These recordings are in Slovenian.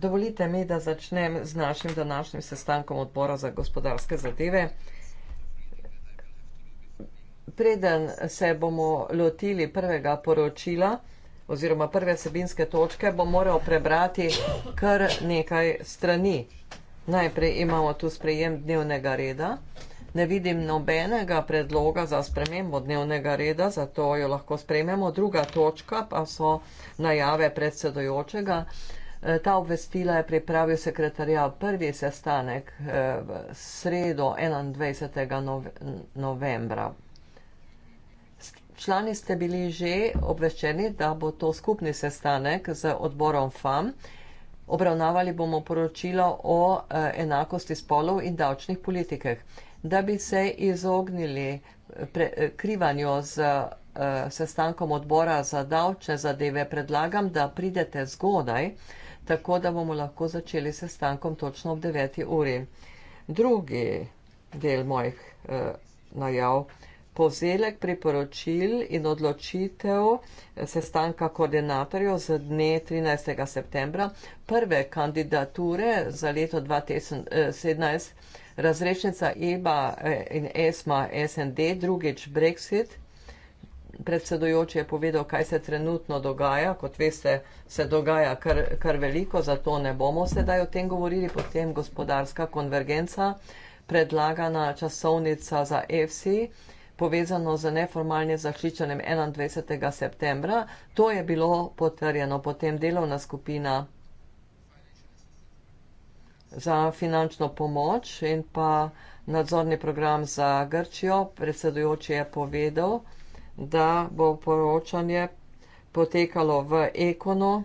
Dovolite mi, da začnem z našim današnjim sestankom odbora za gospodarske zadeve. Preden se bomo lotili prvega poročila oziroma prve sebinske točke, bom moral prebrati kar nekaj strani. Najprej imamo tu sprejem dnevnega reda. Ne vidim nobenega predloga za spremembo dnevnega reda, zato jo lahko sprememo. Druga točka pa so najave predsedojočega. E, ta obvestila je pripravil sekretarja prvi sestanek e, v sredo 21. novembra. Člani ste bili že obveščeni, da bo to skupni sestanek z odborom FAM. Obravnavali bomo poročilo o e, enakosti spolov in davčnih politikah da bi se izognili eh, krivanju z eh, sestankom odbora za davčne zadeve, predlagam, da pridete zgodaj, tako da bomo lahko začeli sestankom točno ob 9. uri. Drugi del mojih eh, najav, pozelek priporočil in odločitev sestanka koordinatorjev z dne 13. septembra prve kandidature za leto 2017 razrešnica IBA e eh, in ESMA SND, drugič Brexit. Predsedujoči je povedal, kaj se trenutno dogaja. Kot veste, se dogaja kar, kar veliko, zato ne bomo sedaj o tem govorili. Potem gospodarska konvergenca, predlagana časovnica za EFSI, povezano z neformalnim zaščičenjem 21. septembra. To je bilo potrjeno potem delovna skupina za finančno pomoč in pa nadzorni program za Grčijo. Predsedujoči je povedal, da bo poročanje potekalo v Ekonu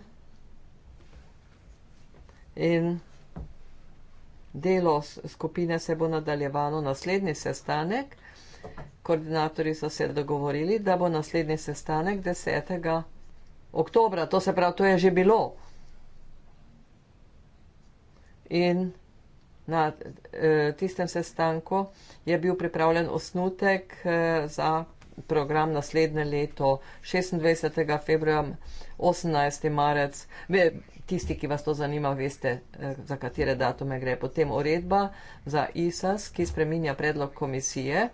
in delo skupine se bo nadaljevalo naslednji sestanek. Koordinatorji so se dogovorili, da bo naslednji sestanek 10. oktobra, to se pravi, to je že bilo in na eh, tistem sestanku je bil pripravljen osnutek eh, za program naslednje leto, 26. februar, 18. marec. Be, tisti, ki vas to zanima, veste, eh, za katere datume gre. Potem uredba za ISAS, ki spreminja predlog komisije.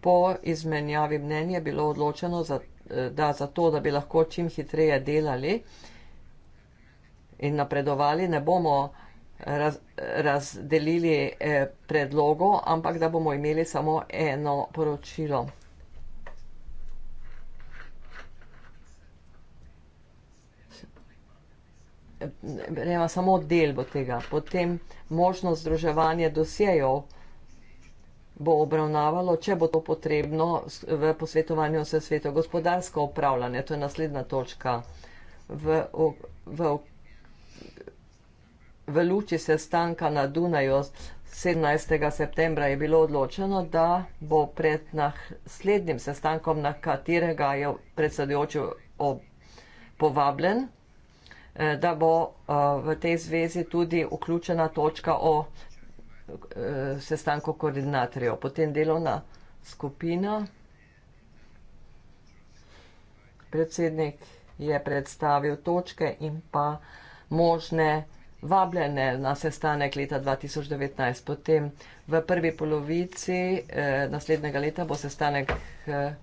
Po izmenjavi mnenja je bilo odločeno, za, eh, da za to, da bi lahko čim hitreje delali in napredovali, ne bomo raz, razdelili eh, predlogo, ampak da bomo imeli samo eno poročilo. Rema, samo del bo tega. Potem možno združevanje dosjejev bo obravnavalo, če bo to potrebno v posvetovanju s svetom. Gospodarsko upravljanje, to je naslednja točka. V, v, v luči sestanka na Dunaju 17. septembra je bilo odločeno, da bo pred naslednjim sestankom, na katerega je predsedujoči povabljen, eh, da bo eh, v tej zvezi tudi vključena točka o eh, sestanku koordinatorjev. Potem delovna skupina. Predsednik je predstavil točke in pa možne vsega vabljene na sestanek leta 2019. Potem v prvi polovici eh, naslednjega leta bo sestanek eh,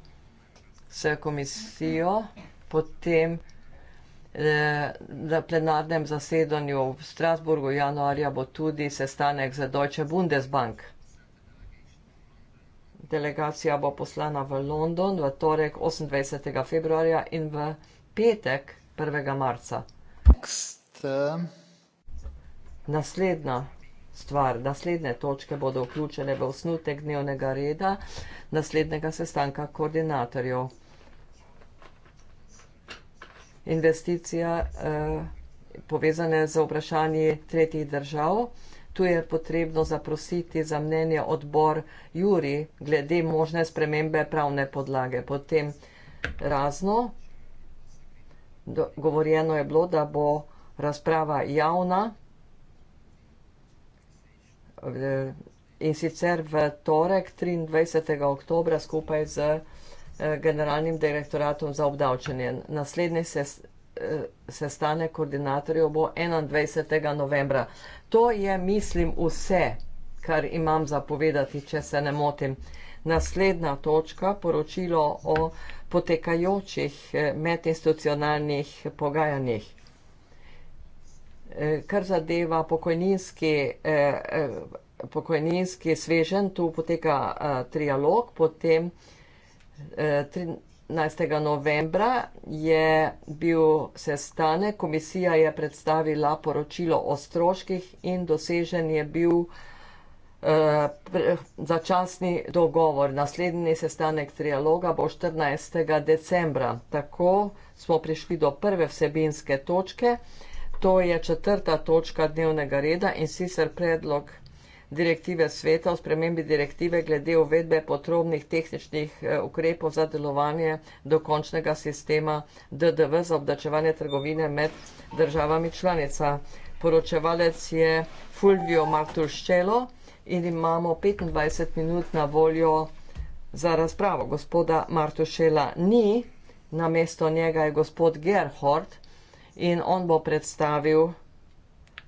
s komisijo, potem eh, na plenarnem zasedanju v Strasburgu januarja bo tudi sestanek z Deutsche Bundesbank. Delegacija bo poslana v London v torek 28. februarja in v petek 1. marca. Next, uh naslednja stvar, naslednje točke bodo vključene v osnutek dnevnega reda naslednjega sestanka koordinatorjev. Investicija eh, povezane z vprašanji tretjih držav. Tu je potrebno zaprositi za mnenje odbor Juri glede možne spremembe pravne podlage. Potem razno, govorjeno je bilo, da bo razprava javna, Eh, in sicer v torek 23. oktobra skupaj z eh, generalnim direktoratom za obdavčenje. Naslednji eh, sestanek koordinatorjev bo 21. novembra. To je, mislim, vse, kar imam zapovedati, če se ne motim. Naslednja točka, poročilo o potekajočih medinstitucionalnih pogajanjih. Eh, kar zadeva pokojninski, eh, eh, pokojninski svežen, tu poteka trialog, potem 13. novembra je bil sestanek, komisija je predstavila poročilo o stroških in dosežen je bil začasni dogovor. Naslednji sestanek trialoga bo 14. decembra. Tako smo prišli do prve vsebinske točke. To je četrta točka dnevnega reda in sicer predlog direktive sveta o spremembi direktive glede uvedbe potrobnih tehničnih eh, ukrepov za delovanje dokončnega sistema DDV za obdačevanje trgovine med državami članica. Poročevalec je Fulvio Martuščelo in imamo 25 minut na voljo za razpravo. Gospoda Martuščela ni, na mesto njega je gospod Gerhardt in on bo predstavil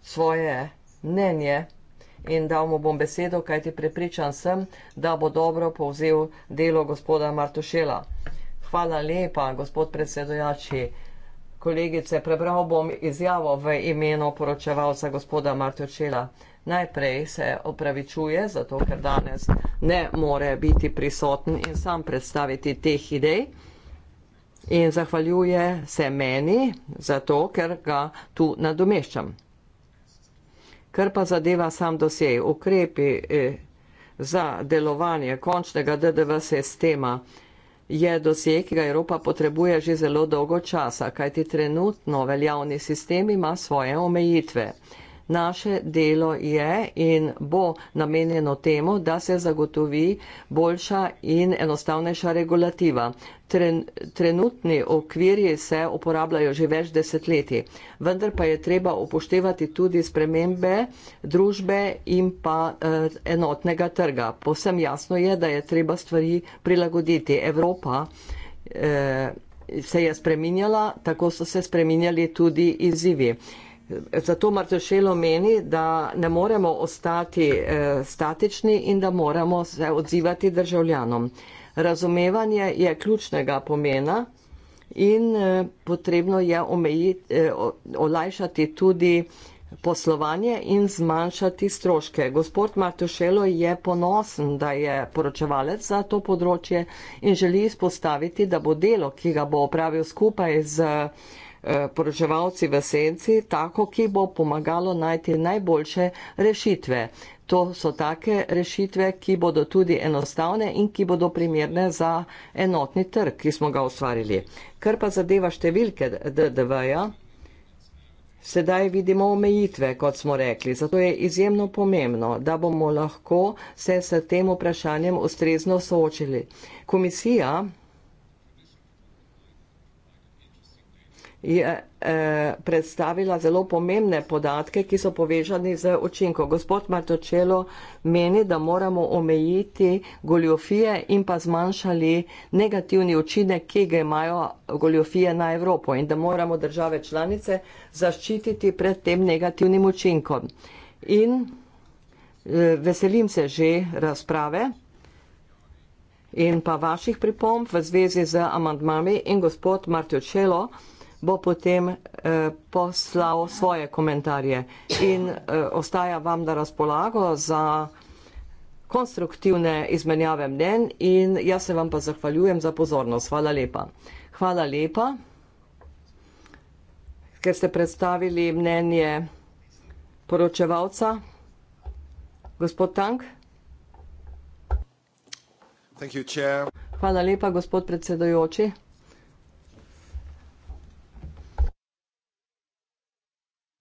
svoje mnenje in dal mu bom besedo, kajti prepričan sem, da bo dobro povzel delo gospoda Martošela. Hvala lepa, gospod predsedojači. Kolegice, prebral bom izjavo v imenu poročevalca gospoda Martočela. Najprej se opravičuje, zato ker danes ne more biti prisoten in sam predstaviti teh idej in zahvaljuje se meni za to, ker ga tu nadomeščam. Ker pa zadeva sam dosej, ukrepi eh, za delovanje končnega DDV sistema je dosej, ki ga Evropa potrebuje že zelo dolgo časa, kajti trenutno veljavni sistem ima svoje omejitve naše delo je in bo namenjeno temu, da se zagotovi boljša in enostavnejša regulativa. Tren, trenutni okvirji se uporabljajo že več desetletij, vendar pa je treba upoštevati tudi spremembe družbe in pa eh, enotnega trga. Povsem jasno je, da je treba stvari prilagoditi. Evropa eh, se je spreminjala, tako so se spreminjali tudi izzivi. Eh, Zato Martošelo meni, da ne moremo ostati eh, statični in da moramo se odzivati državljanom. Razumevanje je ključnega pomena in eh, potrebno je omejiti, eh, olajšati tudi poslovanje in zmanjšati stroške. Gospod Martošelo je ponosen, da je poročevalec za to področje in želi izpostaviti, da bo delo, ki ga bo opravil skupaj z Eh, poročevalci v senci, tako, ki bo pomagalo najti najboljše rešitve. To so take rešitve, ki bodo tudi enostavne in ki bodo primerne za enotni trg, ki smo ga ustvarili. Kar pa zadeva številke DDV-ja, sedaj vidimo omejitve, kot smo rekli. Zato je izjemno pomembno, da bomo lahko se s tem vprašanjem ustrezno soočili. Komisija je eh, predstavila zelo pomembne podatke, ki so povežani z učinkom. Gospod Martočelo meni, da moramo omejiti goljofije in pa zmanjšali negativni učinek, ki ga imajo goljofije na Evropo in da moramo države članice zaščititi pred tem negativnim učinkom. In eh, veselim se že razprave in pa vaših pripomb v zvezi z amandmami in gospod Martočelo bo potem eh, poslal svoje komentarje. In eh, ostaja vam na razpolago za konstruktivne izmenjave mnen in jaz se vam pa zahvaljujem za pozornost. Hvala lepa. Hvala lepa, ker ste predstavili mnenje poročevalca. Gospod Tank. Thank you, Hvala lepa, gospod predsedujoči.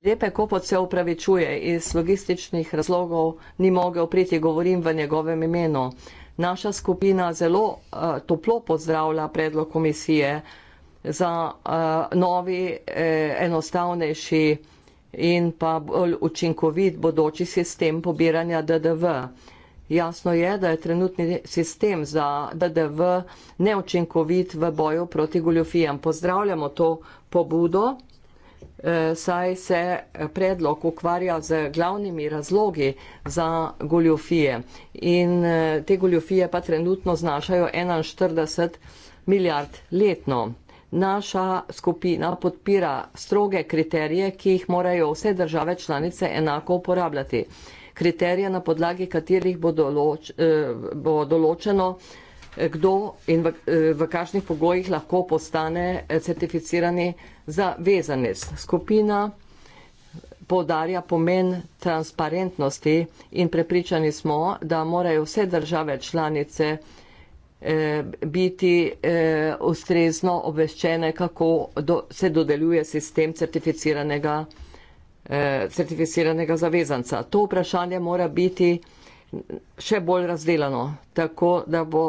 Lepe Kopot se upravičuje iz logističnih razlogov, ni mogel priti, govorim v njegovem imenu. Naša skupina zelo uh, toplo pozdravlja predlog komisije za uh, novi, eh, enostavnejši in pa bolj učinkovit bodoči sistem pobiranja DDV. Jasno je, da je trenutni sistem za DDV neučinkovit v boju proti goljofijam. Pozdravljamo to pobudo. Eh, saj se predlog ukvarja z glavnimi razlogi za goljofije. In eh, te goljofije pa trenutno znašajo 41 milijard letno. Naša skupina podpira stroge kriterije, ki jih morajo vse države članice enako uporabljati. Kriterije, na podlagi katerih bo, določ, eh, bo določeno, kdo in v, v kakšnih pogojih lahko postane certificirani zavezanec. Skupina podarja pomen transparentnosti in prepričani smo, da morajo vse države članice eh, biti eh, ustrezno obveščene, kako se dodeljuje sistem certificiranega, eh, certificiranega zavezanca. To vprašanje mora biti še bolj razdelano, tako da bo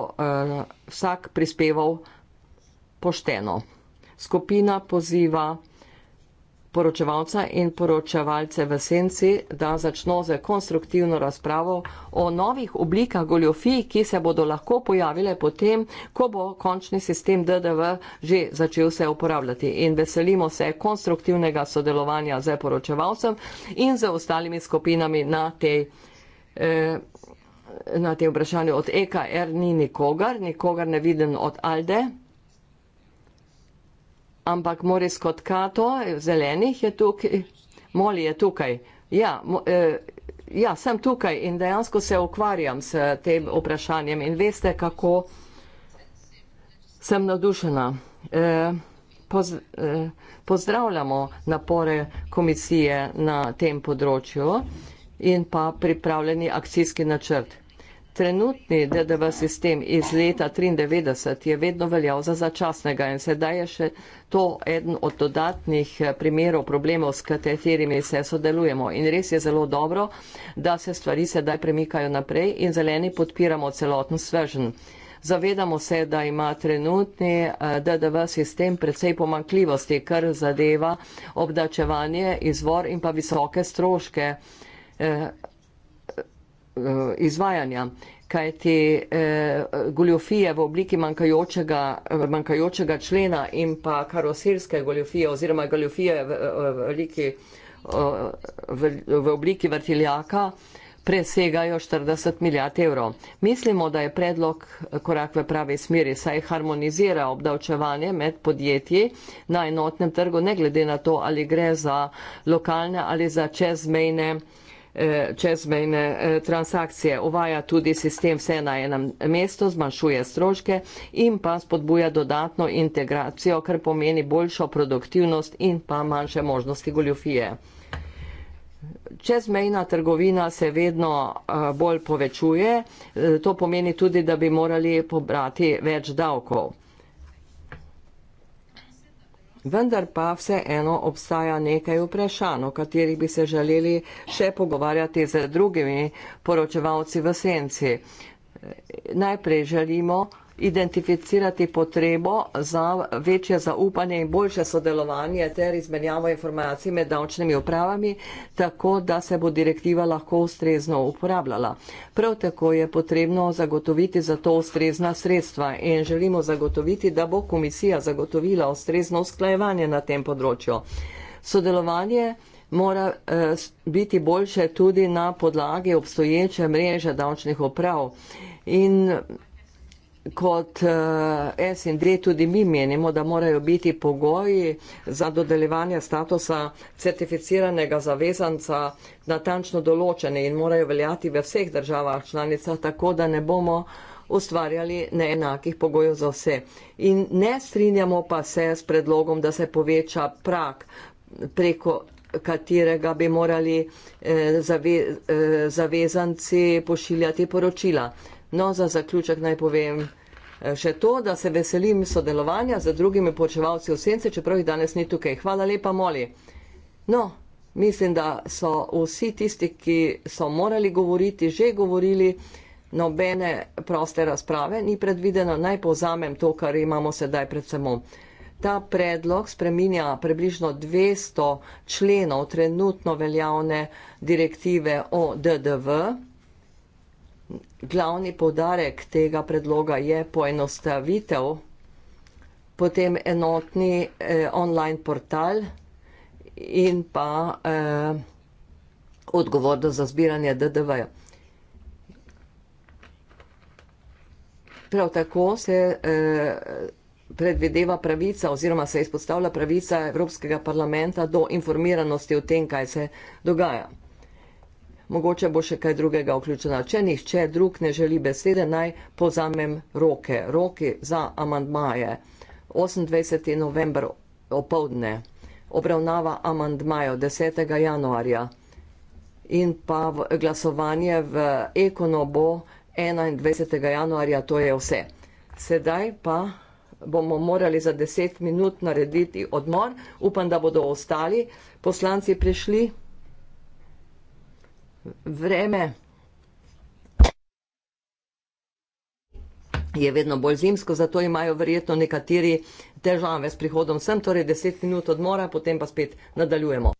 vsak prispeval pošteno skupina poziva poročevalca in poročevalce v senci, da začno z konstruktivno razpravo o novih oblikah goljofij, ki se bodo lahko pojavile potem, ko bo končni sistem DDV že začel se uporabljati. In veselimo se konstruktivnega sodelovanja z poročevalcem in z ostalimi skupinami na tej eh, na tem vprašanju od EKR ni nikogar, nikogar ne viden od Alde, ampak more skotkato, zelenih je tukaj, moli je tukaj. Ja, mo, eh, ja, sem tukaj in dejansko se ukvarjam s tem vprašanjem in veste, kako sem nadušena. Eh, poz, eh, pozdravljamo napore komisije na tem področju in pa pripravljeni akcijski načrt. Trenutni DDV sistem iz leta 1993 je vedno veljal za začasnega in sedaj je še to eden od dodatnih eh, primerov problemov, s katerimi se sodelujemo. In res je zelo dobro, da se stvari sedaj premikajo naprej in zeleni podpiramo celoten svežen. Zavedamo se, da ima trenutni eh, DDV sistem predvsej pomankljivosti, kar zadeva obdačevanje, izvor in pa visoke stroške. Eh, Eh, izvajanja, kajti eh, goljofije v obliki manjkajočega, manjkajočega člena in pa karoselske goljofije oziroma goljofije v, eh, v, v obliki vrtiljaka presegajo 40 milijard evrov. Mislimo, da je predlog korak v pravi smeri, saj harmonizira obdavčevanje med podjetji na enotnem trgu, ne glede na to, ali gre za lokalne ali za čezmejne eh, Eh, čezmejne eh, transakcije. Uvaja tudi sistem vse na enem mestu, zmanjšuje stroške in pa spodbuja dodatno integracijo, kar pomeni boljšo produktivnost in pa manjše možnosti goljofije. Čezmejna trgovina se vedno eh, bolj povečuje, to pomeni tudi, da bi morali pobrati več davkov. Vendar pa vseeno obstaja nekaj vprašanj, o katerih bi se želeli še pogovarjati z drugimi poročevalci v senci. Najprej želimo identificirati potrebo za večje zaupanje in boljše sodelovanje ter izmenjavo informacij med davčnimi upravami, tako da se bo direktiva lahko ustrezno uporabljala. Prav tako je potrebno zagotoviti za to ustrezna sredstva in želimo zagotoviti, da bo komisija zagotovila ustrezno usklajevanje na tem področju. Sodelovanje mora eh, biti boljše tudi na podlagi obstoječe mreže davčnih uprav. In kot eh, SND tudi mi menimo, da morajo biti pogoji za dodeljevanje statusa certificiranega zavezanca natančno določene in morajo veljati v vseh državah članicah, tako da ne bomo ustvarjali neenakih pogojev za vse. In ne strinjamo pa se s predlogom, da se poveča prak preko katerega bi morali eh, zave, eh, zavezanci pošiljati poročila. No, za zaključek naj povem, Eh, še to, da se veselim sodelovanja z drugimi počevalci v sence, čeprav jih danes ni tukaj. Hvala lepa, Moli. No, mislim, da so vsi tisti, ki so morali govoriti, že govorili, nobene proste razprave ni predvideno. Naj povzamem to, kar imamo sedaj pred samo. Ta predlog spreminja približno 200 členov trenutno veljavne direktive o DDV glavni povdarek tega predloga je poenostavitev, potem enotni eh, online portal in pa eh, odgovornost za zbiranje DDV. -ja. Prav tako se eh, predvideva pravica oziroma se izpostavlja pravica Evropskega parlamenta do informiranosti o tem, kaj se dogaja mogoče bo še kaj drugega vključeno. Če nihče drug ne želi besede, naj pozamem roke. Roki za amandmaje. 28. november opovdne. Obravnava amandmajo 10. januarja. In pa glasovanje v Ekono bo 21. januarja, to je vse. Sedaj pa bomo morali za 10 minut narediti odmor. Upam, da bodo ostali poslanci prišli vreme je vedno bolj zimsko, zato imajo verjetno nekateri težave s prihodom sem, torej 10 minut odmora, potem pa spet nadaljujemo.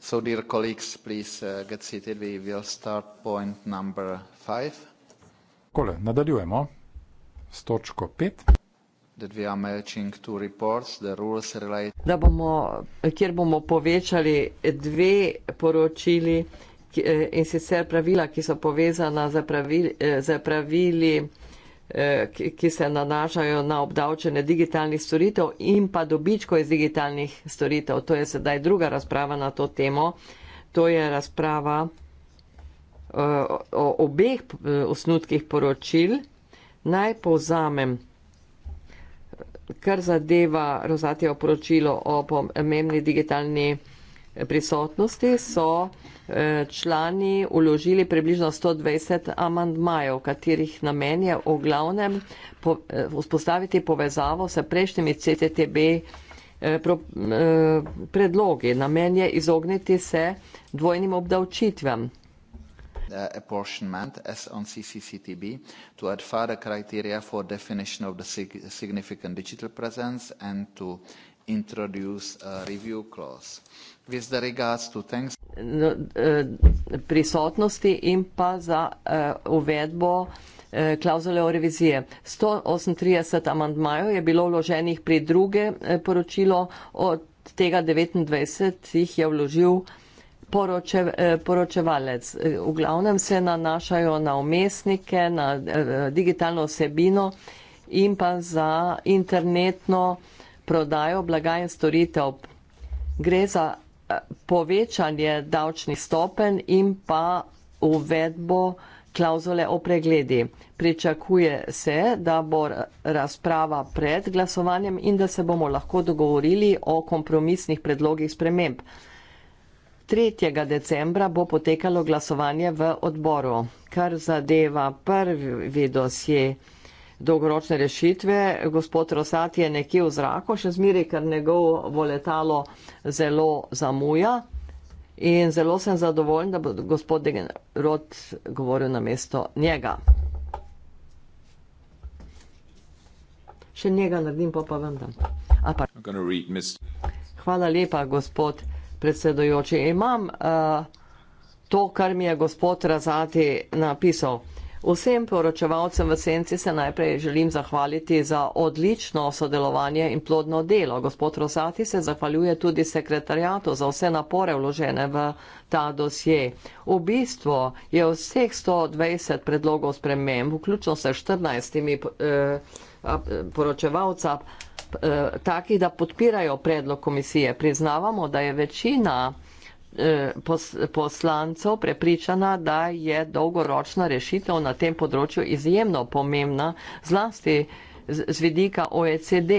So dear colleagues, please uh, get seated. We will start point number five. Kole, nadaljujemo s točko pet. That we are merging two reports, the rules relate. Da bomo, kjer bomo povečali dve poročili eh, in sicer pravila, ki so povezana za eh, pravili, za pravili Eh, ki se nanašajo na obdavčene digitalnih storitev in pa dobičko iz digitalnih storitev. To je sedaj druga razprava na to temo. To je razprava eh, o obeh eh, osnutkih poročil. Naj povzamem, kar zadeva rozatijo poročilo o pomembni digitalni storitev prisotnosti so eh, člani uložili približno 120 amandmajev, katerih namen je v glavnem eh, vzpostaviti povezavo s prejšnjimi CTTB eh, predlogi. Namen je izogniti se dvojnim obdavčitvam. Apportionment, as on CCCTB, to add further criteria for definition of the significant digital presence and to uh, introduce a review clause. With the regards to thanks no, eh, prisotnosti in pa za uh, uvedbo eh, klauzule o revizije. 138 amandmajev je bilo vloženih pri druge poročilo, od tega 29 jih je vložil poroče, poročevalec. V glavnem se nanašajo na umestnike, na digitalno osebino in pa za internetno uh, prodajo blaga in storitev. Gre za eh, povečanje davčnih stopen in pa uvedbo klauzule o pregledi. Pričakuje se, da bo razprava pred glasovanjem in da se bomo lahko dogovorili o kompromisnih predlogih sprememb. 3. decembra bo potekalo glasovanje v odboru, kar zadeva prvi dosje dolgoročne rešitve. Gospod Rosat je nekje v zraku, še zmeraj, ker njegov voletalo zelo zamuja. In zelo sem zadovoljen, da bo gospod Rod govoril na mesto njega. Še njega naredim, pa pa vendar. Pa... Hvala lepa, gospod predsedojoči. Imam uh, to, kar mi je gospod Razati napisal. Vsem poročevalcem v senci se najprej želim zahvaliti za odlično sodelovanje in plodno delo. Gospod Rosati se zahvaljuje tudi sekretarjatu za vse napore vložene v ta dosje. V bistvu je vseh 120 predlogov spremem, vključno se eh, 14 poročevalca, eh, takih, da podpirajo predlog komisije. Priznavamo, da je večina predlogov, Eh, poslancev prepričana, da je dolgoročna rešitev na tem področju izjemno pomembna, zlasti z, z vidika OECD.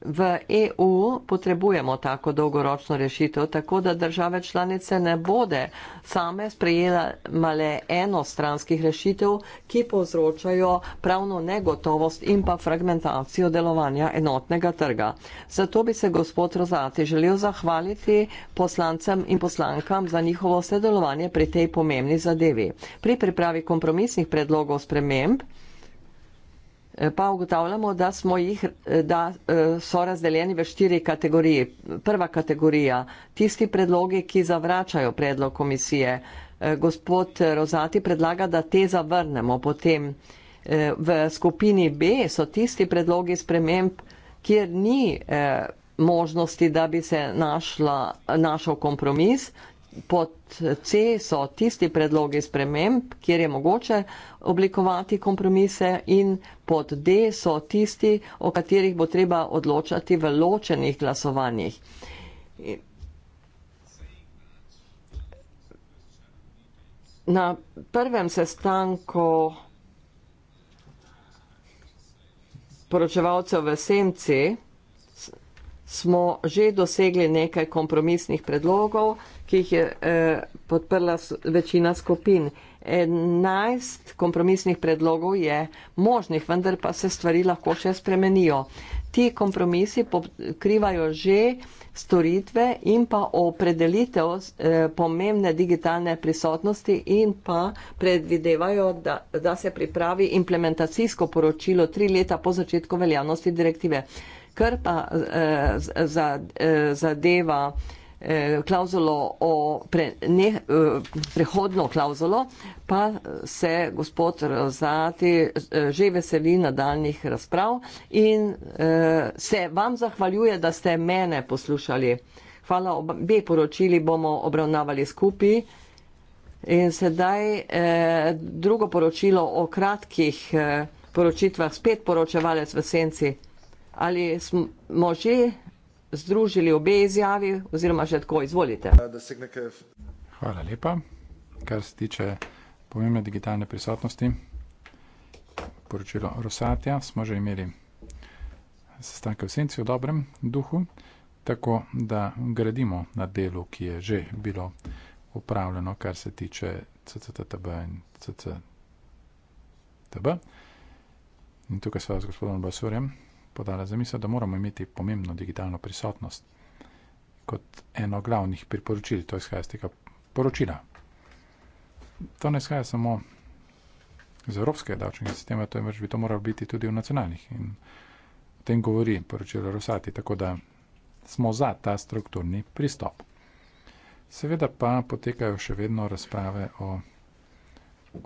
V EU potrebujemo tako dolgoročno rešitev, tako da države članice ne bodo same sprejela male enostranskih rešitev, ki povzročajo pravno negotovost in pa fragmentacijo delovanja enotnega trga. Zato bi se gospod Rozati želel zahvaliti poslancem in poslankam za njihovo sodelovanje pri tej pomembni zadevi. Pri pripravi kompromisnih predlogov sprememb pa ugotavljamo, da, jih, da e, so razdeljeni v štiri kategorije. Prva kategorija, tisti predlogi, ki zavračajo predlog komisije. E, gospod Rozati predlaga, da te zavrnemo. Potem e, v skupini B so tisti predlogi sprememb, kjer ni možnosti, da bi se našla, našel kompromis pod C so tisti predlogi sprememb, kjer je mogoče oblikovati kompromise in pod D so tisti, o katerih bo treba odločati v ločenih glasovanjih. Na prvem sestanku poročevalcev v Semci smo že dosegli nekaj kompromisnih predlogov, ki jih je eh, podprla večina skupin. 11 kompromisnih predlogov je možnih, vendar pa se stvari lahko še spremenijo. Ti kompromisi pokrivajo že storitve in pa opredelitev eh, pomembne digitalne prisotnosti in pa predvidevajo, da, da se pripravi implementacijsko poročilo tri leta po začetku veljavnosti direktive. Kar pa eh, eh zadeva. Eh, za Eh, klauzulo o pre, ne, eh, prehodno klauzulo, pa se gospod Rozati eh, že veseli nadaljnih razprav in se vam zahvaljuje, da ste mene poslušali. Hvala, obe poročili bomo obravnavali skupaj. In sedaj drugo poročilo o kratkih poročitvah, spet poročevalec v senci. Ali smo že združili obe izjavi, oziroma že tako izvolite. Hvala lepa. Kar se tiče pomembne digitalne prisotnosti, poročilo Rosatja smo že imeli sestanke v senci v dobrem duhu, tako da gradimo na delu, ki je že bilo upravljeno, kar se tiče CCTB in CCTB. In tukaj sva z gospodom Basurjem podala zamisel, da moramo imeti pomembno digitalno prisotnost kot eno glavnih priporočil, to izhaja iz tega poročila. To ne izhaja samo iz evropskega davčnega sistema, to je več, bi to moralo biti tudi v nacionalnih. In o tem govori poročilo Rosati, tako da smo za ta strukturni pristop. Seveda pa potekajo še vedno razprave o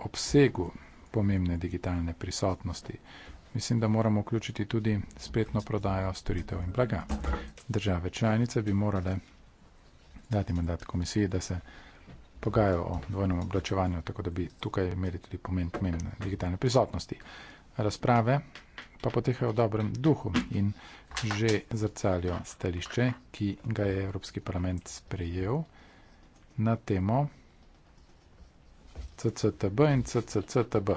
obsegu pomembne digitalne prisotnosti mislim, da moramo vključiti tudi spletno prodajo storitev in blaga. Države članice bi morale dati mandat komisiji, da se pogajajo o dvojnem obračevanju, tako da bi tukaj imeli tudi pomen, pomen digitalne prisotnosti. Razprave pa potekajo v dobrem duhu in že zrcalijo stališče, ki ga je Evropski parlament sprejel na temo CCTB in CCCTB.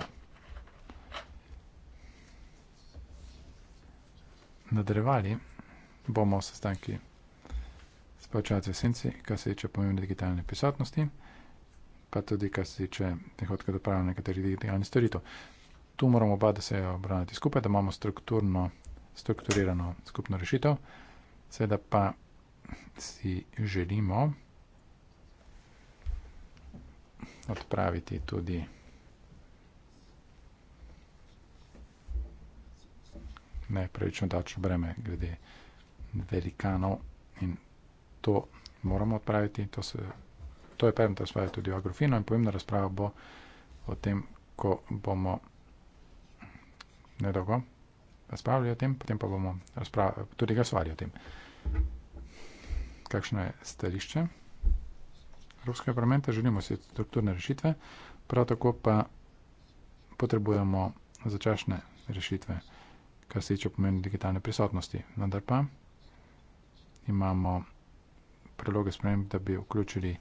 nadaljevali, bomo sestanki s pravčevalci v senci, kar se tiče pomembne digitalne prisotnosti, pa tudi kar se tiče prihodka do pravljanja nekaterih digitalnih storitev. Tu moramo oba, da se obravnati skupaj, da imamo strukturno, strukturirano skupno rešitev, seveda pa si želimo odpraviti tudi nepravično davčno breme glede velikanov in to moramo odpraviti. To, se, to je predmet razprave tudi o agrofinu in pomembna razprava bo o tem, ko bomo nedolgo razpravljali o tem, potem pa bomo tudi glasovali o tem. Kakšno je stališče Evropskega parlamenta? Želimo si strukturne rešitve, prav tako pa potrebujemo začasne rešitve kar se tiče pomeni digitalne prisotnosti. Vendar pa imamo predloge sprememb, da bi vključili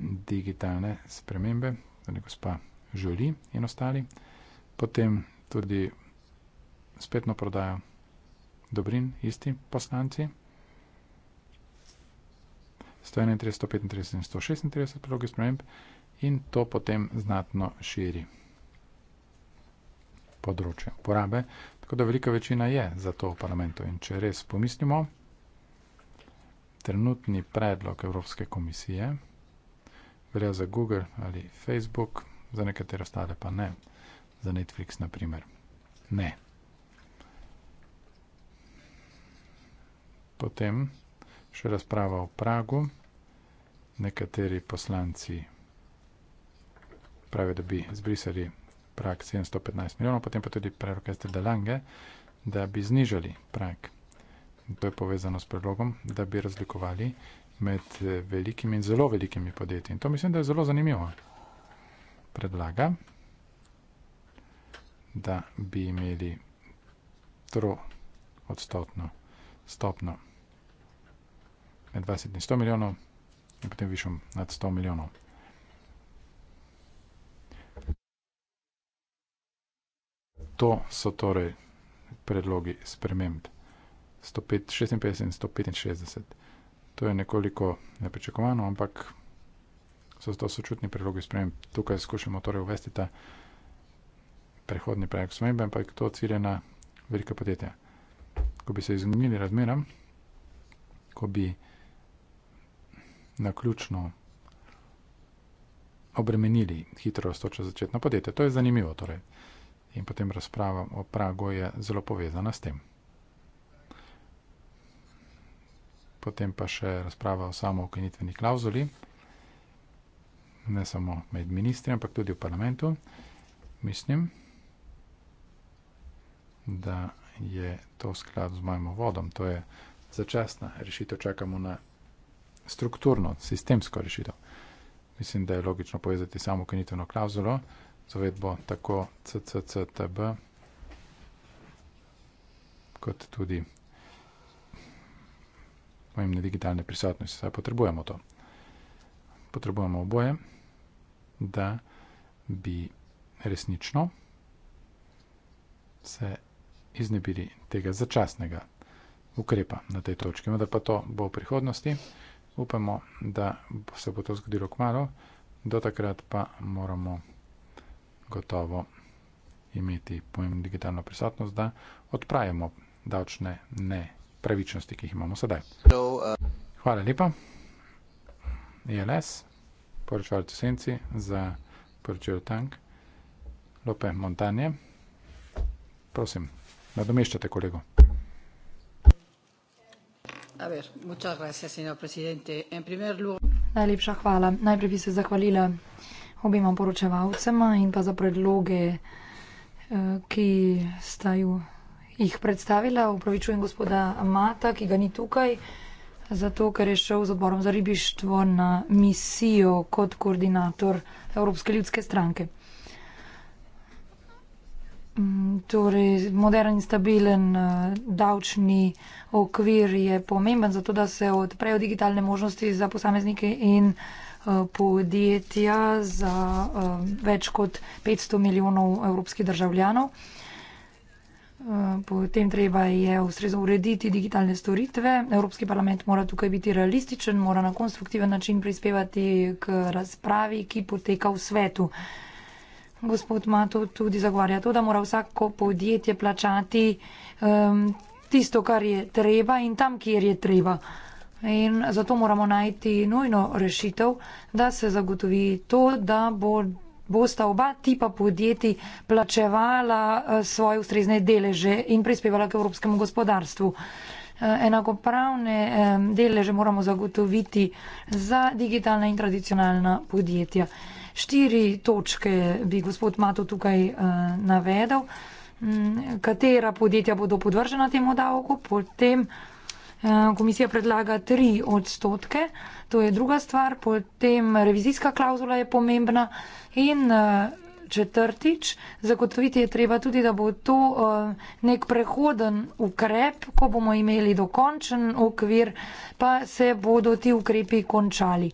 digitalne spremembe, da torej ne gospa želi in ostali, potem tudi spetno prodajo dobrin isti poslanci. 131, 135 in 136 predlogi sprememb in to potem znatno širi področje uporabe, Tako da velika večina je za to v parlamentu. In če res pomislimo, trenutni predlog Evropske komisije velja za Google ali Facebook, za nekatere ostale pa ne. Za Netflix, na primer. Ne. Potem še razprava o Pragu. Nekateri poslanci pravijo, da bi zbrisali prak 715 milijonov, potem pa tudi prerokeste Delange, da bi znižali prak. To je povezano s predlogom, da bi razlikovali med eh, velikimi in zelo velikimi podjetji. In to mislim, da je zelo zanimivo. Predlaga, da bi imeli tro odstotno stopno med 20 in 100 milijonov in potem višom nad 100 milijonov. To so torej predlogi sprememb 156 in 165. To je nekoliko nepričakovano, ampak so to sočutni predlogi sprememb. Tukaj skušamo torej uvesti ta prehodni prejek sprememb, ampak to cilje na velike podjetja. Ko bi se izgnili razmeram, ko bi naključno obremenili hitro stoče začetno podjetje. To je zanimivo torej in potem razprava o Pragu je zelo povezana s tem. Potem pa še razprava o samo ukinitveni klauzuli, ne samo med ministri, ampak tudi v parlamentu. Mislim, da je to sklad z mojim vodom. To je začasna rešitev, čakamo na strukturno, sistemsko rešitev. Mislim, da je logično povezati samo ukinitveno klauzulo zvedbo tako cccctb kot tudi pojemne digitalne prisotnosti. Saj potrebujemo to. Potrebujemo oboje, da bi resnično se iznebili tega začasnega ukrepa na tej točki. Vendar pa to bo v prihodnosti. Upamo, da se bo to zgodilo k malo. Do takrat pa moramo vsega gotovo imeti pojem digitalno prisotnost, da odpravimo davčne nepravičnosti, ki jih imamo sedaj. No, uh, hvala lepa. ILS, e poročevalci senci za poročilo tank, Lope Montanje. Prosim, nadomeščate kolego. Najlepša hvala. Najprej bi se zahvalila obima poročevalcema in pa za predloge, eh, ki sta jih predstavila. Upravičujem gospoda Mata, ki ga ni tukaj, zato ker je šel z odborom za ribištvo na misijo kot koordinator Evropske ljudske stranke. Mm, torej, modern in stabilen eh, davčni okvir je pomemben, zato da se odprejo digitalne možnosti za posameznike in Eh, podjetja za eh, več kot 500 milijonov evropskih državljanov. Eh, potem treba je ustrezo urediti digitalne storitve. Evropski parlament mora tukaj biti realističen, mora na konstruktiven način prispevati k razpravi, ki poteka v svetu. Gospod Mato tudi zagovarja to, da mora vsako podjetje plačati um, tisto, kar je treba in tam, kjer je treba. Uh, In zato moramo najti nujno rešitev, da se zagotovi to, da bo, bosta oba tipa podjetij plačevala eh, svoje ustrezne deleže in prispevala k evropskemu gospodarstvu. Eh, enakopravne deleže moramo zagotoviti za digitalna in tradicionalna podjetja. Štiri točke bi gospod Mato tukaj eh, navedel, mm, katera podjetja bodo podvržena temu davku, potem. Eh, komisija predlaga tri odstotke, to je druga stvar, potem revizijska klauzula je pomembna in eh, četrtič, zagotoviti je treba tudi, da bo to eh, nek prehoden ukrep, ko bomo imeli dokončen okvir, pa se bodo ti ukrepi končali.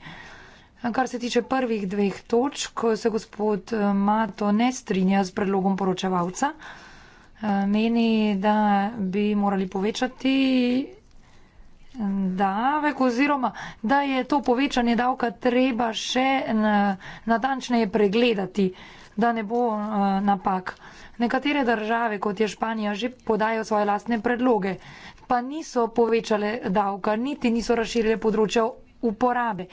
Kar se tiče prvih dveh točk, se gospod Mato ne strinja s predlogom poročevalca. Meni, da bi morali povečati davek oziroma da je to povečanje davka treba še natančneje pregledati, da ne bo eh, napak. Nekatere države, kot je Španija, že podajo svoje lastne predloge, pa niso povečale davka, niti niso razširile področja uporabe.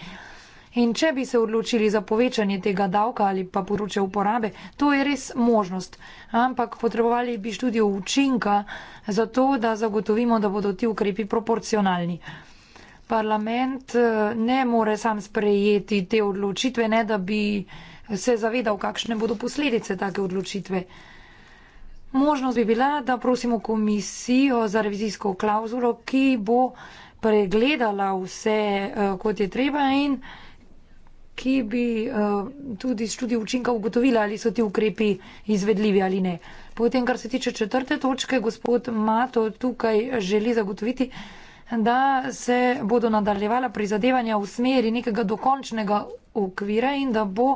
In če bi se odločili za povečanje tega davka ali pa poročje uporabe, to je res možnost. Ampak potrebovali bi študijo učinka za to, da zagotovimo, da bodo ti ukrepi proporcionalni. Parlament eh, ne more sam sprejeti te odločitve, ne da bi se zavedal, kakšne bodo posledice take odločitve. Možnost bi bila, da prosimo komisijo za revizijsko klauzulo, ki bo pregledala vse, eh, kot je treba in ki bi eh, tudi študij učinka ugotovila, ali so ti ukrepi izvedljivi ali ne. Potem, kar se tiče četrte točke, gospod Mato tukaj želi zagotoviti, da se bodo nadaljevala prizadevanja v smeri nekega dokončnega okvira in da bo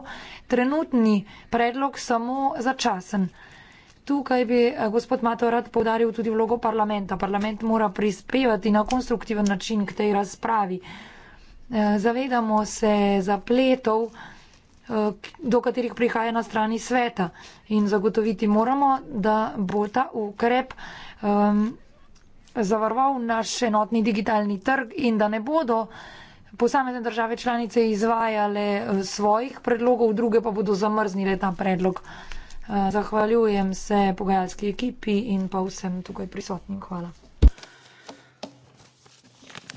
trenutni predlog samo začasen. Tukaj bi eh, gospod Mato rad povdaril tudi vlogo parlamenta. Parlament mora prispevati na konstruktiven način k tej razpravi. Eh, zavedamo se zapletov, eh, do katerih prihaja na strani sveta in zagotoviti moramo, da bo ta ukrep um, ehm, zavarval naš enotni digitalni trg in da ne bodo posamezne države članice izvajale eh, svojih predlogov, druge pa bodo zamrznile ta predlog. Zahvaljujem se pogajalski ekipi in pa vsem tukaj prisotnim. Hvala.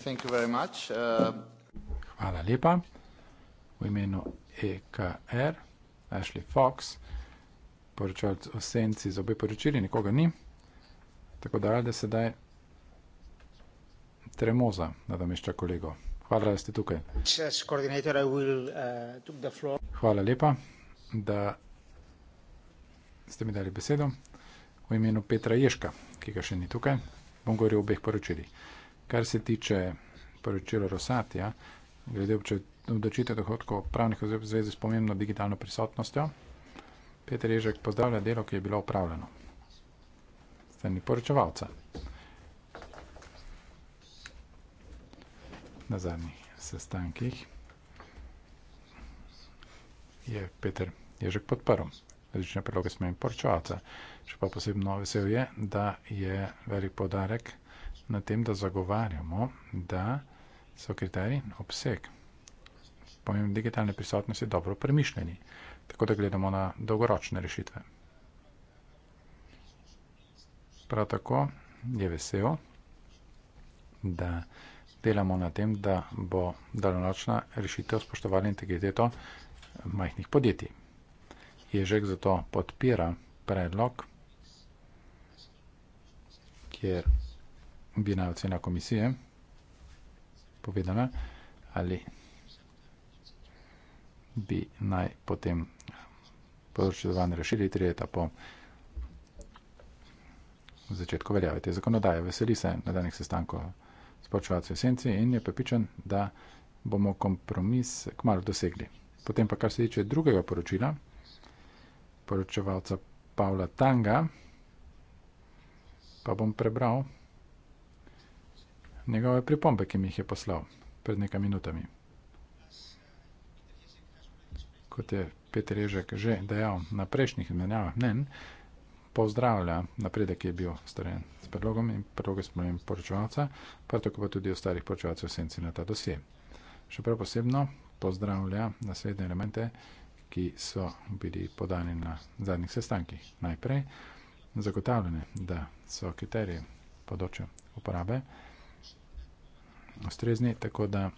Thank you very much. Uh... Hvala lepa. V imenu EKR, Ashley Fox, poročalc o senci z obe poročili, nikoga ni. Tako da rade sedaj tremoza, da da mešča kolego. Hvala, da ste tukaj. Uh, Hvala lepa, da ste mi dali besedo. V imenu Petra Ješka, ki ga še ni tukaj, bom govoril o obeh poročili. Kar se tiče poročila Rosatija, ja, glede obdočitve dohodkov pravnih oseb v zvezi s pomembno digitalno prisotnostjo. Peter Ježek pozdravlja delo, ki je bilo upravljeno. Strani poročevalca. Na zadnjih sestankih je Peter Ježek podprl različne predloge smem poročevalca. Še pa posebno vesel je, da je velik podarek na tem, da zagovarjamo, da so kriteriji in obseg. Pojem digitalne prisotnosti dobro premišljeni, tako da gledamo na dolgoročne rešitve. Prav tako je vesel, da delamo na tem, da bo daljnoročna rešitev spoštovala integriteto majhnih podjetij. Ježek zato podpira predlog, kjer bi naj ocena komisije povedane, ali bi naj potem področje zvanje rešili tri leta po začetku veljave te zakonodaje. Veseli se na danih sestankov s počevalci v senci in je pepičen, da bomo kompromis kmalo dosegli. Potem pa, kar se tiče drugega poročila, poročevalca Pavla Tanga, pa bom prebral njegove pripombe, ki mi jih je poslal pred nekaj minutami. Kot je Peter Ježek že dejal na prejšnjih menjavah mnen, pozdravlja napredek, ki je bil storjen s predlogom in predlogom s mojim poročevalca, pa tako pa tudi ostalih poročevalcev senci na ta dosje. Še prav posebno pozdravlja naslednje elemente, ki so bili podani na zadnjih sestankih. Najprej zagotavljene, da so kriterije področja uporabe ustrezni, tako da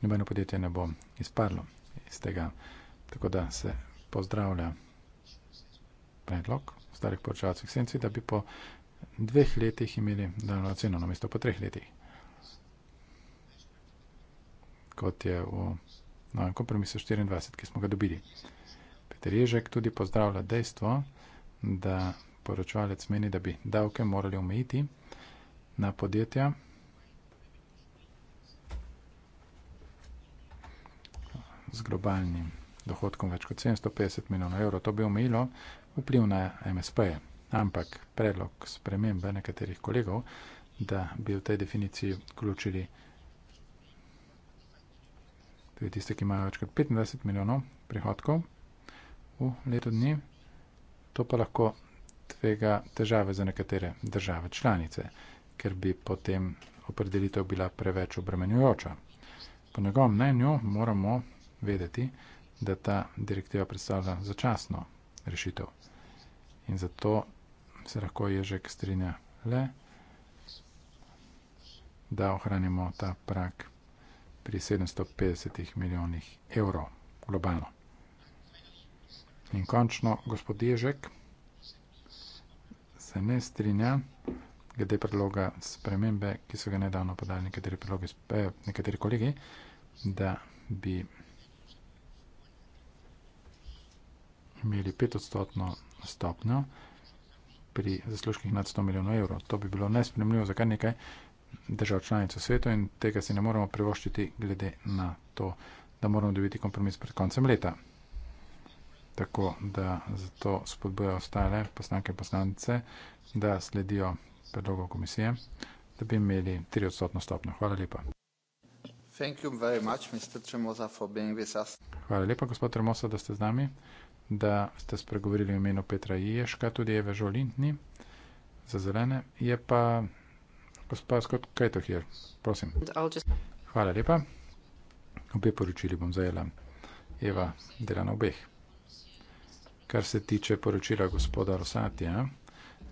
nobeno podjetje ne bo izpadlo iz tega. Tako da se pozdravlja predlog v starih poročevalcih senci, da bi po dveh letih imeli dano ceno, namesto po treh letih. Kot je v novem kompromisu 24, ki smo ga dobili. Peter Ježek tudi pozdravlja dejstvo, da poročevalec meni, da bi davke morali omejiti na podjetja. Z globalnim dohodkom več kot 750 milijonov evrov, to bi omejilo vpliv na MSP. -je. Ampak predlog spremembe nekaterih kolegov, da bi v tej definiciji vključili tudi tiste, ki imajo več kot 25 milijonov prihodkov v letu dni, to pa lahko tvega težave za nekatere države članice ker bi potem opredelitev bila preveč obremenjujoča. Po njegovem mnenju moramo vedeti, da ta direktiva predstavlja začasno rešitev. In zato se lahko ježek strinja le, da ohranimo ta prak pri 750 milijonih evrov globalno. In končno, gospod Ježek se ne strinja glede predloga spremembe, ki so ga nedavno podali nekateri, predlogi, eh, nekateri kolegi, da bi imeli petodstotno stopnjo pri zaslužkih nad 100 milijonov evrov. To bi bilo nespremljivo za kar nekaj držav članic v svetu in tega si ne moramo privoščiti glede na to, da moramo dobiti kompromis pred koncem leta. Tako da zato spodbuja ostale poslanke in poslance, da sledijo predlogov komisije, da bi imeli 3 odstotno stopno. Hvala lepa. Much, Hvala lepa, gospod Tremosa, da ste z nami, da ste spregovorili v imenu Petra Ješka, tudi Eve Žolintni za zelene. Je pa gospod Skot Kajtohir, prosim. Just... Hvala lepa. Obe poročili bom zajela. Eva dela na obeh. Kar se tiče poročila gospoda Rosatija,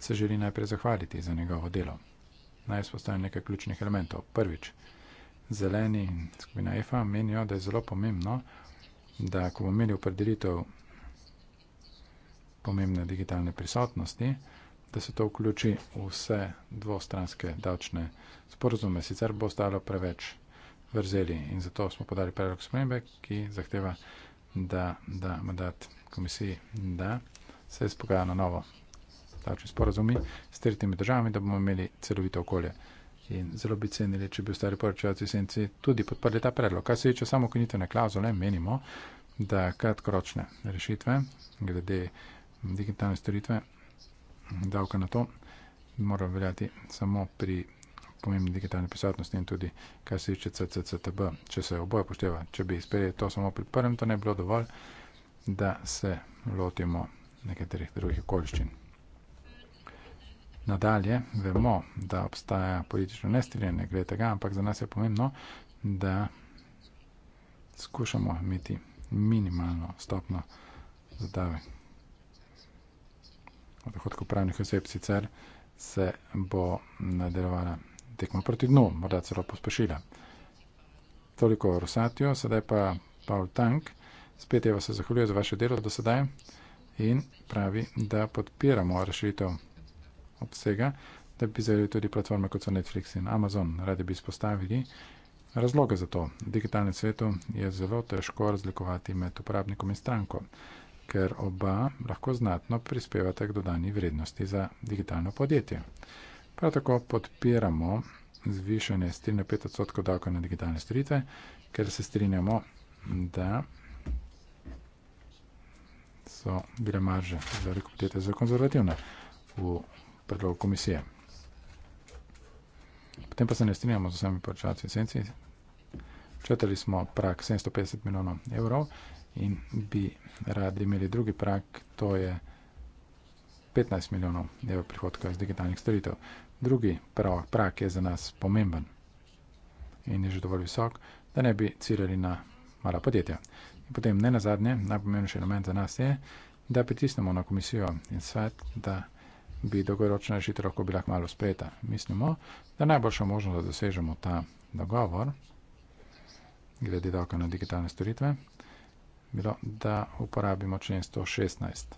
se želi najprej zahvaliti za njegovo delo. Naj spostavim nekaj ključnih elementov. Prvič, zeleni in skupina EFA menijo, da je zelo pomembno, da ko bomo imeli opredelitev pomembne digitalne prisotnosti, da se to vključi v vse dvostranske davčne sporozume. Sicer bo ostalo preveč vrzeli in zato smo podali predlog spremembe, ki zahteva, da, da mandat komisiji, da se izpogaja na novo takšni sporazumi s tretjimi državami, da bomo imeli celovito okolje. In zelo bi cenili, če bi ostali poročevalci senci tudi podprli ta predlog. Kaj se tiče samo konitene klauzule, menimo, da kratkoročne rešitve glede digitalne storitve davka na to mora veljati samo pri pomembni digitalni prisotnosti in tudi kar se tiče CCCTB, če se oboje pošteva. Če bi sprejeli to samo pri prvem, to ne bi bilo dovolj, da se lotimo nekaterih drugih okoliščin. Nadalje, vemo, da obstaja politično nestrinjanje glede tega, ampak za nas je pomembno, da skušamo imeti minimalno stopno zadave. Od dohodkov pravnih oseb sicer se bo nadaljevala tekmo proti dnu, morda celo pospešila. Toliko o Rosatijo, sedaj pa Paul Tank. Spet je vas zahvaljujem za vaše delo do sedaj in pravi, da podpiramo rešitev obsega, da bi zajeli tudi platforme kot so Netflix in Amazon. Radi bi izpostavili razloge za to. V digitalnem svetu je zelo težko razlikovati med uporabnikom in stranko, ker oba lahko znatno prispevate k dodani vrednosti za digitalno podjetje. Prav tako podpiramo zvišanje s 3,5 odstotkov davka na digitalne storitve, ker se strinjamo, da so bile marže za veliko podjetje zelo konzervativne. V predlogu komisije. Potem pa se ne strinjamo z vsemi plačevalci licenci. Četrali smo prak 750 milijonov evrov in bi radi imeli drugi prak, to je 15 milijonov evrov prihodka iz digitalnih storitev. Drugi prak, prak je za nas pomemben in je že dovolj visok, da ne bi ciljali na mala podjetja. In potem ne na zadnje, najpomembnejši element za nas je, da pritisnemo na komisijo in svet, da bi dolgoročna rešitev lahko bila kmalo spreta. Mislimo, da najboljša možnost, da dosežemo ta dogovor glede davka na digitalne storitve, bilo, da uporabimo člen 116.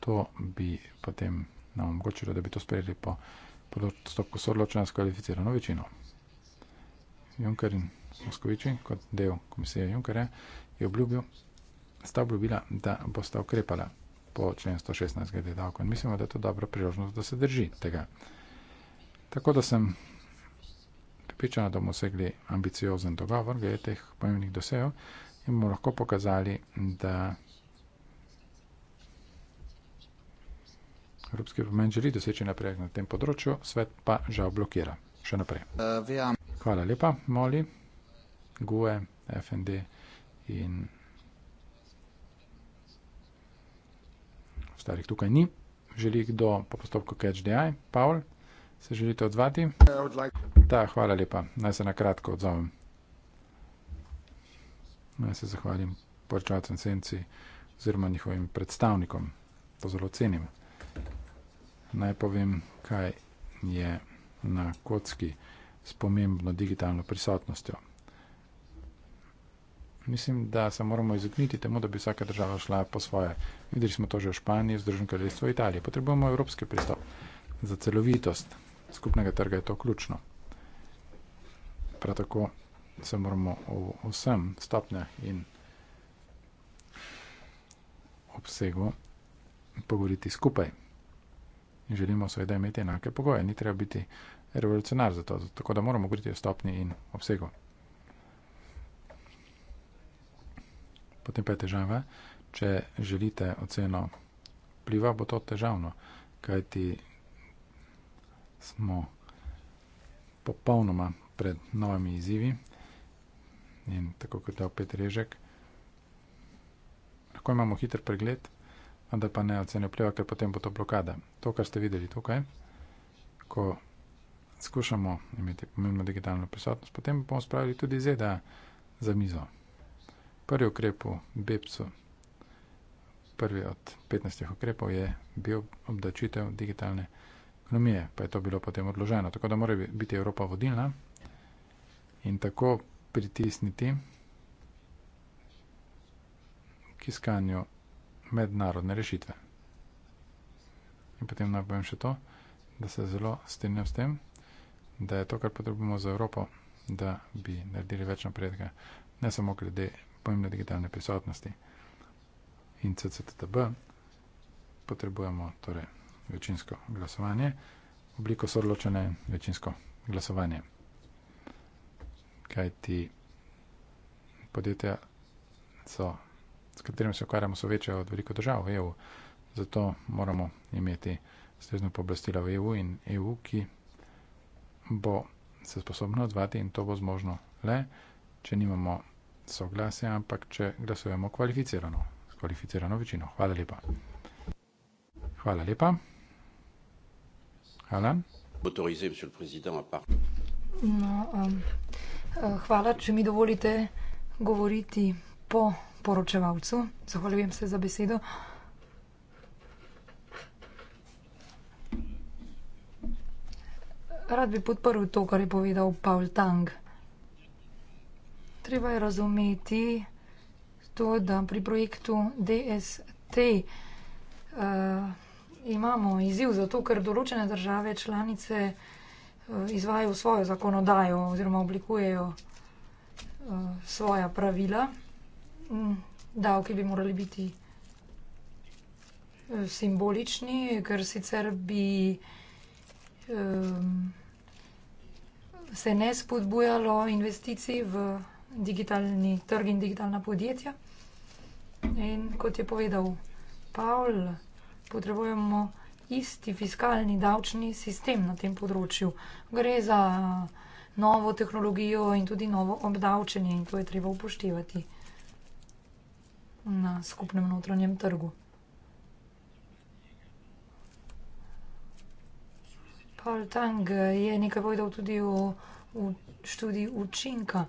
To bi potem nam omogočilo, da bi to sprejeli po postopku sodločanja s kvalificirano večino. Junker in Moskoviči, kot del komisije Junkere, je obljubil, sta obljubila, da bosta ukrepala po členu 116 glede davkov in mislimo, da je to dobra priložnost, da se drži tega. Tako da sem pripričana, da bomo segli ambiciozen dogovor glede teh pomembnih dosejev in bomo lahko pokazali, da Evropski parlament želi doseči napredek na tem področju, svet pa žal blokira. Še naprej. Uh, Hvala lepa, Moli, Gue, FND in ostalih tukaj ni. Želi kdo po postopku CatchDI? Paul, se želite odzvati? Da, hvala lepa. Naj se na kratko odzovem. Naj se zahvalim poročalcem senci oziroma njihovim predstavnikom. To zelo cenim. Naj povem, kaj je na kocki s pomembno digitalno prisotnostjo. Mislim, da se moramo izogniti temu, da bi vsaka država šla po svoje. Videli smo to že v Španiji, Združenem kraljestvu, Italiji. Potrebujemo evropski pristop. Za celovitost skupnega trga je to ključno. Prav tako se moramo v vsem stopnjah in obsegu pogovoriti skupaj. In želimo seveda imeti enake pogoje. Ni treba biti revolucionar za to, tako da moramo govoriti o stopnji in obsegu. Potem pa je težava, če želite oceno pliva, bo to težavno, kajti smo popolnoma pred novimi izzivi in tako kot je opet režek, lahko imamo hiter pregled, vendar pa ne ocene pliva, ker potem bo to blokada. To, kar ste videli tukaj, ko skušamo imeti pomembno digitalno prisotnost, potem bomo spravili tudi ZDA za mizo. Prvi ukrep v BEPS-u prvi od 15 ukrepov je bil obdačitev digitalne ekonomije, pa je to bilo potem odloženo. Tako da mora biti Evropa vodilna in tako pritisniti k iskanju mednarodne rešitve. In potem napovem še to, da se zelo strinjam s tem, da je to, kar potrebujemo za Evropo, da bi naredili več napredka, ne samo glede pojemne digitalne prisotnosti in CCTB, potrebujemo torej večinsko glasovanje, obliko sodločene večinsko glasovanje. Kaj ti podjetja so, s katerimi se ukvarjamo, so večja od veliko držav v EU. Zato moramo imeti strezno poblastila v EU in EU, ki bo se sposobno odzvati in to bo zmožno le, če nimamo soglasja, ampak če glasujemo kvalificirano kvalificirano večino. Hvala lepa. Hvala lepa. Alan? No, um, eh, hvala, če mi dovolite govoriti po poročevalcu. Zahvaljujem se za besedo. Rad bi podprl to, kar je povedal Paul Tang. Treba je razumeti, to, da pri projektu DST uh, eh, imamo izziv, zato ker določene države članice uh, eh, izvajo svojo zakonodajo oziroma oblikujejo uh, svoja pravila. Mm, davki bi morali biti simbolični, ker sicer bi um, se ne spodbujalo investicij v digitalni trg in digitalna podjetja. In kot je povedal Pavel, potrebujemo isti fiskalni davčni sistem na tem področju. Gre za novo tehnologijo in tudi novo obdavčenje in to je treba upoštevati na skupnem notranjem trgu. Paul Tang je nekaj povedal tudi o študiji učinka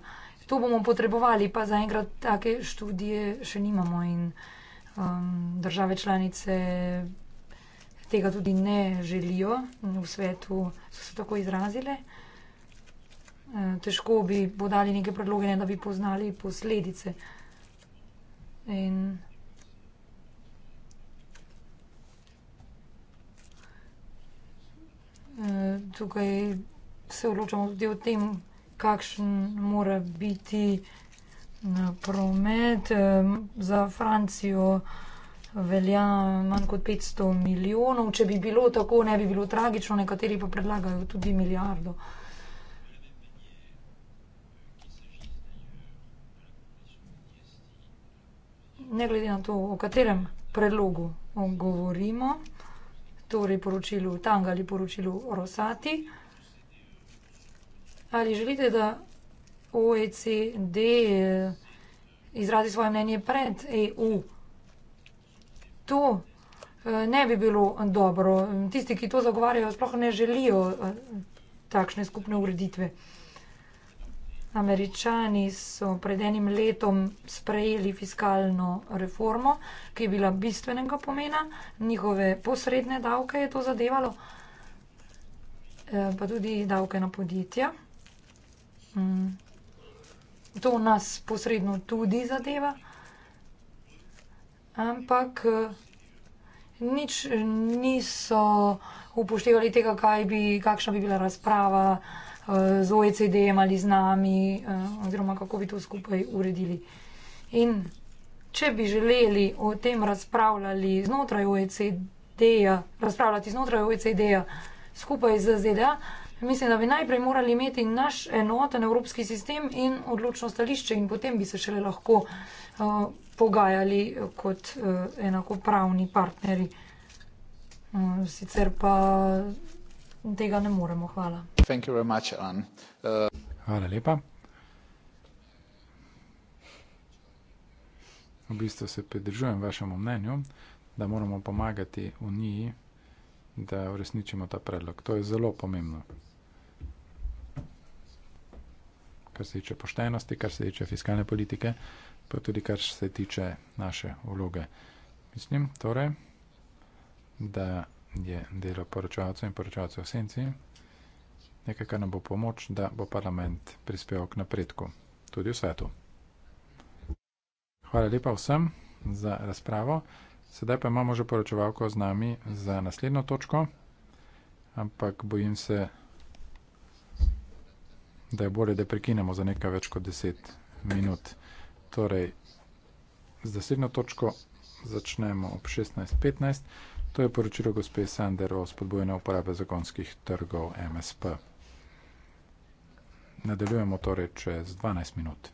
to bomo potrebovali, pa zaenkrat take študije še nimamo in um, države članice tega tudi ne želijo v svetu, so se tako izrazile. E, težko bi podali neke predloge, ne da bi poznali posledice. In e, tukaj se odločamo tudi o tem, kakšen mora biti eh, promet. Eh, za Francijo velja manj kot 500 milijonov. Če bi bilo tako, ne bi bilo tragično, nekateri pa predlagajo tudi milijardo. Ne glede na to, o katerem predlogu govorimo, torej poročilo Tang ali poročilo Rosati. Ali želite, da OECD eh, izrazi svoje mnenje pred EU? To eh, ne bi bilo dobro. Tisti, ki to zagovarjajo, sploh ne želijo eh, takšne skupne ureditve. Američani so pred enim letom sprejeli fiskalno reformo, ki je bila bistvenega pomena. Njihove posredne davke je to zadevalo, pa tudi davke na podjetja. Mm. To nas posredno tudi zadeva, ampak eh, nič niso upoštevali tega, kaj bi, kakšna bi bila razprava eh, z OECD-jem ali z nami, eh, oziroma kako bi to skupaj uredili. In če bi želeli o tem razpravljali znotraj OECD-ja, razpravljati znotraj OECD-ja skupaj z ZDA, Mislim, da bi najprej morali imeti naš enoten evropski sistem in odločno stališče in potem bi se šele lahko uh, pogajali kot uh, enakopravni partneri. Uh, sicer pa tega ne moremo. Hvala. Much, uh... Hvala lepa. V bistvu se pridržujem vašemu mnenju, da moramo pomagati Uniji, da uresničimo ta predlog. To je zelo pomembno. kar se tiče poštenosti, kar se tiče fiskalne politike, pa tudi kar se tiče naše vloge. Mislim torej, da je delo poročevalcev in poročevalcev v senci nekaj, kar nam bo pomoč, da bo parlament prispeval k napredku, tudi v svetu. Hvala lepa vsem za razpravo. Sedaj pa imamo že poročevalko z nami za naslednjo točko, ampak bojim se, da je bolje, da prekinemo za nekaj več kot deset minut. Torej, z naslednjo točko začnemo ob 16.15. To je poročilo gospe Sander o spodbojene uporabe zakonskih trgov MSP. Nadaljujemo torej čez 12 minut.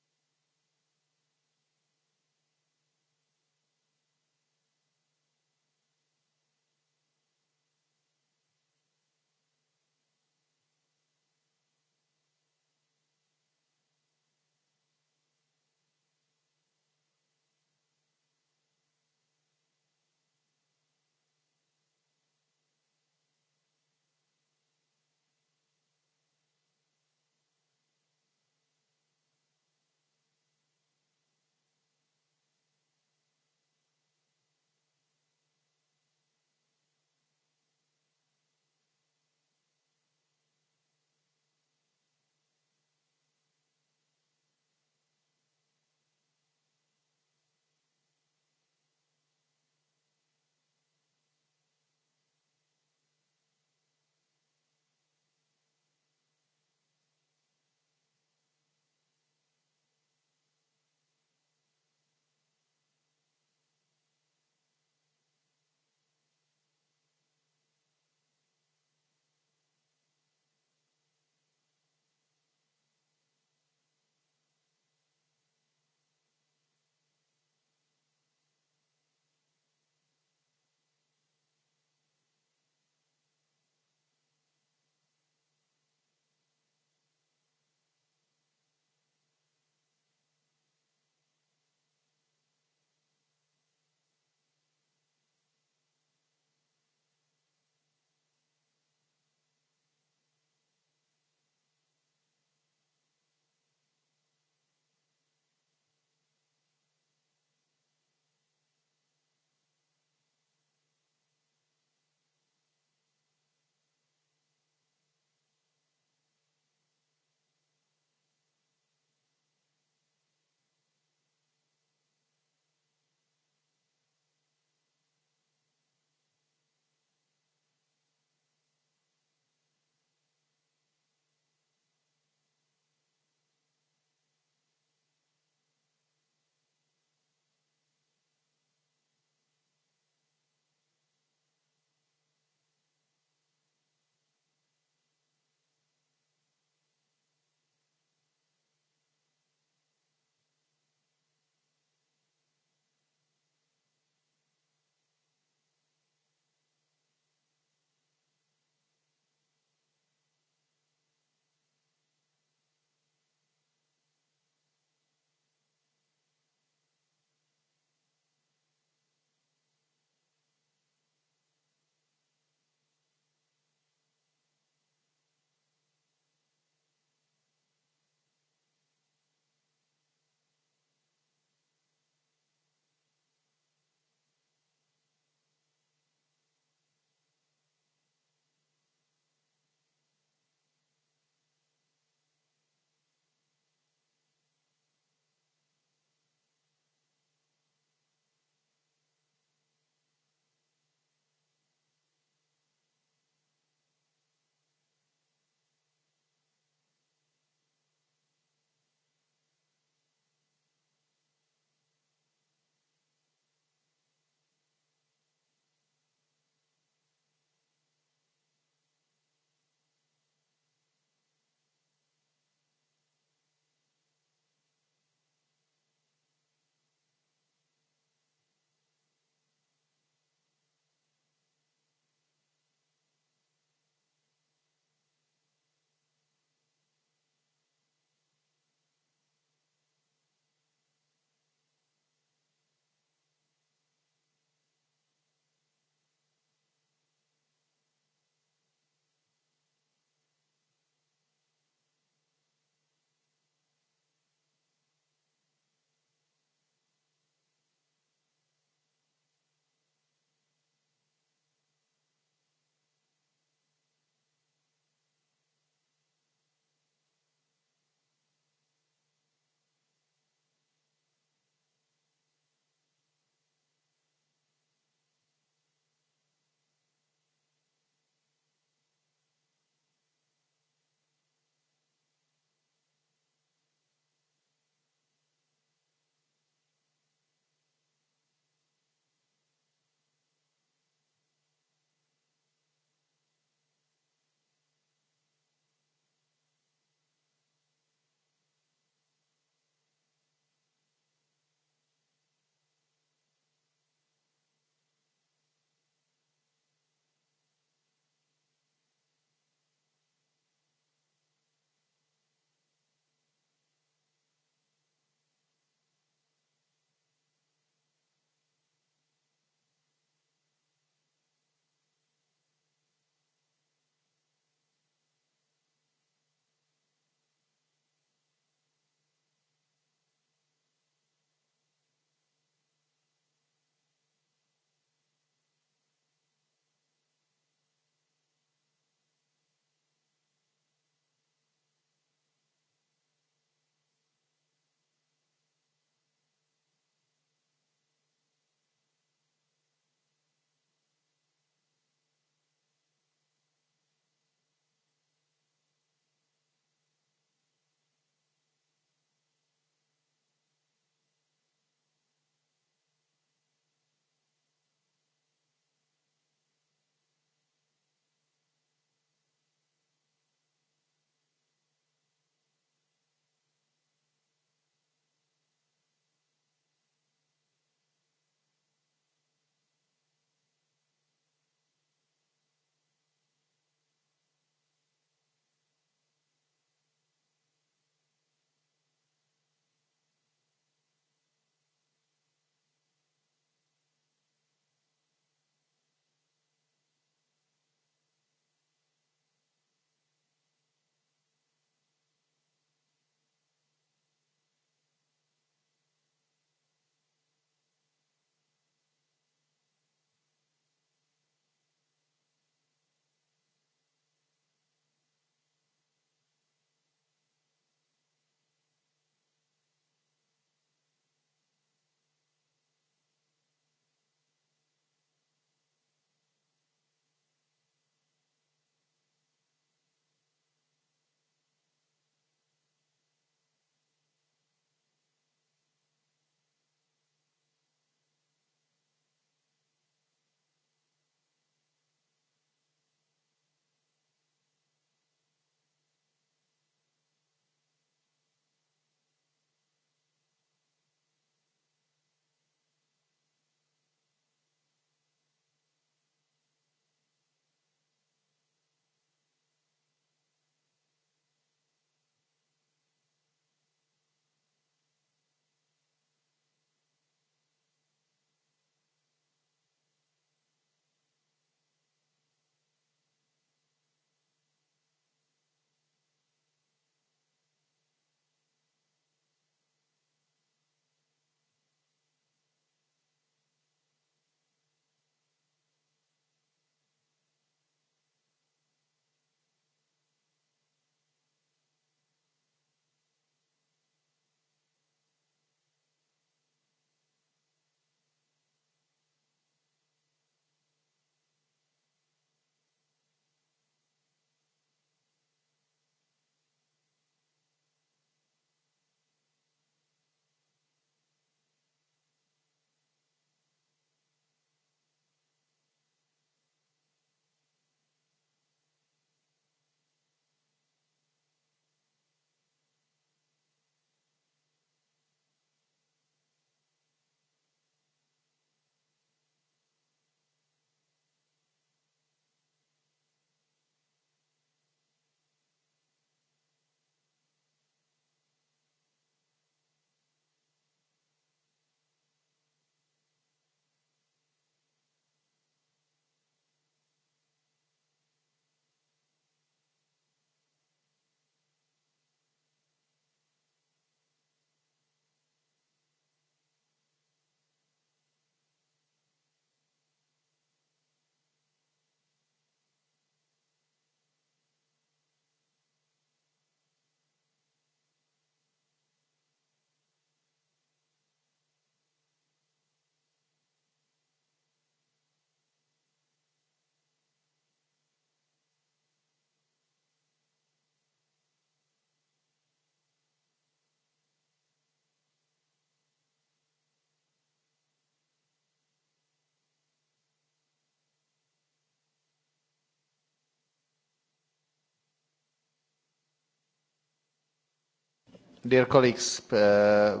Uh,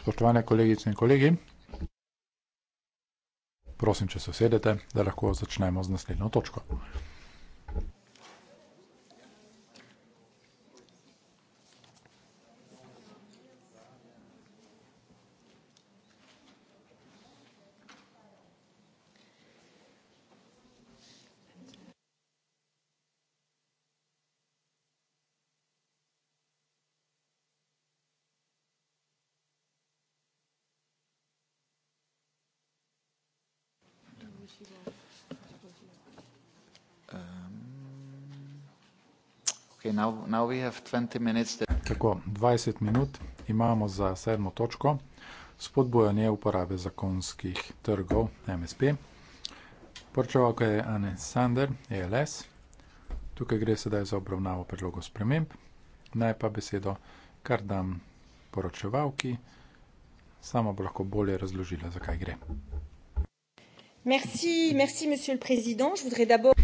Spoštovane kolegice in kolegi, prosim, če se sedete, da lahko začnemo z naslednjo točko. now, now we have 20 minutes. That... Tako, 20 minut imamo za sedmo točko, spodbojanje uporabe zakonskih trgov MSP. Porčevalka je Anne Sander, ALS. E Tukaj gre sedaj za obravnavo predlogov sprememb. Naj pa besedo, kar dam poročevalki, sama bo lahko bolje razložila, zakaj gre. Merci, merci, monsieur le président. Je voudrais d'abord.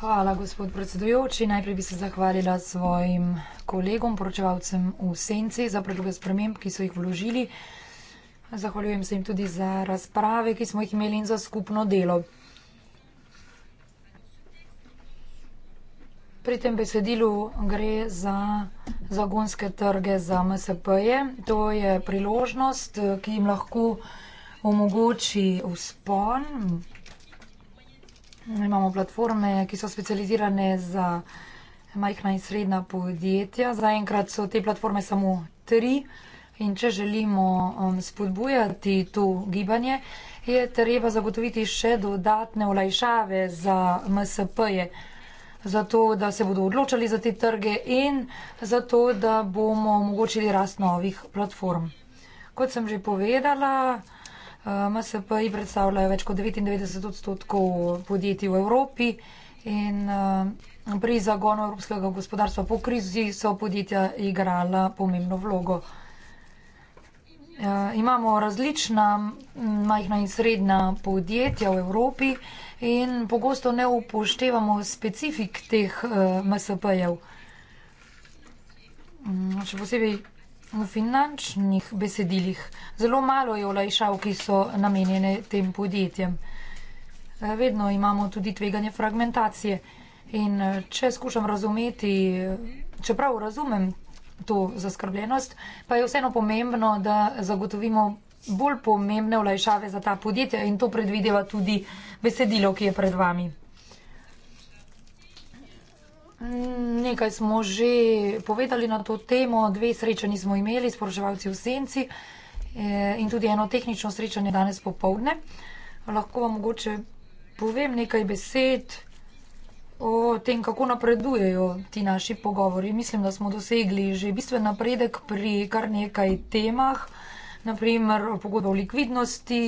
Hvala, gospod predsedujoči. Najprej bi se zahvalila svojim kolegom, poročevalcem v senci za predloge sprememb, ki so jih vložili. Zahvaljujem se jim tudi za razprave, ki smo jih imeli in za skupno delo. Pri tem besedilu gre za zagonske trge za MSP-je. To je priložnost, ki jim lahko omogoči vzpon, Imamo platforme, ki so specializirane za majhna in srednja podjetja. Zaenkrat so te platforme samo tri in če želimo um, spodbujati to gibanje, je treba zagotoviti še dodatne olajšave za MSP-je. Zato, da se bodo odločali za te trge in zato, da bomo omogočili rast novih platform. Kot sem že povedala, Eh, MSP-ji predstavljajo več kot 99 odstotkov podjetij v Evropi in eh, pri zagonu evropskega gospodarstva po krizi so podjetja igrala pomembno vlogo. Eh, imamo različna majhna in srednja podjetja v Evropi in pogosto ne upoštevamo specifik teh MSP-jev. Mm, še posebej V finančnih besedilih zelo malo je olajšav, ki so namenjene tem podjetjem. Eh, vedno imamo tudi tveganje fragmentacije in eh, če skušam razumeti, eh, čeprav razumem to zaskrbljenost, pa je vseeno pomembno, da zagotovimo bolj pomembne olajšave za ta podjetja in to predvideva tudi besedilo, ki je pred vami. Mm, nekaj smo že povedali na to temo, dve srečanji smo imeli s poroževalci v Senci eh, in tudi eno tehnično srečanje danes popovdne. Lahko vam mogoče povem nekaj besed o tem, kako napredujejo ti naši pogovori. Mislim, da smo dosegli že bistven napredek pri kar nekaj temah, naprimer pogodbo o likvidnosti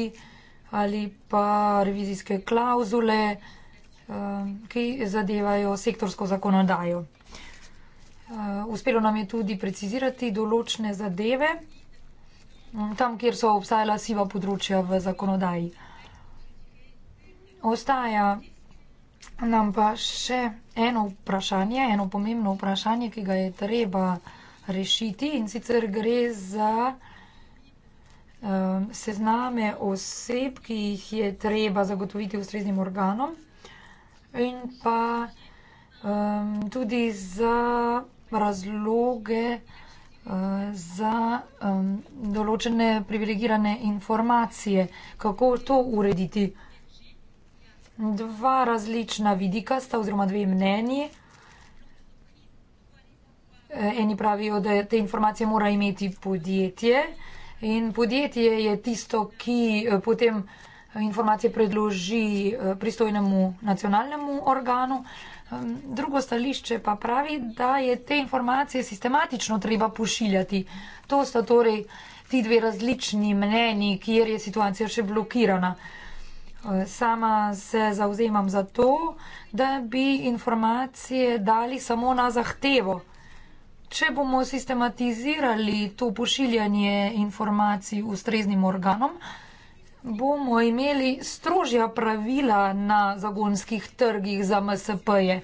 ali pa revizijske klauzule, vsega. Um, ki zadevajo sektorsko zakonodajo. Uh, uspelo nam je tudi precizirati določene zadeve um, tam, kjer so obstajala siva področja v zakonodaji. Ostaja nam pa še eno vprašanje, eno pomembno vprašanje, ki ga je treba rešiti in sicer gre za um, sezname oseb, ki jih je treba zagotoviti ustreznim organom in pa um, tudi za razloge uh, za um, določene privilegirane informacije, kako to urediti. Dva različna vidika sta oziroma dve mnenji. Eni pravijo, da te informacije mora imeti podjetje in podjetje je tisto, ki eh, potem uh, informacije predloži eh, pristojnemu nacionalnemu organu. Drugo stališče pa pravi, da je te informacije sistematično treba pošiljati. To sta torej ti dve različni mneni, kjer je situacija še blokirana. Eh, sama se zauzemam za to, da bi informacije dali samo na zahtevo. Če bomo sistematizirali to pošiljanje informacij ustreznim organom, bomo imeli strožja pravila na zagonskih trgih za MSP-je.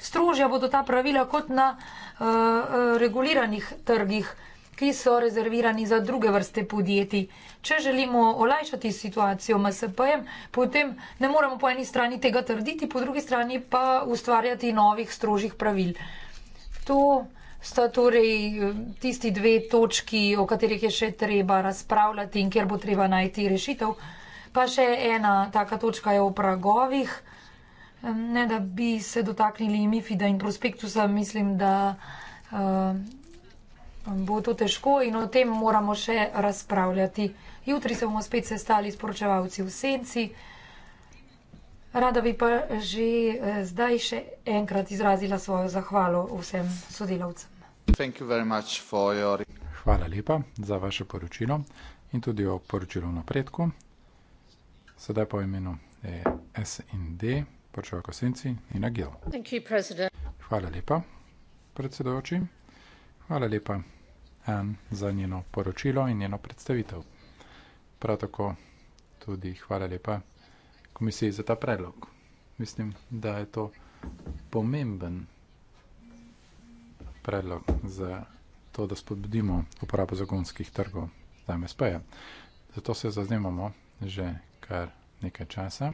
Strožja bodo ta pravila kot na uh, reguliranih trgih, ki so rezervirani za druge vrste podjetij. Če želimo olajšati situacijo MSP-jem, potem ne moremo po eni strani tega trditi, po drugi strani pa ustvarjati novih strožjih pravil. To sta torej eh, tisti dve točki, o katerih je še treba razpravljati in kjer bo treba najti rešitev. Pa še ena taka točka je o pragovih. Ne da bi se dotaknili Mifida in Prospektusa, mislim, da uh, bo to težko in o tem moramo še razpravljati. Jutri se bomo spet sestali s poročevalci v senci. Rada bi pa že eh, zdaj še enkrat izrazila svojo zahvalo vsem sodelavcem. Hvala lepa za vaše poročilo in tudi o poročilu o napredku. Sedaj po imenu eh, SND, počevalko senci in agil. Hvala lepa, predsedujoči. Hvala lepa, Ann, za njeno poročilo in njeno predstavitev. Prav tako tudi hvala lepa komisiji za ta predlog. Mislim, da je to pomemben predlog za to, da spodbudimo uporabo zagonskih trgov za MSP-je. Zato se zaznemamo že kar nekaj časa.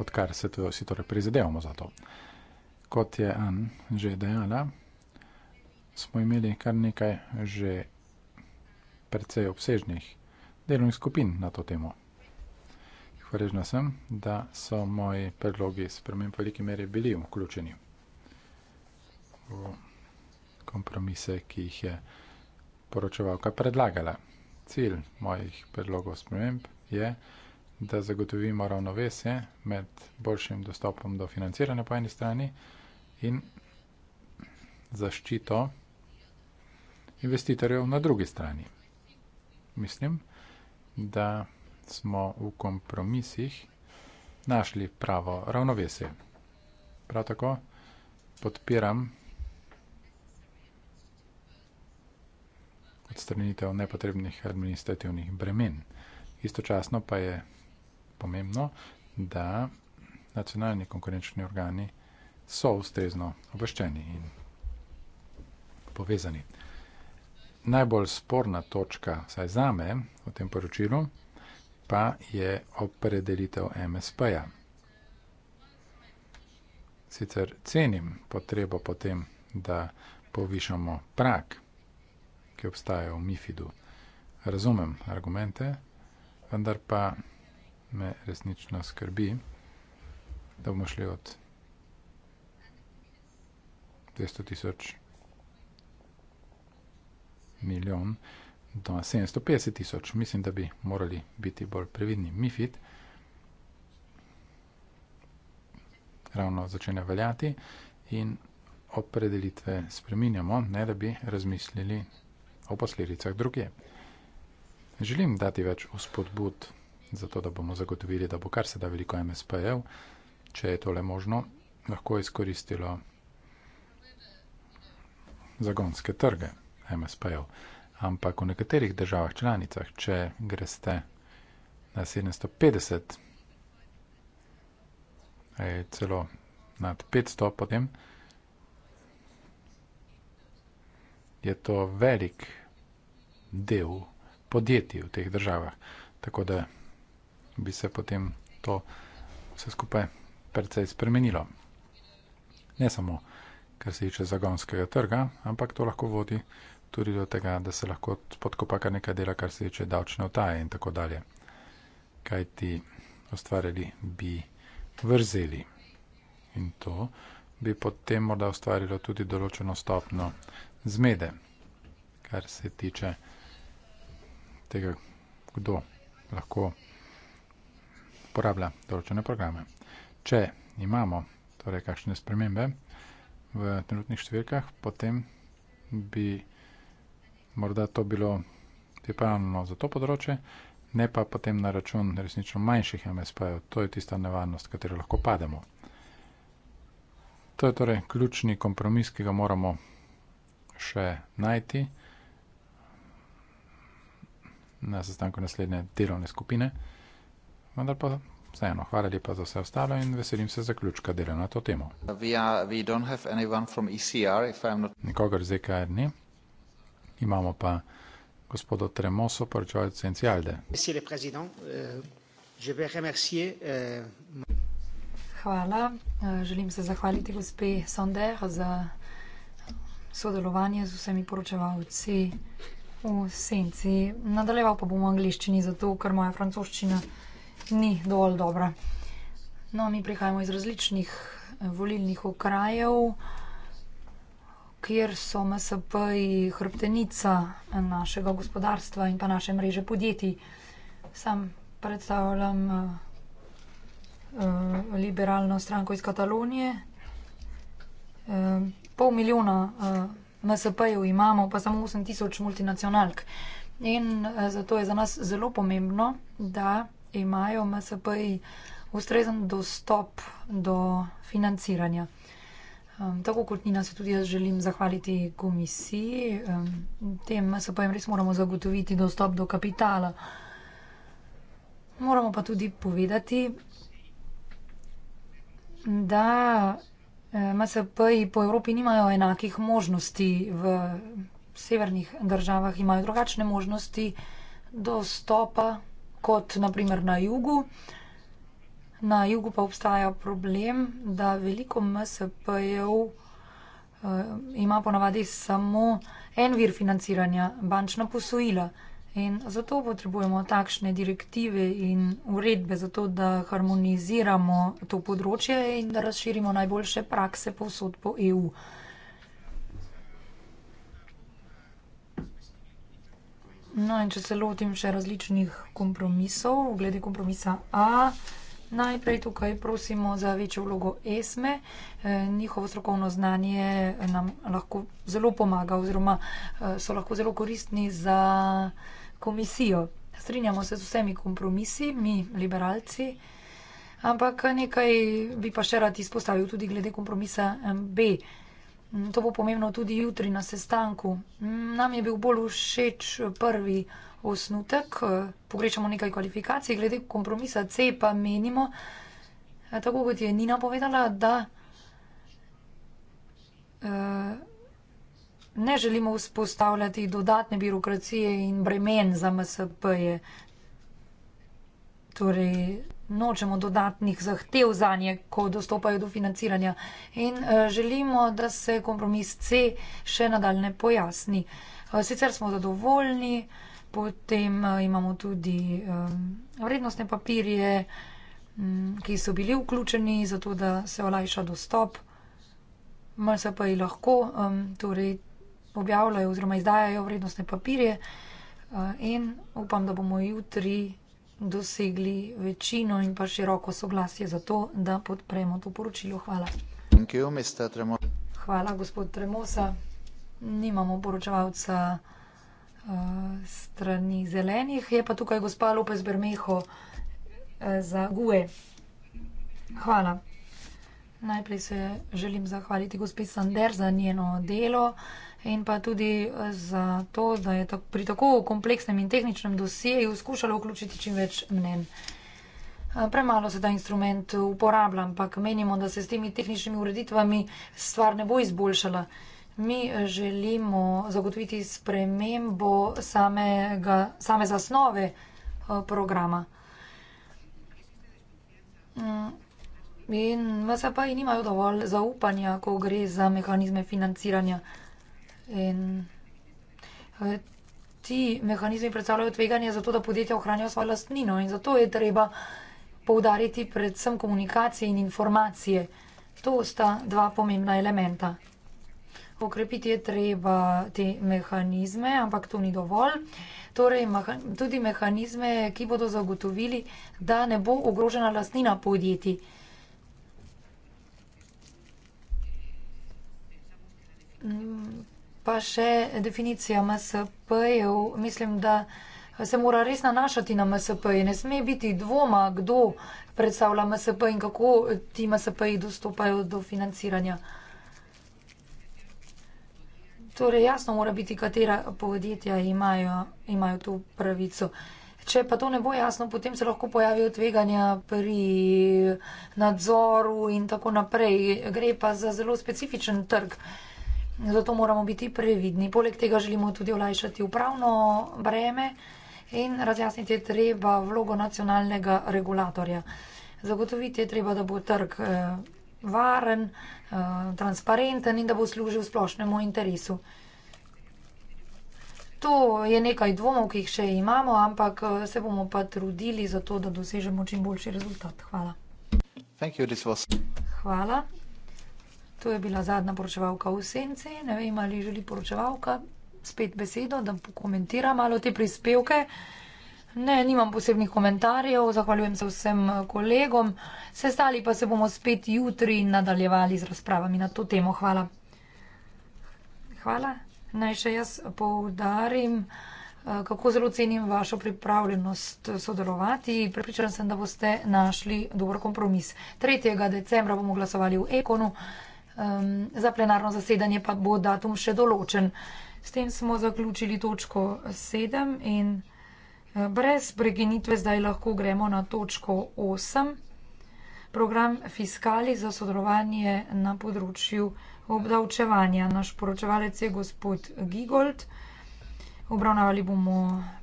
odkar se tudi vsi torej prizadevamo za to. Kot je An že dejala, smo imeli kar nekaj že precej obsežnih delovnih skupin na to temo. Hvaležna sem, da so moji predlogi spremenj veliki meri bili vključeni v kompromise, ki jih je poročevalka predlagala. Cilj mojih predlogov sprememb je, da zagotovimo ravnovesje med boljšim dostopom do financiranja po eni strani in zaščito investitorjev na drugi strani. Mislim, da smo v kompromisih našli pravo ravnovesje. Prav tako podpiram odstranitev nepotrebnih administrativnih bremen. Istočasno pa je pomembno, da nacionalni konkurenčni organi so ustrezno obveščeni in povezani. Najbolj sporna točka, saj zame, v tem poročilu, pa je opredelitev MSP-ja. Sicer cenim potrebo potem, da povišamo prak, ki obstaja v MIFID-u. Razumem argumente, vendar pa me resnično skrbi, da bomo šli od 200 tisoč milijon, do 750 tisoč. Mislim, da bi morali biti bolj previdni. MIFID ravno začne veljati in opredelitve spreminjamo, ne da bi razmislili o posledicah druge. Želim dati več vzpodbud za to, da bomo zagotovili, da bo kar se da veliko MSP-ev, če je tole možno, lahko izkoristilo zagonske trge MSP-ev ampak v nekaterih državah članicah, če greste na 750, je celo nad 500 potem, je to velik del podjetij v teh državah. Tako da bi se potem to vse skupaj precej spremenilo. Ne samo, kar se tiče zagonskega trga, ampak to lahko vodi tudi do tega, da se lahko podkopaka nekaj dela, kar se tiče davčne otaje in tako dalje. Kaj ti ustvarili bi vrzeli in to bi potem morda ustvarilo tudi določeno stopno zmede, kar se tiče tega, kdo lahko uporablja določene programe. Če imamo torej kakšne spremembe v trenutnih številkah, potem bi morda to bilo pripravljeno za to področje, ne pa potem na račun resnično manjših MSP-jev. To je tista nevarnost, katero lahko pademo. To je torej ključni kompromis, ki ga moramo še najti na sestanku naslednje delovne skupine. Vendar pa vseeno, hvala lepa za vse ostalo in veselim se zaključka dela na to temo. E Nikogar z EKR ni. Imamo pa gospodo Tremoso, poročevalce in cijalde. Euh, euh, Hvala. Euh, želim se zahvaliti gospe Sonder za sodelovanje z vsemi poročevalci v senci. Nadaljeval pa bom v angliščini, zato ker moja francoščina ni dovolj dobra. No, mi prihajamo iz različnih eh, volilnih okrajev kjer so MSP-ji hrbtenica našega gospodarstva in pa naše mreže podjetij. Sam predstavljam uh, liberalno stranko iz Katalonije. Uh, pol milijona uh, MSP-jev imamo, pa samo 8 tisoč multinacionalk. In uh, zato je za nas zelo pomembno, da imajo MSP-ji ustrezen dostop do financiranja. Um, tako kot Nina se tudi jaz želim zahvaliti komisiji, um, tem se pa jim res moramo zagotoviti dostop do kapitala. Moramo pa tudi povedati, da eh, MSP-ji po Evropi nimajo enakih možnosti. V severnih državah imajo drugačne možnosti dostopa kot naprimer na jugu. Na jugu pa obstaja problem, da veliko MSP-jev uh, eh, ima ponavadi samo en vir financiranja, bančna posojila. In zato potrebujemo takšne direktive in uredbe, zato da harmoniziramo to področje in da razširimo najboljše prakse povsod po EU. No in če se lotim še različnih kompromisov, glede kompromisa A. Najprej tukaj prosimo za večjo vlogo ESME. Eh, njihovo strokovno znanje nam lahko zelo pomaga oziroma eh, so lahko zelo koristni za komisijo. Strinjamo se z vsemi kompromisi, mi liberalci, ampak nekaj bi pa še rad izpostavil tudi glede kompromisa eh, B. Mm, to bo pomembno tudi jutri na sestanku. Mm, nam je bil bolj všeč prvi kompromis osnutek, eh, pogrešamo nekaj kvalifikacij, glede kompromisa C pa menimo, eh, tako kot je Nina povedala, da eh, ne želimo vzpostavljati dodatne birokracije in bremen za MSP-je. Torej, nočemo dodatnih zahtev za nje, ko dostopajo do financiranja in želimo, da se kompromis C še nadaljne pojasni. Sicer smo zadovoljni, Potem eh, imamo tudi eh, vrednostne papirje, mm, ki so bili vključeni, zato da se olajša dostop. MLSP jih lahko torej, objavljajo oziroma izdajajo vrednostne papirje eh, in upam, da bomo jutri dosegli večino in pa široko soglasje za to, da podpremo to poročilo. Hvala. Hvala, gospod Tremosa. Nimamo poročevalca strani zelenih, je pa tukaj gospa Lopez Bermeho e, za GUE. Hvala. Najprej se želim zahvaliti gospe Sander za njeno delo in pa tudi za to, da je pri tako kompleksnem in tehničnem dosijeju skušala vključiti čim več mnen. Premalo se ta instrument uporablja, ampak menimo, da se s temi tehničnimi ureditvami stvar ne bo izboljšala. Mi želimo zagotoviti spremembo samega, same zasnove eh, programa. Mm, in MSP-ji in nimajo dovolj zaupanja, ko gre za mehanizme financiranja. In eh, ti mehanizmi predstavljajo tveganje za to, da podjetja ohranijo svojo lastnino in zato je treba poudariti predvsem komunikacije in informacije. To sta dva pomembna elementa. Pokrepiti je treba te mehanizme, ampak to ni dovolj. Torej, tudi mehanizme, ki bodo zagotovili, da ne bo ogrožena lastnina podjetij. Pa še definicija MSP-jev. Mislim, da se mora res nanašati na MSP-je. Ne sme biti dvoma, kdo predstavlja MSP in kako ti MSP-ji dostopajo do financiranja. Torej, jasno mora biti, katera podjetja imajo, imajo to pravico. Če pa to ne bo jasno, potem se lahko pojavijo tveganja pri nadzoru in tako naprej. Gre pa za zelo specifičen trg. Zato moramo biti previdni. Poleg tega želimo tudi olajšati upravno breme in razjasniti je treba vlogo nacionalnega regulatorja. Zagotoviti je treba, da bo trg. Eh, varen, uh, transparenten in da bo služil splošnemu interesu. To je nekaj dvomov, ki jih še imamo, ampak eh, se bomo pa trudili za to, da dosežemo čim boljši rezultat. Hvala. You, was... Hvala. To je bila zadnja poročevalka v senci. Ne vem, ali želi poročevalka spet besedo, da pokomentira malo te prispevke. Ne, nimam posebnih komentarjev, zahvaljujem se vsem eh, kolegom. Sestali pa se bomo spet jutri in nadaljevali z razpravami na to temo. Hvala. Hvala. Naj še jaz poudarim, eh, kako zelo cenim vašo pripravljenost eh, sodelovati. Pripričan sem, da boste našli dober kompromis. 3. decembra bomo glasovali v Ekonu, ehm, za plenarno zasedanje pa bo datum še določen. S tem smo zaključili točko 7 in. Eh, brez pregenitve zdaj lahko gremo na točko 8. Program fiskali za sodelovanje na področju obdavčevanja. Naš poročevalec je gospod Gigold. Obravnavali bomo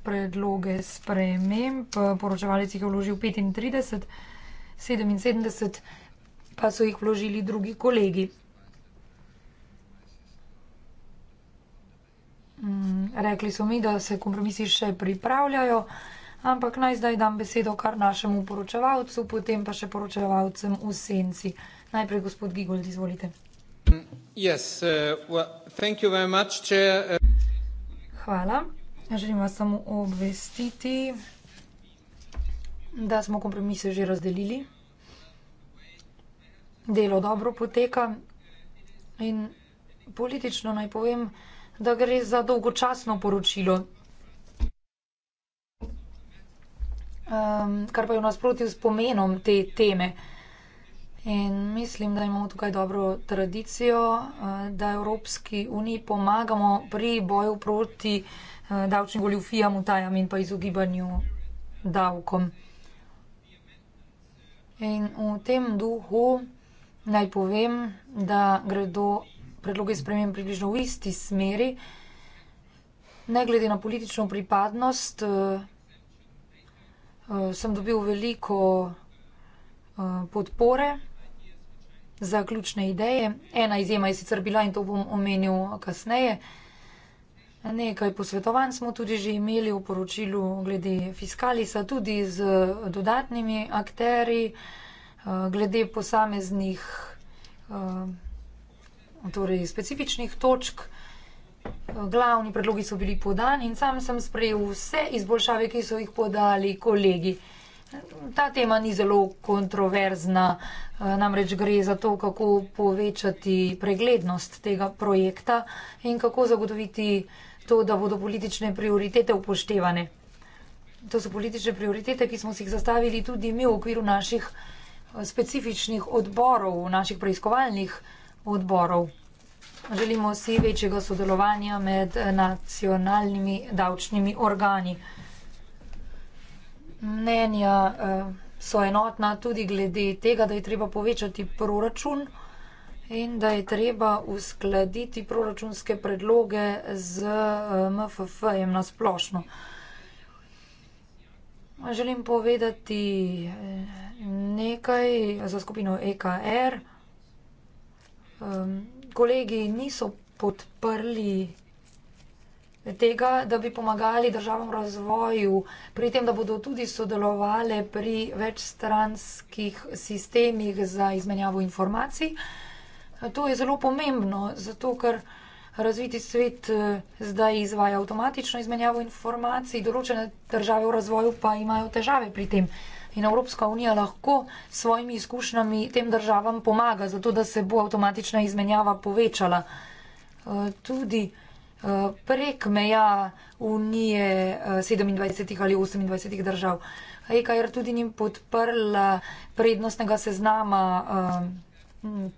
predloge sprememb. Poročevalec jih je vložil 35, 77, pa so jih vložili drugi kolegi. Mm, rekli so mi, da se kompromisi še pripravljajo, ampak naj zdaj dam besedo kar našemu poročevalcu, potem pa še poročevalcem v senci. Najprej gospod Gigold, izvolite. Mm, yes, uh, well, much, uh... Hvala. Želim vas samo obvestiti, da smo kompromise že razdelili. Delo dobro poteka in politično naj povem, da gre za dolgočasno poročilo. Um, kar pa je v nasprotju s pomenom te teme. In mislim, da imamo tukaj dobro tradicijo, eh, da Evropski uniji pomagamo pri boju proti eh, davčnim goljufijam, utajam in pa izogibanju davkom. In v tem duhu naj povem, da gredo predloge spremem približno v isti smeri, ne glede na politično pripadnost, eh, eh, sem dobil veliko eh, podpore za ključne ideje. Ena izjema je sicer bila, in to bom omenil kasneje, nekaj posvetovanj smo tudi že imeli v poročilu glede fiskalisa, tudi z dodatnimi akteri, glede posameznih torej specifičnih točk. Glavni predlogi so bili podani in sam sem sprejel vse izboljšave, ki so jih podali kolegi. Ta tema ni zelo kontroverzna, namreč gre za to, kako povečati preglednost tega projekta in kako zagotoviti to, da bodo politične prioritete upoštevane. To so politične prioritete, ki smo si jih zastavili tudi mi v okviru naših eh, specifičnih odborov, naših preiskovalnih odborov odborov. Želimo si večjega sodelovanja med nacionalnimi davčnimi organi. Mnenja eh, so enotna tudi glede tega, da je treba povečati proračun in da je treba uskladiti proračunske predloge z eh, MFF-jem na splošno. Želim povedati eh, nekaj za skupino EKR um, kolegi niso podprli tega, da bi pomagali državam v razvoju, pri tem, da bodo tudi sodelovali pri večstranskih sistemih za izmenjavo informacij. To je zelo pomembno, zato ker razviti svet eh, zdaj izvaja avtomatično izmenjavo informacij, določene države v razvoju pa imajo težave pri tem in Evropska unija lahko s svojimi izkušnjami tem državam pomaga, zato da se bo avtomatična izmenjava povečala. Eh, tudi eh, prek meja unije 27 eh, ali 28 držav. EKR tudi ni podprl prednostnega seznama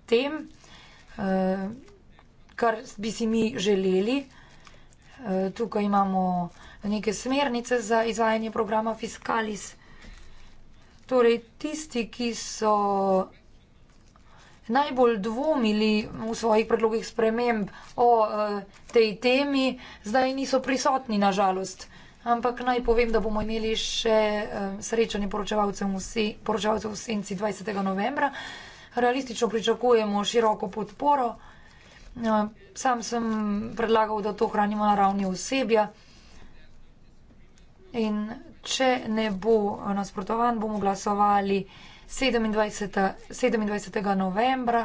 tem, kar bi si mi želeli. Tukaj imamo neke smernice za izvajanje programa Fiscalis Torej, tisti, ki so najbolj dvomili v svojih predlogih sprememb o eh, tej temi, zdaj niso prisotni, nažalost. Ampak naj povem, da bomo imeli še eh, srečanje poročevalcev v senci 20. novembra. Realistično pričakujemo široko podporo. Eh, sam sem predlagal, da to hranimo na ravni osebja. In če ne bo nasprotovan, bomo glasovali 27. 27. novembra,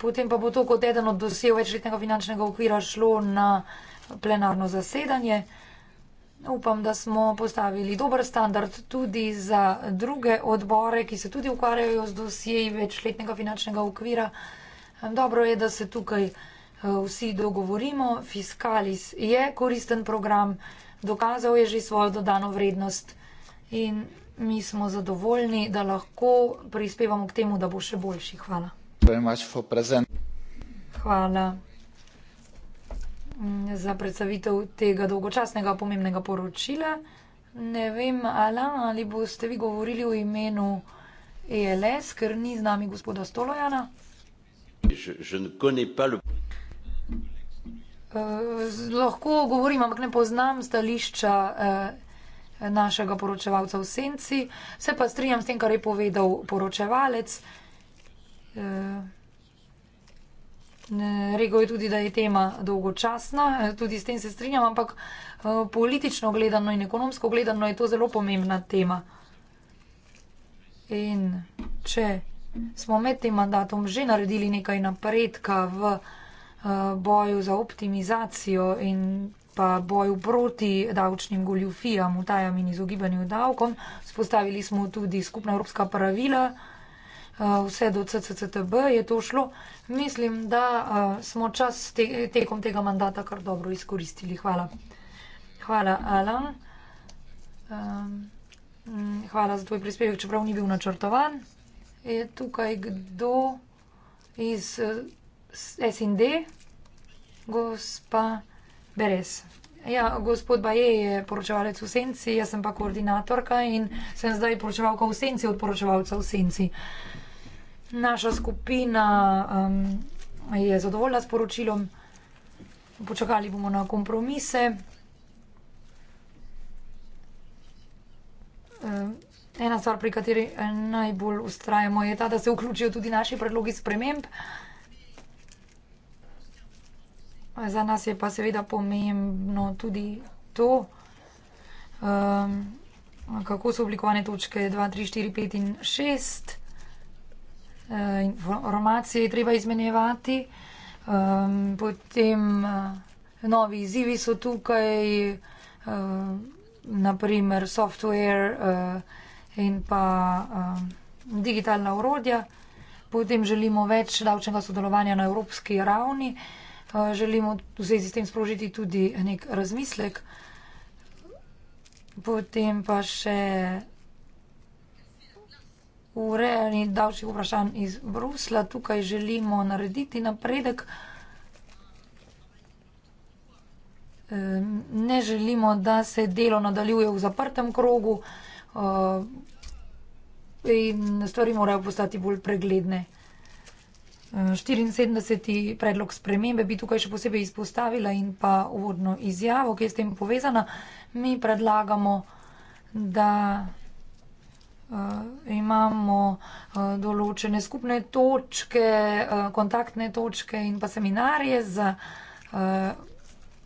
potem pa bo to kot eden od dosev večletnega finančnega okvira šlo na plenarno zasedanje. Upam, da smo postavili dober standard tudi za druge odbore, ki se tudi ukvarjajo z dosjeji večletnega finančnega okvira. Dobro je, da se tukaj eh, vsi dogovorimo. Fiskalis je koristen program dokazal je že svojo dodano vrednost in mi smo zadovoljni, da lahko prispevamo k temu, da bo še boljši. Hvala. Hvala mm, za predstavitev tega dolgočasnega pomembnega poročila. Ne vem, Alan, ali boste vi govorili v imenu ELS, ker ni z nami gospoda Stolojana. Je, je Uh, lahko govorim, ampak ne poznam stališča uh, našega poročevalca v senci, se pa strinjam s tem, kar je povedal poročevalec. Uh, Rekel je tudi, da je tema dolgočasna, tudi s tem se strinjam, ampak uh, politično gledano in ekonomsko gledano je to zelo pomembna tema. In če smo med tem mandatom že naredili nekaj napredka v. Eh, boju za optimizacijo in pa boju proti davčnim goljufijam, utajam in izogibanju davkom. Spostavili smo tudi skupna evropska pravila, eh, vse do CCCTB je to šlo. Mislim, da eh, smo čas te, tekom tega mandata kar dobro izkoristili. Hvala. Hvala, Alan. Hvala za tvoj prispevek, čeprav ni bil načrtovan. Je tukaj kdo iz SND, gospa Beres. Ja, gospod Baje je poročevalec v senci, jaz sem pa koordinatorka in sem zdaj poročevalka v senci od poročevalca v senci. Naša skupina um, je zadovoljna s poročilom, počakali bomo na kompromise. Um, ena stvar, pri kateri najbolj ustrajamo, je ta, da se vključijo tudi naši predlogi sprememb. Uh, Za nas je pa seveda pomembno tudi to, um, kako so oblikovane točke 2, 3, 4, 5 in 6. Uh, eh, informacije je treba izmenjevati, um, potem uh, novi izzivi so tukaj, uh, eh, naprimer software uh, in pa uh, digitalna urodja. Potem želimo več davčnega sodelovanja na evropski ravni. Uh, želimo v zvezi s tem sprožiti tudi nek razmislek. Potem pa še urejanje davčnih vprašanj iz Brusla. Tukaj želimo narediti napredek. Ne želimo, da se delo nadaljuje v zaprtem krogu eh, in stvari morajo postati bolj pregledne. 74. predlog spremembe bi tukaj še posebej izpostavila in pa uvodno izjavo, ki je s tem povezana. Mi predlagamo, da uh, imamo uh, določene skupne točke, uh, kontaktne točke in pa seminarije za uh,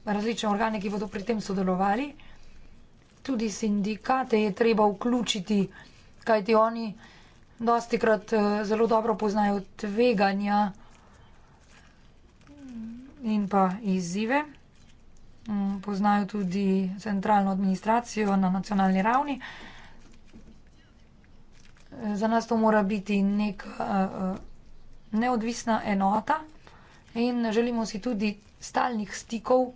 različne organe, ki bodo pri tem sodelovali. Tudi sindikate je treba vključiti, kajti oni dosti krat eh, zelo dobro poznajo tveganja in pa izzive. Mm, poznajo tudi centralno administracijo na nacionalni ravni. Eh, za nas to mora biti neka eh, neodvisna enota in želimo si tudi stalnih stikov.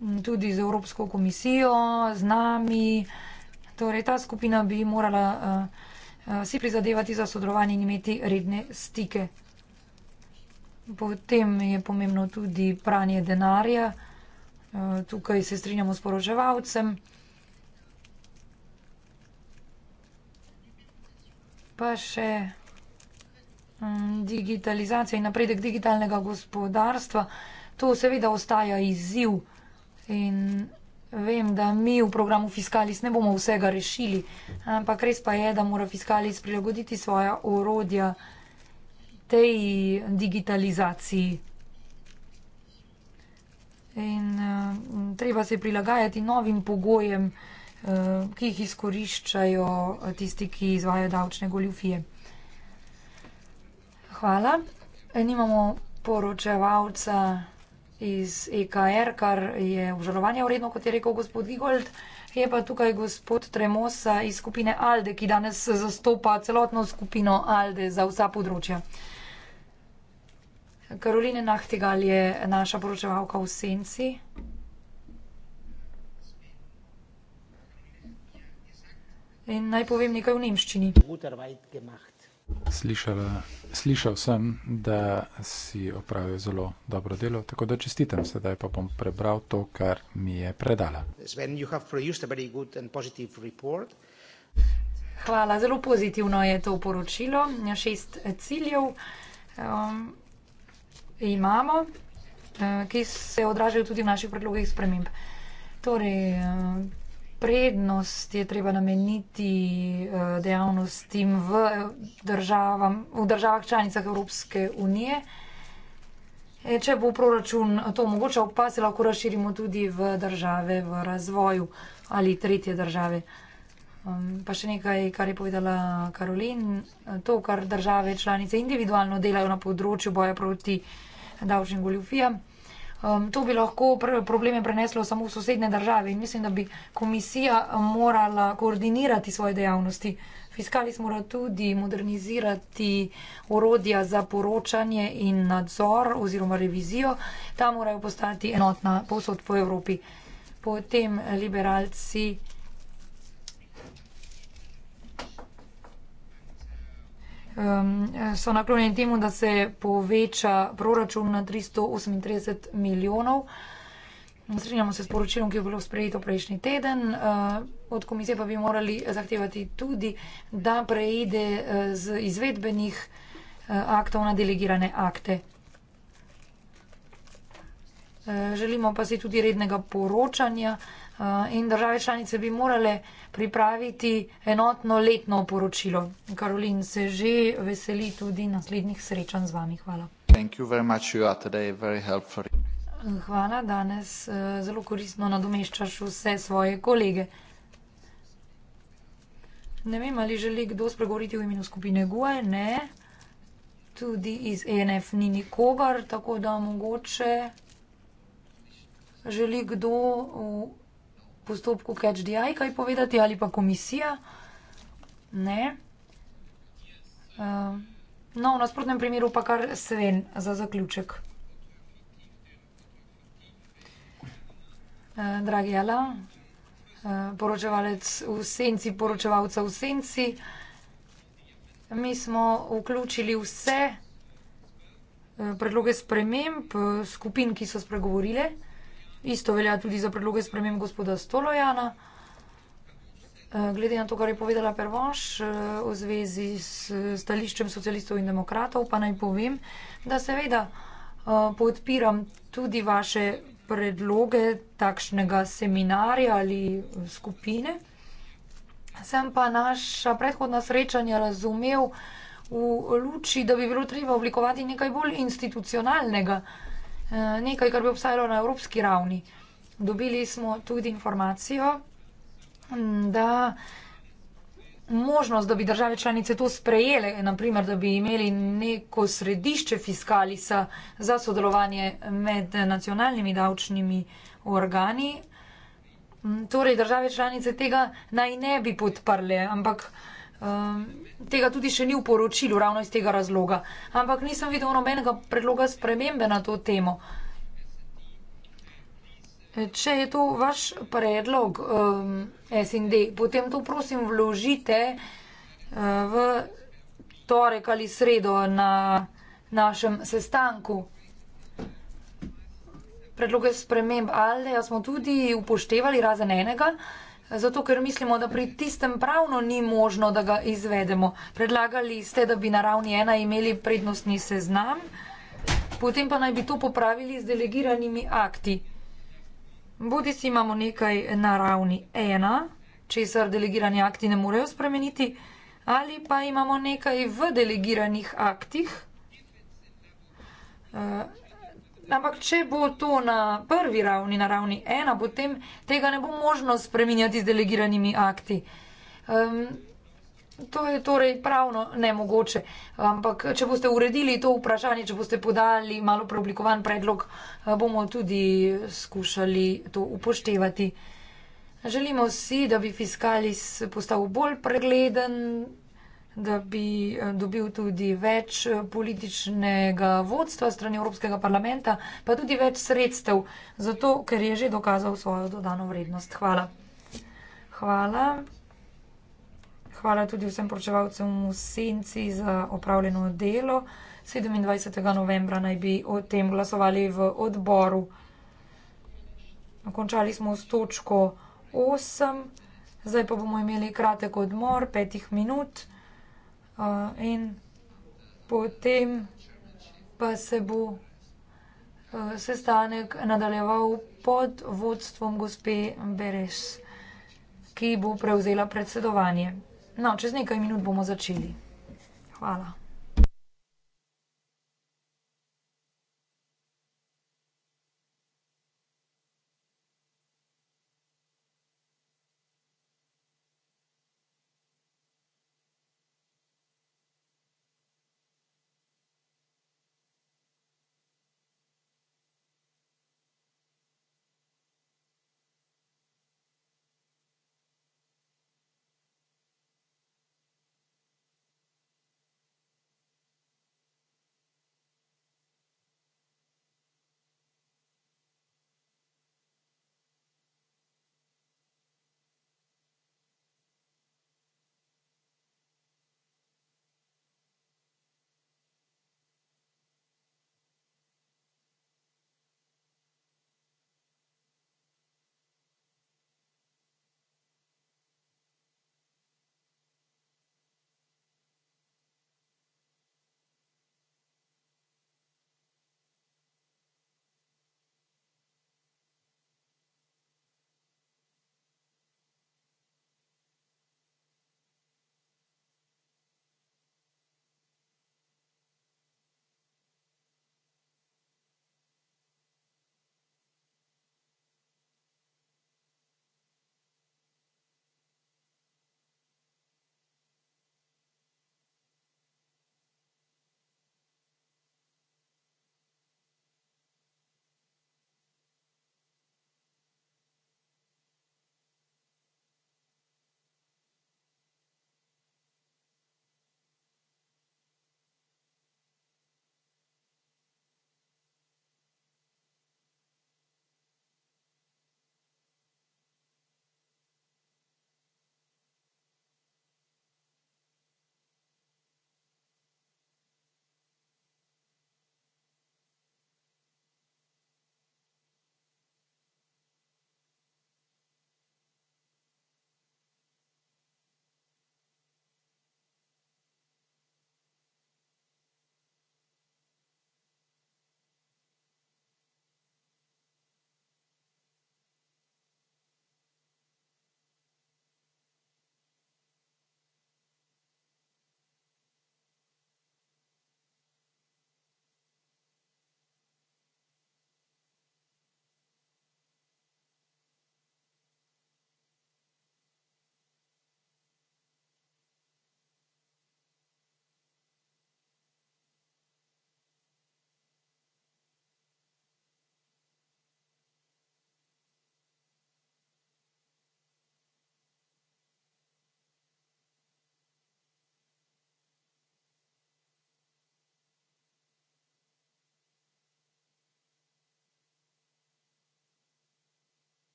Mm, tudi z Evropsko komisijo, z nami, Torej, ta skupina bi morala uh, uh, si prizadevati za sodelovanje in imeti redne stike. Potem je pomembno tudi pranje denarja. Eh, tukaj se strinjamo s poročevalcem. Pa še mm, digitalizacija in napredek digitalnega gospodarstva. To seveda ostaja izziv in Vem, da mi v programu Fiskalis ne bomo vsega rešili, ampak res pa je, da mora Fiskalis prilagoditi svoja orodja tej digitalizaciji. In uh, treba se prilagajati novim pogojem, uh, ki jih izkoriščajo tisti, ki izvajo davčne goljufije. Hvala. E, nimamo poročevalca iz EKR, kar je obžalovanje vredno, kot je rekel gospod Gigold. Je pa tukaj gospod Tremosa iz skupine Alde, ki danes zastopa celotno skupino Alde za vsa področja. Karoline Nahtigal je naša poročevalka v senci. In naj povem nekaj v nemščini. Slišala, slišal sem, da si opravil zelo dobro delo, tako da čestitam. Sedaj pa bom prebral to, kar mi je predala. Hvala, zelo pozitivno je to poročilo. Šest ciljev um, imamo, eh, ki se odražajo tudi v naših predlogih sprememb. Torej, um, prednost je treba nameniti eh, dejavnostim v, eh, v državah članicah Evropske unije. E, če bo proračun to omogočal, pa se lahko razširimo tudi v države v razvoju ali tretje države. Um, pa še nekaj, kar je povedala Karolin. To, kar države članice individualno delajo na področju boja proti davčnim goljufijam. Um, to bi lahko probleme preneslo samo v sosedne države in mislim, da bi komisija um, morala koordinirati svoje dejavnosti. Fiskalis mora tudi modernizirati orodja za poročanje in nadzor oziroma revizijo. Ta morajo postati enotna posod po Evropi. Potem liberalci um, so naklonjeni temu, da se poveča proračun na 338 milijonov. Strinjamo se s poročilom, ki je bilo sprejeto prejšnji teden. Od komisije pa bi morali zahtevati tudi, da preide eh, z izvedbenih eh, aktov na delegirane akte. Želimo pa si tudi rednega poročanja. Eh, in države članice bi morale pripraviti enotno letno poročilo. Karolin se že veseli tudi naslednjih srečanj z vami. Hvala. Hvala, danes eh, zelo koristno nadomeščaš vse svoje kolege. Ne vem, ali želi kdo spregovoriti v imenu skupine GUE, ne. Tudi iz ENF ni nikogar, tako da mogoče želi kdo v postopku Catch the Eye kaj povedati ali pa komisija? Ne. Uh, no, v nasprotnem primeru pa kar Sven za zaključek. Uh, dragi Alan, uh, ehm, poročevalec v senci, poročevalca v senci, mi smo vključili vse uh, predloge sprememb uh, skupin, ki so spregovorile. Isto velja tudi za predloge sprememb gospoda Stolojana. Eh, glede na to, kar je povedala Pervoš eh, v zvezi s stališčem socialistov in demokratov, pa naj povem, da seveda eh, podpiram tudi vaše predloge takšnega seminarja ali skupine. Sem pa naša predhodna srečanja razumel v luči, da bi bilo treba oblikovati nekaj bolj institucionalnega. Eh, nekaj, kar bi obstajalo na evropski ravni. Dobili smo tudi informacijo, mm, da možnost, da bi države članice to sprejele, naprimer, da bi imeli neko središče fiskalisa za sodelovanje med nacionalnimi davčnimi organi, mm, torej države članice tega naj ne bi podprle, ampak. Um, tega tudi še ni v poročilu, ravno iz tega razloga. Ampak nisem videl nobenega predloga spremembe na to temo. E, če je to vaš predlog um, ehm, SND, potem to prosim vložite uh, v torek ali sredo na našem sestanku. Predloge sprememb ALDE smo tudi upoštevali razen enega. Uh, Zato, ker mislimo, da pri tistem pravno ni možno, da ga izvedemo. Predlagali ste, da bi na ravni ena imeli prednostni seznam, potem pa naj bi to popravili z delegiranimi akti. Bodi si imamo nekaj na ravni ena, česar delegirani akti ne morejo spremeniti, ali pa imamo nekaj v delegiranih aktih. Uh, Ampak, če bo to na prvi ravni, na ravni ena, potem tega ne bo možno spreminjati z delegiranimi akti. Um, to je torej pravno nemogoče. Ampak, če boste uredili to vprašanje, če boste podali malo preoblikovan predlog, eh, bomo tudi skušali to upoštevati. Želimo si, da bi fiskalis postal bolj pregleden, da bi eh, dobil tudi več eh, političnega vodstva strani Evropskega parlamenta, pa tudi več sredstev, zato ker je že dokazal svojo dodano vrednost. Hvala. Hvala. Hvala tudi vsem poročevalcem v senci za opravljeno delo. 27. novembra naj bi o tem glasovali v odboru. Končali smo s točko 8, zdaj pa bomo imeli kratek odmor, petih minut. Uh, in potem pa se bo uh, sestanek nadaljeval pod vodstvom gospe Beres, ki bo prevzela predsedovanje. No, čez nekaj minut bomo začeli. Hvala.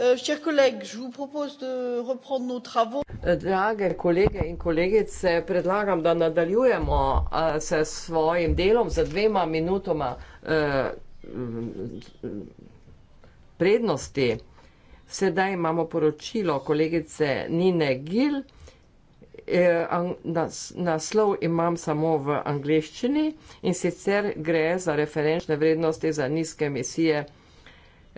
Euh, chers collègues, je vous propose de reprendre nos travaux. Drage kolege in kolegice, predlagam, da nadaljujemo uh, se s svojim delom za dvema minutoma uh, prednosti. Sedaj imamo poročilo kolegice Nine Gil. E, naslov imam samo v angleščini in sicer gre za referenčne vrednosti za nizke emisije.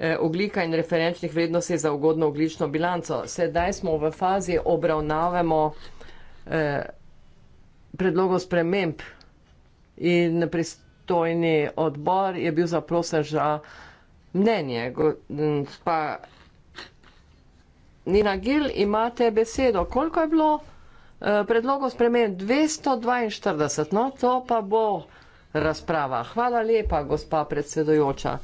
Eh, oglika in referenčnih vrednosti za ugodno oglično bilanco. Sedaj smo v fazi obravnavemo eh, predlogo sprememb in pristojni odbor je bil zaprosen za mnenje. Pa Nina Gil, imate besedo. Koliko je bilo eh, predlogo sprememb? 242. No, to pa bo razprava. Hvala lepa, gospa predsedojoča.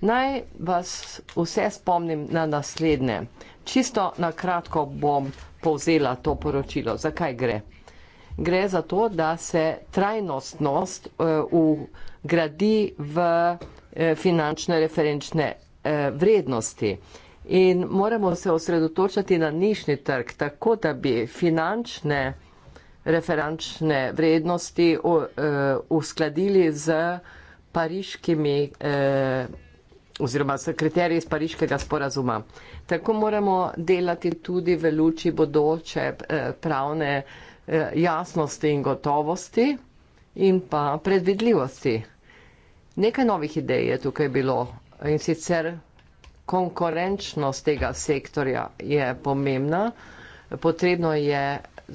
Naj vas vse spomnim na naslednje. Čisto na kratko bom povzela to poročilo. Zakaj gre? Gre za to, da se trajnostnost eh, ugradi v eh, finančne referenčne eh, vrednosti. In moramo se osredotočati na nišni trg, tako da bi finančne referenčne vrednosti uskladili z pariškimi vrednosti oziroma s kriteriji iz Pariškega sporazuma. Tako moramo delati tudi v luči bodoče eh, pravne eh, jasnosti in gotovosti in pa predvidljivosti. Nekaj novih idej je tukaj bilo in sicer konkurenčnost tega sektorja je pomembna. Potrebno je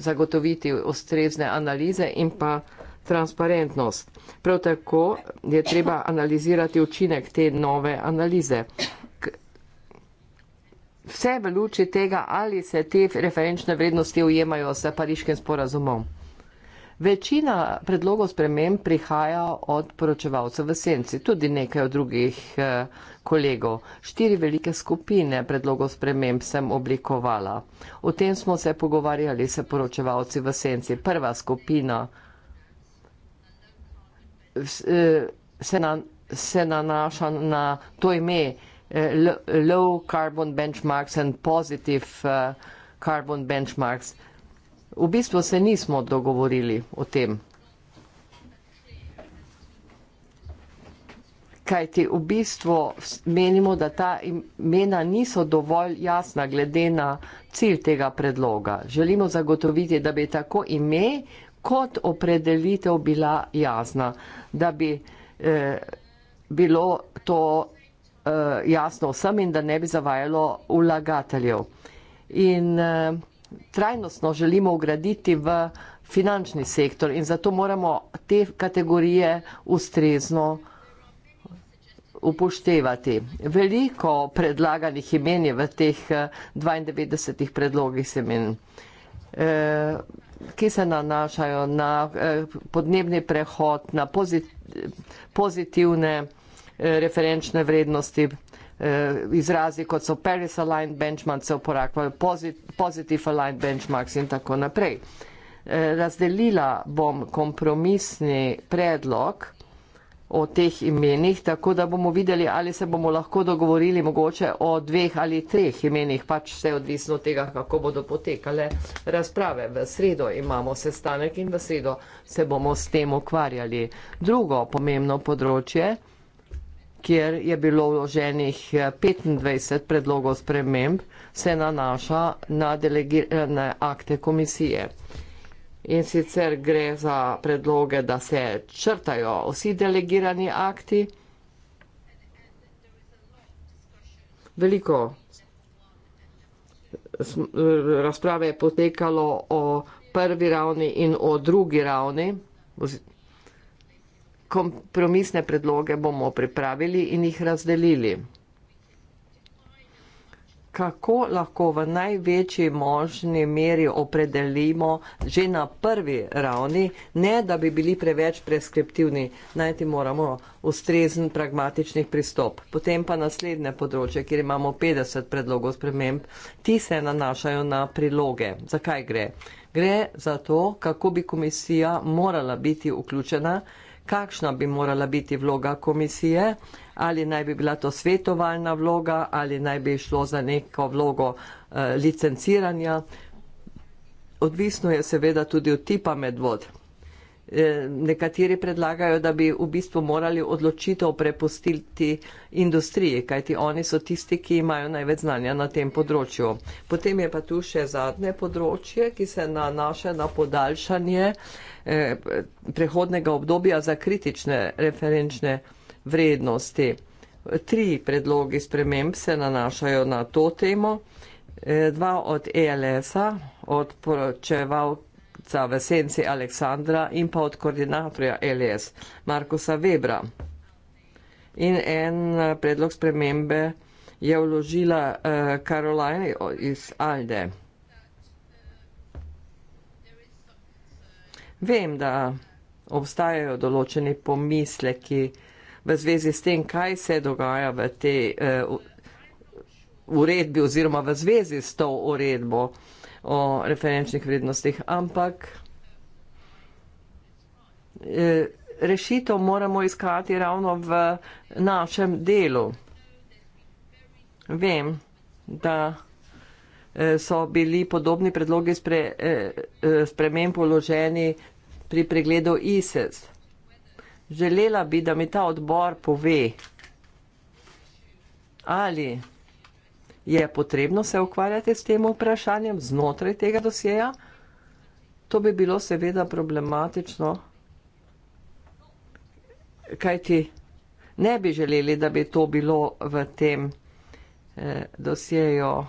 zagotoviti ustrezne analize in pa transparentnost. Prav tako je treba analizirati učinek te nove analize. Vse v luči tega, ali se te referenčne vrednosti ujemajo s pariškim sporazumom. Večina predlogov spremem prihaja od poročevalcev v senci, tudi nekaj od drugih eh, kolegov. Štiri velike skupine predlogov spremem sem oblikovala. O tem smo se pogovarjali s poročevalci v senci. Prva skupina Eh, se, na, se nanaša na to ime eh, Low Carbon Benchmarks and Positive eh, Carbon Benchmarks. V bistvu se nismo dogovorili o tem. Kajti v bistvu menimo, da ta imena niso dovolj jasna glede na cilj tega predloga. Želimo zagotoviti, da bi tako ime kot opredelitev bila jasna, da bi eh, bilo to eh, jasno vsem in da ne bi zavajalo vlagateljev. In eh, trajnostno želimo ugraditi v finančni sektor in zato moramo te kategorije ustrezno upoštevati. Veliko predlaganih imen je v teh 92 eh, predlogih semen. Eh, ki se nanašajo na eh, podnebni prehod, na pozitivne eh, referenčne vrednosti. Eh, izrazi, kot so Paris Aligned Benchmarks, se uporabljajo Positive Aligned Benchmarks in tako naprej. Razdelila bom kompromisni predlog o teh imenih, tako da bomo videli, ali se bomo lahko dogovorili mogoče o dveh ali treh imenih, pač vse odvisno od tega, kako bodo potekale razprave. V sredo imamo sestanek in v sredo se bomo s tem ukvarjali. Drugo pomembno področje, kjer je bilo vloženih 25 eh, predlogov sprememb, se nanaša na delegirane akte komisije in sicer gre za predloge, da se črtajo vsi delegirani akti. Veliko razprave je potekalo o prvi ravni in o drugi ravni. Kompromisne predloge bomo pripravili in jih razdelili kako lahko v največji možni meri opredelimo že na prvi ravni, ne da bi bili preveč preskriptivni, najti moramo ustrezen pragmatični pristop. Potem pa naslednje področje, kjer imamo 50 predlogov sprememb, ti se nanašajo na priloge. Zakaj gre? Gre za to, kako bi komisija morala biti vključena, kakšna bi morala biti vloga komisije, ali naj bi bila to svetovalna vloga, ali naj bi šlo za neko vlogo eh, licenciranja. Odvisno je seveda tudi od tipa medvod. Eh, nekateri predlagajo, da bi v bistvu morali odločitev prepustiti industriji, kajti oni so tisti, ki imajo največ znanja na tem področju. Potem je pa tu še zadnje področje, ki se nanaša na podaljšanje eh, prehodnega obdobja za kritične referenčne. Eh, vrednosti. Tri predlogi sprememb se nanašajo na to temo. E, dva od ELS-a, od poročevalca v senci Aleksandra in pa od koordinatorja ELS Markusa Webra. In en predlog spremembe je vložila Karolajne e, uh, iz Alde. Vem, da obstajajo določeni pomisleki, ki v zvezi s tem, kaj se dogaja v te uh, uredbi oziroma v zvezi s to uredbo o referenčnih vrednostih. Ampak eh, rešitev moramo iskati ravno v našem delu. Vem, da eh, so bili podobni predlogi spre, spremen položeni pri pregledu ISIS. E Želela bi, da mi ta odbor pove, ali je potrebno se ukvarjati s tem vprašanjem znotraj tega dosjeja. To bi bilo seveda problematično, kajti ne bi želeli, da bi to bilo v tem eh, dosjeju,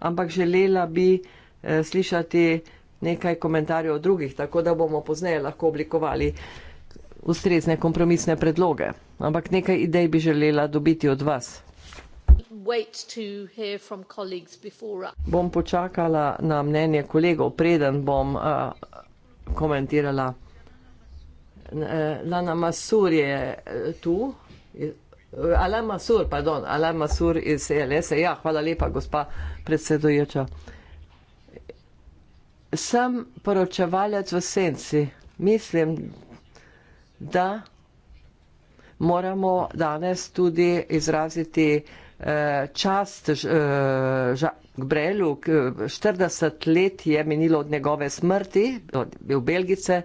ampak želela bi eh, slišati nekaj komentarjev drugih, tako da bomo pozneje lahko oblikovali ustrezne kompromisne predloge, ampak nekaj idej bi želela dobiti od vas. Bom počakala na mnenje kolegov, preden bom uh, komentirala. E, Lana Masur je e, tu. Alain Masur, pardon, Alain Masur iz ELS. Ja, hvala lepa, gospa predsedojoča. Sem poročevalec v senci. Mislim, da moramo danes tudi izraziti eh, čast eh, Gbrelu, 40 let je minilo od njegove smrti, od bil Belgice,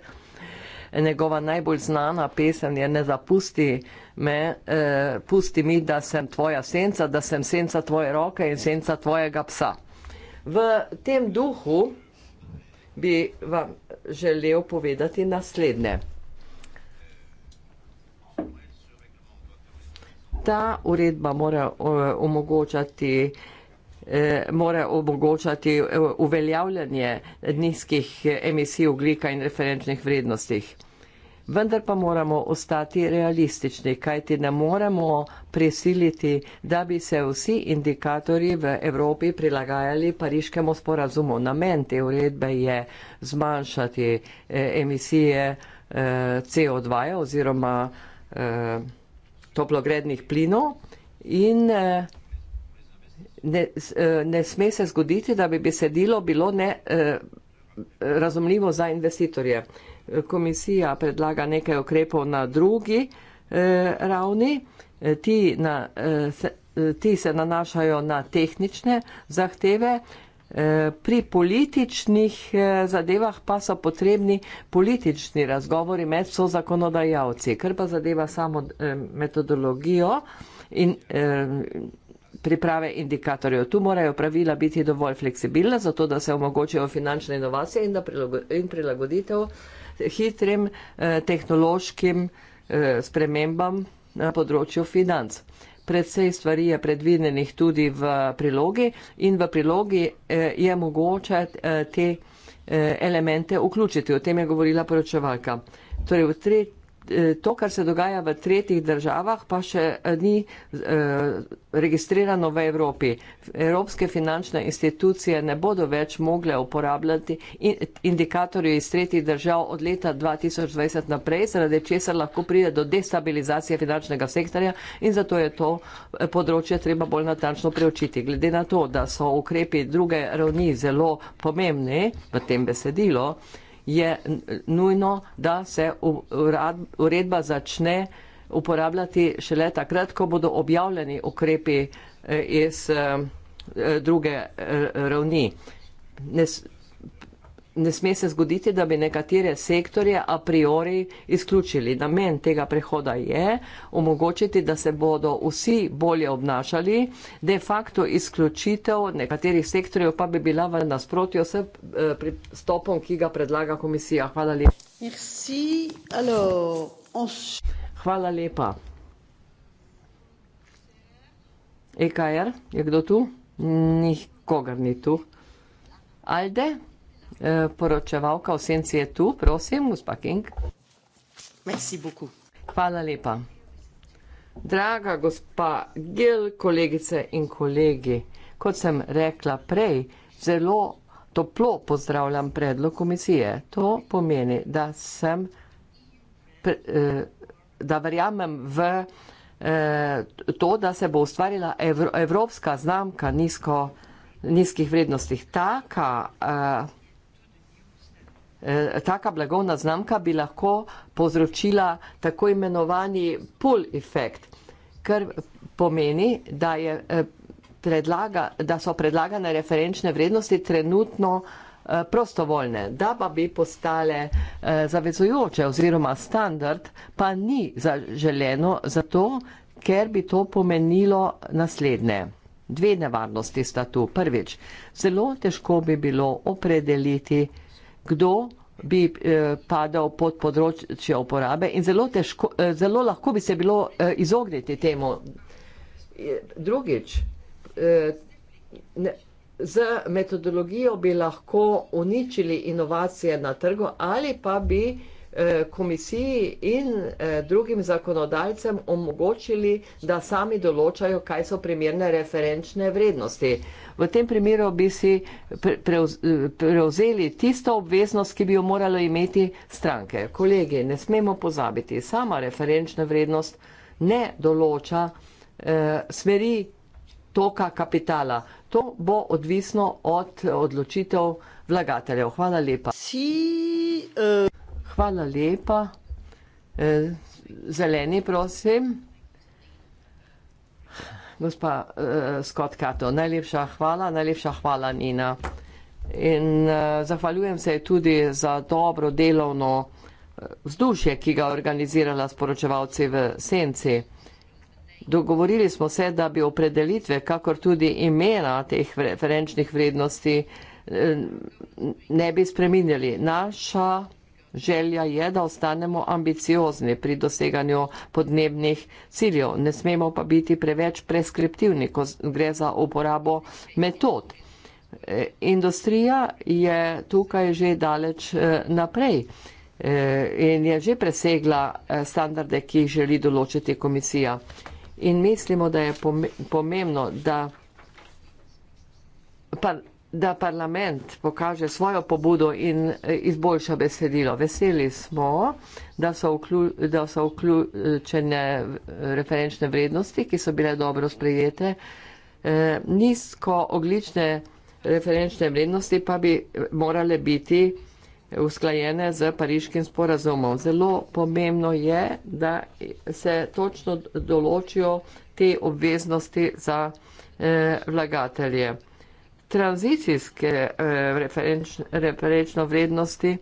njegova najbolj znana pesem je Ne zapusti me, eh, pusti mi, da sem tvoja senca, da sem senca tvoje roke in senca tvojega psa. V tem duhu bi vam želel povedati naslednje. ta uredba mora eh, omogočati eh, mora omogočati eh, uveljavljanje nizkih emisij oglika in referenčnih vrednostih. Vendar pa moramo ostati realistični, kajti ne moramo prisiliti, da bi se vsi indikatorji v Evropi prilagajali pariškemu sporazumu. Namen te uredbe je zmanjšati emisije CO2 oziroma toplogrednih plinov in eh, ne, eh, ne sme se zgoditi, da bi besedilo bilo ne eh, razumljivo za investitorje. Komisija predlaga nekaj okrepov na drugi ravni, ti, na, ti se nanašajo na tehnične zahteve, Eh, pri političnih eh, zadevah pa so potrebni politični razgovori med so zakonodajalci. Ker pa zadeva samo eh, metodologijo in priprave indikatorjev. Tu morajo pravila biti dovolj fleksibilna, zato da se omogočijo finančne inovacije in, in prilagoditev hitrim tehnološkim spremembam na področju financ predvsej stvari je predvidenih tudi v prilogi in v prilogi eh, je mogoče eh, te eh, elemente vključiti. O tem je govorila poročevalka. Torej, v tretji Eh, to, kar se dogaja v tretjih državah, pa še eh, ni eh, registrirano v Evropi. Evropske finančne institucije ne bodo več mogle uporabljati indikatorje iz tretjih držav od leta 2020 naprej, zaradi česar lahko pride do destabilizacije finančnega sektorja in zato je to področje treba bolj natančno preučiti. Glede na to, da so ukrepi druge ravni zelo pomembni v tem besedilu, je nujno, da se uredba začne uporabljati šele takrat, ko bodo objavljeni ukrepi eh, iz eh, druge eh, ravni ne sme se zgoditi, da bi nekatere sektorje a priori izključili. Namen tega prehoda je omogočiti, da se bodo vsi bolje obnašali, de facto izključitev nekaterih sektorjev pa bi bila v nasprotju s eh, pristopom, ki ga predlaga komisija. Hvala lepa. Hvala lepa. EKR, er, je kdo tu? Nikogar ni tu. Alde? Eh, poročevalka v senci je tu, prosim, gospa King. Hvala lepa. Draga gospa Gil, kolegice in kolegi, kot sem rekla prej, zelo toplo pozdravljam predlog komisije. To pomeni, da sem, eh, da verjamem v eh, to, da se bo ustvarila evropska znamka nizko, nizkih vrednostih. Taka Eh, taka blagovna znamka bi lahko povzročila tako imenovani pull efekt, kar pomeni, da, je, eh, predlaga, da so predlagane referenčne vrednosti trenutno eh, prostovoljne, da pa bi postale zavezujoče oziroma standard, pa ni zaželeno zato, ker bi to pomenilo naslednje. Dve nevarnosti sta tu. Prvič, zelo težko bi bilo opredeliti, kdo bi eh, padal pod področje uporabe in zelo, težko, eh, zelo lahko bi se bilo eh, izogniti temu. Drugič, z metodologijo bi lahko uničili inovacije na trgu ali pa bi komisiji in drugim zakonodajcem omogočili, da sami določajo, kaj so primerne referenčne vrednosti v tem primeru bi si prevzeli tisto obveznost, ki bi jo moralo imeti stranke. Kolege, ne smemo pozabiti, sama referenčna vrednost ne določa eh, smeri toka kapitala. To bo odvisno od odločitev vlagateljev. Hvala lepa. Si, uh... Hvala lepa. Eh, zeleni, prosim gospa uh, Scott Kato. Najlepša hvala, najlepša hvala, Nina. In uh, zahvaljujem se tudi za dobro delovno eh, vzdušje, ki ga organizirala sporočevalci v Senci. Dogovorili smo se, da bi opredelitve, kakor tudi imena teh referenčnih vrednosti, ne bi spreminjali. Naša Želja je, da ostanemo ambiciozni pri doseganju podnebnih ciljev, ne smemo pa biti preveč preskriptivni, ko gre za uporabo metod. E, industrija je tukaj že daleč e, naprej e, in je že presegla standarde, ki jih želi določiti komisija. In mislimo, da je pomembno, da. Pa, da parlament pokaže svojo pobudo in eh, izboljša besedilo. Veseli smo, da so, vklju, da so vključene eh, referenčne vrednosti, ki so bile dobro sprejete. E, eh, nizko oglične referenčne vrednosti pa bi morale biti usklajene z pariškim sporazumom. Zelo pomembno je, da se točno določijo te obveznosti za eh, vlagatelje tranzicijske eh, referenč, referenčne vrednosti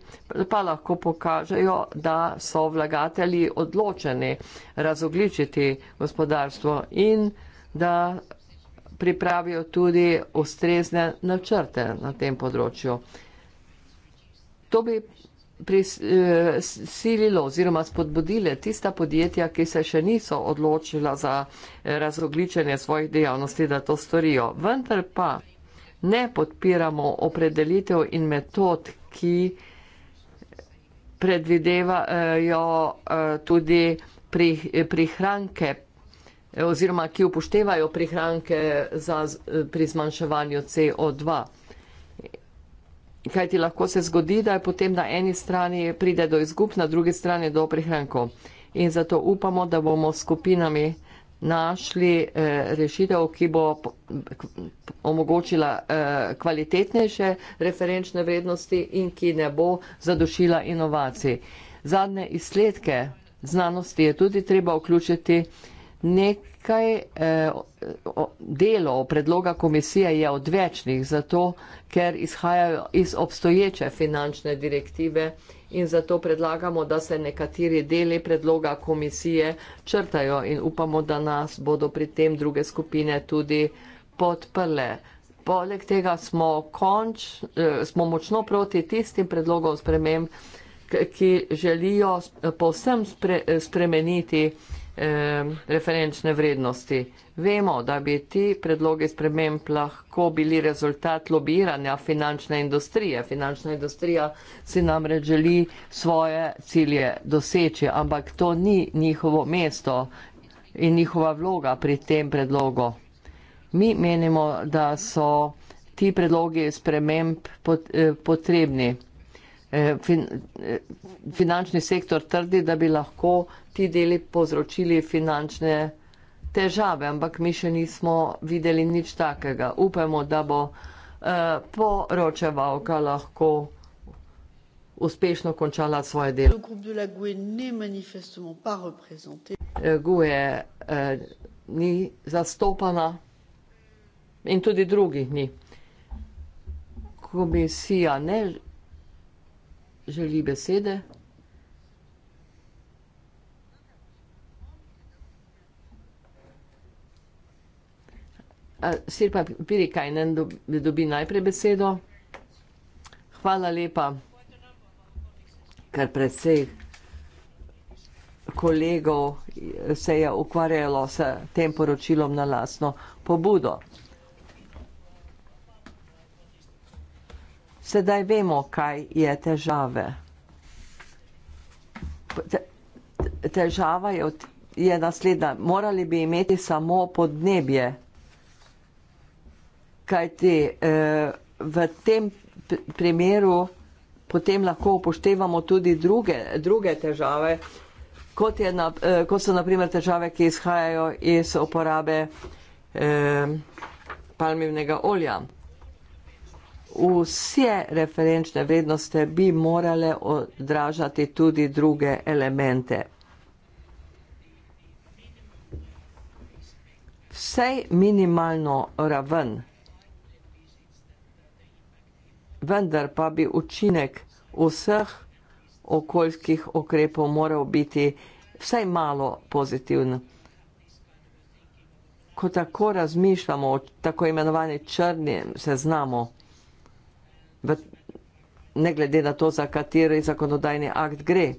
pa lahko pokažejo, da so vlagatelji odločeni razogličiti gospodarstvo in da pripravijo tudi ustrezne načrte na tem področju. To bi prisililo eh, oziroma spodbudile tista podjetja, ki se še niso odločila za eh, razogličenje svojih dejavnosti, da to storijo. Vendar pa ne podpiramo opredelitev in metod, ki predvidevajo eh, tudi prihranke oziroma ki upoštevajo prihranke za, eh, pri zmanjševanju CO2. Kaj ti lahko se zgodi, da je potem na eni strani pride do izgub, na drugi strani do prihrankov. In zato upamo, da bomo s skupinami našli eh, rešitev, ki bo omogočila eh, kvalitetnejše referenčne vrednosti in ki ne bo zadošila inovacij. Zadnje izsledke znanosti je tudi treba vključiti. Nekaj eh, delo predloga komisije je odvečnih, zato ker izhajajo iz obstoječe finančne direktive in zato predlagamo, da se nekateri deli predloga komisije črtajo in upamo, da nas bodo pri tem druge skupine tudi podprle. Poleg tega smo, konč, eh, smo močno proti tistim predlogom sprememb, ki želijo eh, povsem eh, spremeniti eh, referenčne vrednosti. Vemo, da bi ti predlogi sprememb lahko bili rezultat lobiranja finančne industrije. Finančna industrija si namreč želi svoje cilje doseči, ampak to ni njihovo mesto in njihova vloga pri tem predlogu. Mi menimo, da so ti predlogi sprememb eh, potrebni. Eh, fin, eh, finančni sektor trdi, da bi lahko ti deli povzročili finančne težave, ampak mi še nismo videli nič takega. Upamo, da bo eh, poročevalka lahko uspešno končala svoje delo. Gue ni, e, ni zastopana in tudi drugih ni. Komisija ne želi besede? Sirpa Pirikajnen dobi najprej besedo. Hvala lepa, ker predvsej kolegov se je ukvarjalo s tem poročilom na lasno pobudo. Sedaj vemo, kaj je težave. Težava je, je naslednja. Morali bi imeti samo podnebje, kaj ti eh, v tem primeru potem lahko upoštevamo tudi druge, druge težave, kot, na, eh, kot so naprimer težave, ki izhajajo iz uporabe eh, palmivnega olja vse referenčne vrednosti bi morale odražati tudi druge elemente. Vsej minimalno raven, vendar pa bi učinek vseh okoljskih okrepov moral biti vsaj malo pozitiven. Ko tako razmišljamo o tako imenovani črni seznamu, ne glede na to, za kateri zakonodajni akt gre.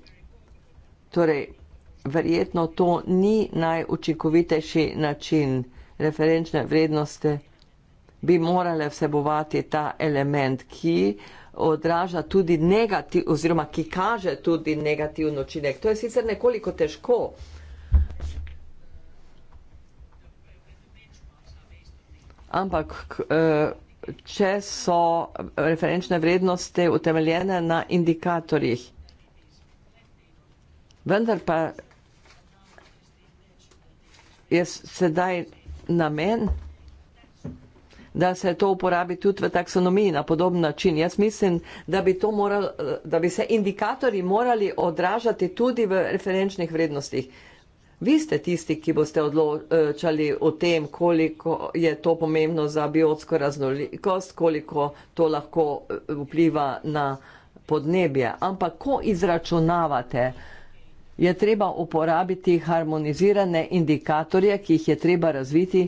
Torej, verjetno to ni najučinkovitejši način referenčne vrednosti, bi morale vsebovati ta element, ki odraža tudi negativ, oziroma ki kaže tudi negativ učinek. To je sicer nekoliko težko. Ampak, uh, če so referenčne vrednosti utemeljene na indikatorjih. Vendar pa je sedaj namen, da se to uporabi tudi v taksonomiji na podoben način. Jaz mislim, da bi, moral, da bi se indikatorji morali odražati tudi v referenčnih vrednostih. Vi ste tisti, ki boste odločali o tem, koliko je to pomembno za biotsko raznolikost, koliko to lahko eh, vpliva na podnebje. Ampak ko izračunavate, je treba uporabiti harmonizirane indikatorje, ki jih je treba razviti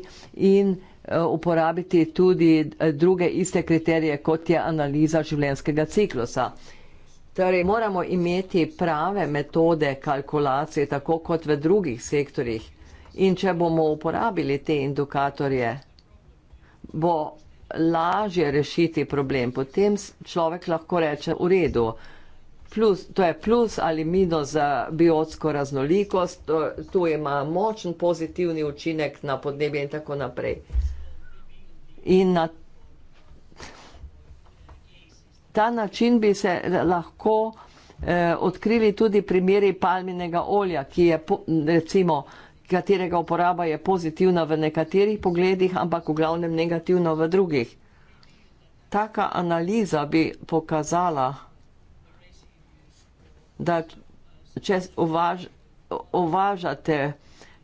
in eh, uporabiti tudi eh, druge iste kriterije, kot je analiza življenjskega ciklusa. Torej, moramo imeti prave metode kalkulacije, tako kot v drugih sektorjih. In če bomo uporabili te indikatorje, bo lažje rešiti problem. Potem človek lahko reče, v redu, plus, to je plus ali minus za biotsko raznolikost, to, tu ima močen pozitivni učinek na podnebje in tako naprej. In na ta način bi se lahko eh, odkrili tudi primeri palminega olja, ki je recimo katerega uporaba je pozitivna v nekaterih pogledih, ampak v glavnem negativna v drugih. Taka analiza bi pokazala, da če uvaž, uvažate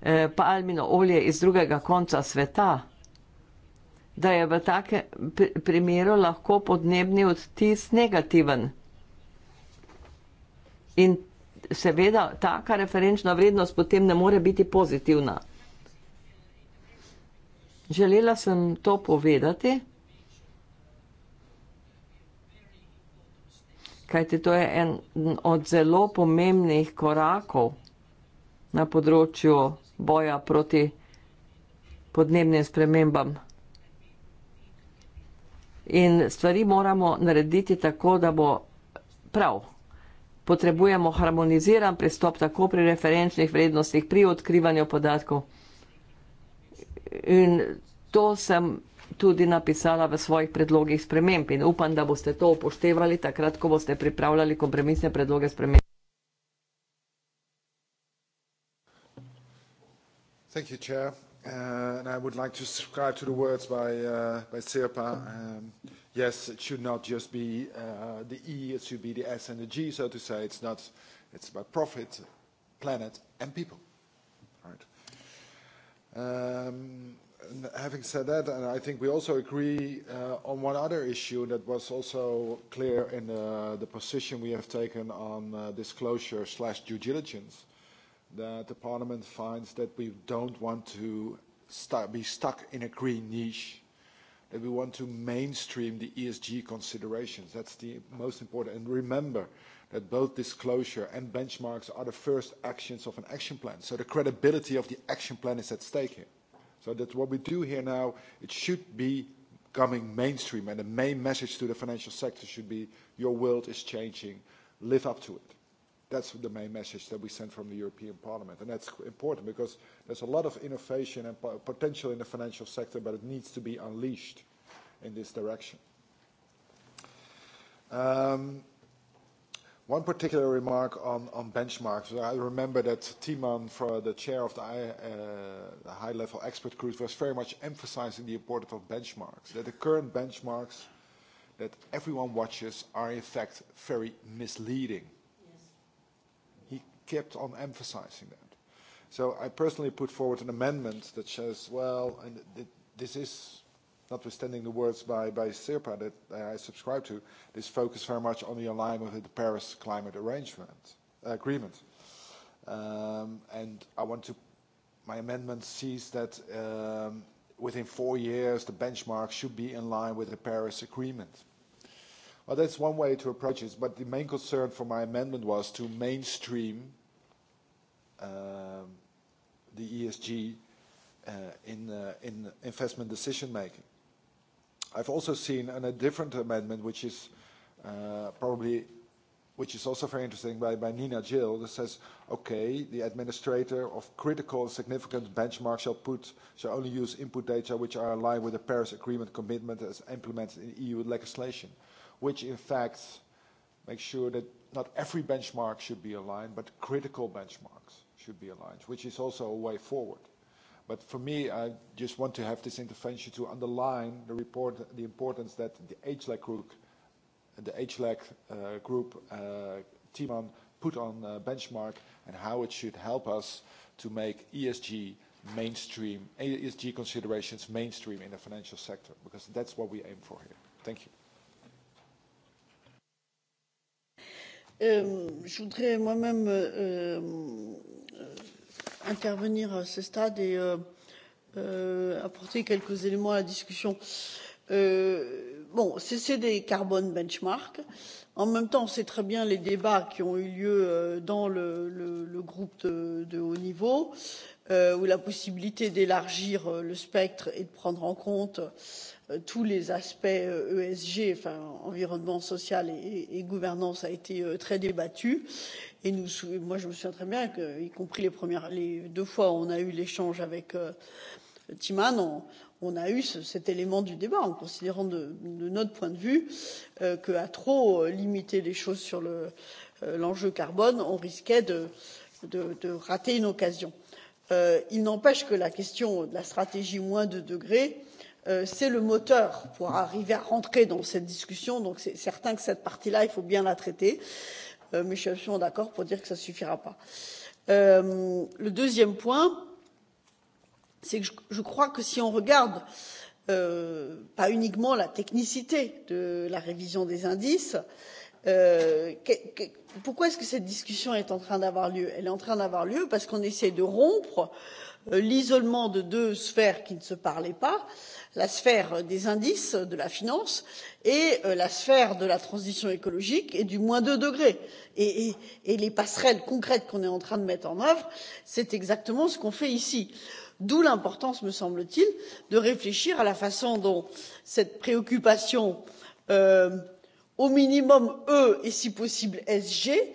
eh, palmino olje iz drugega konca sveta, da je v takem primeru lahko podnebni odtis negativen. In seveda taka referenčna vrednost potem ne more biti pozitivna. Želela sem to povedati, kajti to je en od zelo pomembnih korakov na področju boja proti podnebnim spremembam in stvari moramo narediti tako, da bo prav. Potrebujemo harmoniziran pristop tako pri referenčnih vrednostih, pri odkrivanju podatkov. In to sem tudi napisala v svojih predlogih sprememb in upam, da boste to upoštevali takrat, ko boste pripravljali kompromisne predloge sprememb. Thank you, Chair. Uh, and I would like to subscribe to the words by uh, by Sirpa. Um, yes, it should not just be uh, the E; it should be the S and the G, so to say. It's not; it's about profit, planet, and people. Right. Um, having said that, and I think we also agree uh, on one other issue that was also clear in uh, the position we have taken on uh, disclosure slash due diligence. Uh, that the parliament finds that we don't want to st- be stuck in a green niche, that we want to mainstream the ESG considerations. That's the most important. And remember that both disclosure and benchmarks are the first actions of an action plan. So the credibility of the action plan is at stake here. So that what we do here now, it should be coming mainstream. And the main message to the financial sector should be your world is changing. Live up to it that's the main message that we sent from the European Parliament. And that's important because there's a lot of innovation and potential in the financial sector, but it needs to be unleashed in this direction. Um, one particular remark on, on benchmarks. I remember that Timon, for the chair of the, uh, the high level expert group, was very much emphasizing the importance of benchmarks. That the current benchmarks that everyone watches are, in fact, very misleading kept on emphasizing that. So I personally put forward an amendment that says, well, and this is, notwithstanding the words by, by SIRPA that I subscribe to, this focus very much on the alignment with the Paris Climate Arrangement uh, Agreement. Um, and I want to, my amendment sees that um, within four years, the benchmark should be in line with the Paris Agreement. Well, that's one way to approach it, but the main concern for my amendment was to mainstream um, the ESG uh, in, uh, in investment decision making. I've also seen an, a different amendment, which is uh, probably, which is also very interesting, by, by Nina Jill, that says, okay, the administrator of critical significant benchmarks shall put shall only use input data which are aligned with the Paris Agreement commitment as implemented in EU legislation. Uh, which in fact makes sure that not every benchmark should be aligned, but critical benchmarks should be aligned, which is also a way forward. But for me, I just want to have this intervention to underline the report, the importance that the HLAC e group, the HLAC e uh, group uh, team on put on uh, benchmark and how it should help us to make ESG mainstream, ESG considerations mainstream in the financial sector, because that's what we aim for here. Thank you. Euh, je voudrais moi-même euh, intervenir à ce stade et euh, euh, apporter quelques éléments à la discussion. Euh, bon, c'est des carbone benchmark. En même temps, c'est très bien les débats qui ont eu lieu euh, dans le, le, le groupe de, de haut niveau. Euh, Euh, ou la possibilité d'élargir euh, le spectre et de prendre en compte euh, tous les aspects esg e enfin environnement social et gouvernance a été très débattue et moi je me souviens très bien qu'y compris les premières les deux fois où on a eu l'échange avec timmermans on, on a eu ce, cet élément du débat en considérant de, de notre point de vue euh, qu'à trop limiter les choses sur le, euh, l'enjeu carbone on risquait de, de, de rater une occasion. Euh, il n'empêche que la question de la stratégie moins deux degrés euh, c'est le moteur pour arriver à rentrer dans cette discussion donc c'est certain que cette partie là il faut bien la traiter euh, mais je suis d'accord pour dire que ça ne suffira pas. Euh, le deuxième point c'est que je, je crois que si on regarde euh, pas uniquement la technicité de la révision des indices euh, Euh, pourquoi est-ce que cette discussion est en train d'avoir lieu? elle est en train d'avoir lieu parce qu'on essaie de rompre euh, l'isolement de deux sphères qui ne se parlaient pas la sphère des indices de la finance et euh, la sphère de la transition écologique et du moins deux degrés. et, et, et les passerelles concrètes qu'on est en train de mettre en œuvre c'est exactement ce qu'on fait ici. d'où l'importance me semble t il de réfléchir à la façon dont cette préoccupation euh, au minimum e et si possible sg est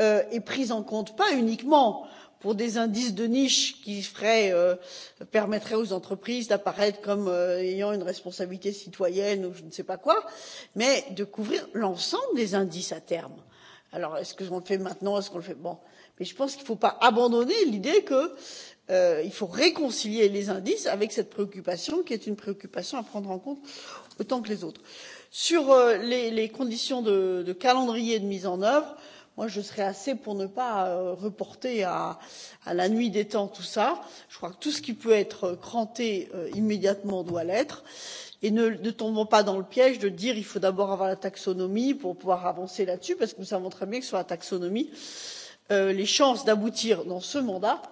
euh, prise en compte pas uniquement pour des indices de niche qui euh, permettraient aux entreprises d'apparaître comme euh, ayant une responsabilité citoyenne ou je ne sais pas quoi mais de couvrir l'ensemble des indices à terme. alors est ce qu'on le fait maintenant est ce qu'on le fait bon mais je pense qu'il ne faut pas abandonner l'idée qu'il euh, faut réconcilier les indices avec cette préoccupation qui est une préoccupation à prendre en compte autant que les autres sur euh, les conditions de calendrier de mise en œuvre je serais assez pour ne pas euh, reporter à la nuit des temps tout cela je crois que tout ce qui peut être euh, cranté immédiatement doit l'être et ne tombons pas dans le piège de dire qu'il faut d'abord avoir la taxonomie pour pouvoir avancer là dessus parce que nous savons très bien que sur la taxonomie les chances d'aboutir dans ce mandat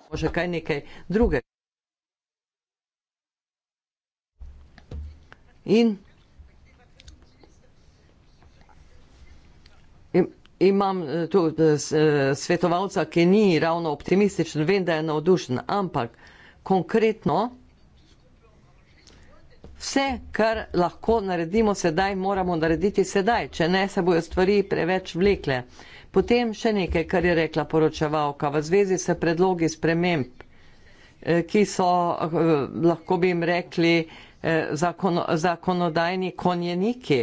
Imam eh, tu eh, eh, svetovalca, ki ni ravno optimističen, vem, da je navdušen, ampak konkretno vse, kar lahko naredimo sedaj, moramo narediti sedaj, če ne se bojo stvari preveč vlekle. Potem še nekaj, kar je rekla poročevalka, v zvezi se predlogi sprememb, ki so, lahko bi jim rekli, zakonodajni konjeniki.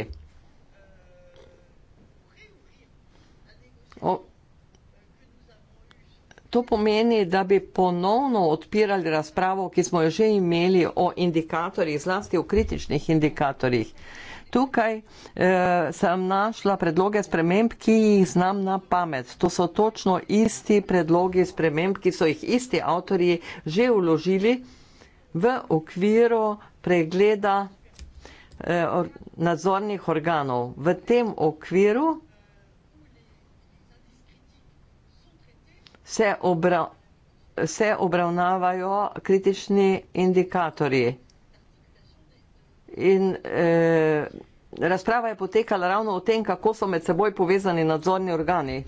To pomeni, da bi ponovno odpirali razpravo, ki smo jo že imeli o indikatorjih, zlasti o kritičnih indikatorjih. Tukaj eh, sem našla predloge sprememb, ki jih znam na pamet. To so točno isti predlogi sprememb, ki so jih isti avtorji že uložili v okviru pregleda eh, nadzornih organov. V tem okviru se, obra, se obravnavajo kritični indikatorji. In eh, razprava je potekala ravno o tem, kako so med seboj povezani nadzorni organi.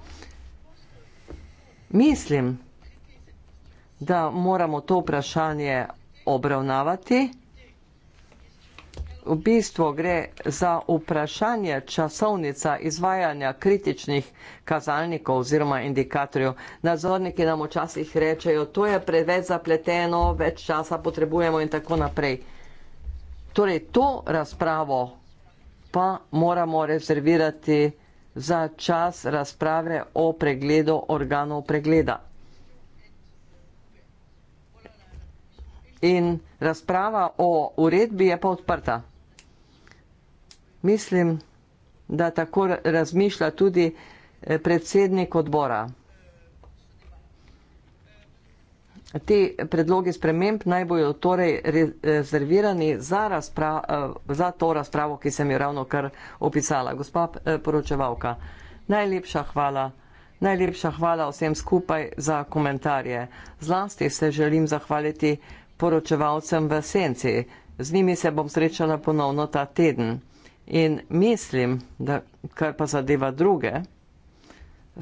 Mislim, da moramo to vprašanje obravnavati v bistvu gre za vprašanje časovnica izvajanja kritičnih kazalnikov oziroma indikatorjev. Nadzorniki nam včasih rečejo, to je preveč zapleteno, več časa potrebujemo in tako naprej. Torej, to razpravo pa moramo rezervirati za čas razprave o pregledu organov pregleda. In razprava o uredbi je pa odprta. Mislim, da tako razmišlja tudi eh, predsednik odbora. Ti predlogi sprememb naj bojo torej eh, rezervirani za, eh, za to razpravo, ki sem jo ravno kar opisala. Gospa poročevalka, najlepša hvala. Najlepša hvala vsem skupaj za komentarje. Zlasti se želim zahvaliti poročevalcem v Senci. Z njimi se bom srečala ponovno ta teden. In mislim, da kar pa zadeva druge,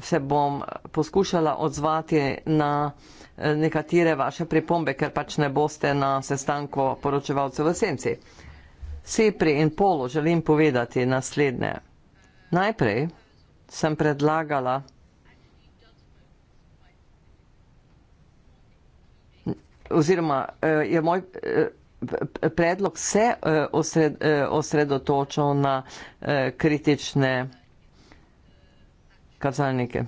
se bom poskušala odzvati na eh, nekatere vaše pripombe, ker pač ne boste na sestanku poročevalcev v senci. Sepri in Polo želim povedati naslednje. Najprej sem predlagala oziroma eh, je moj eh, predlog se eh, osred, eh, osredotočal na eh, kritične kazalnike.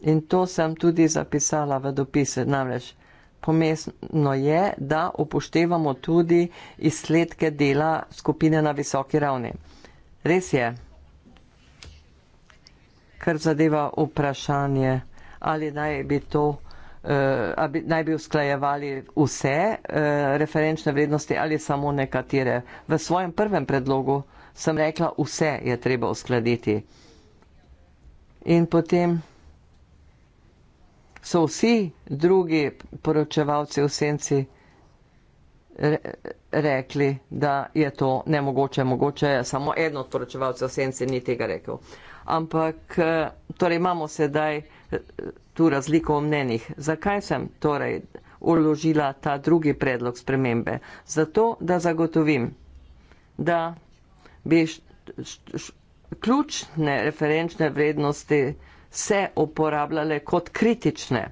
In to sem tudi zapisala v dopise. Namreč, pomestno je, da upoštevamo tudi izsledke dela skupine na visoki ravni. Res je, kar zadeva vprašanje, ali naj bi to uh, eh, bi, naj bi usklajevali vse uh, referenčne vrednosti ali samo nekatere. V svojem prvem predlogu sem rekla, vse je treba uskladiti. In potem so vsi drugi poročevalci v senci re, rekli, da je to nemogoče, mogoče je samo eno od poročevalcev v senci ni tega rekel. Ampak, eh, torej imamo sedaj tu razliko v mnenjih. Zakaj sem torej uložila ta drugi predlog spremembe? Zato, da zagotovim, da bi ključne referenčne vrednosti se uporabljale kot kritične.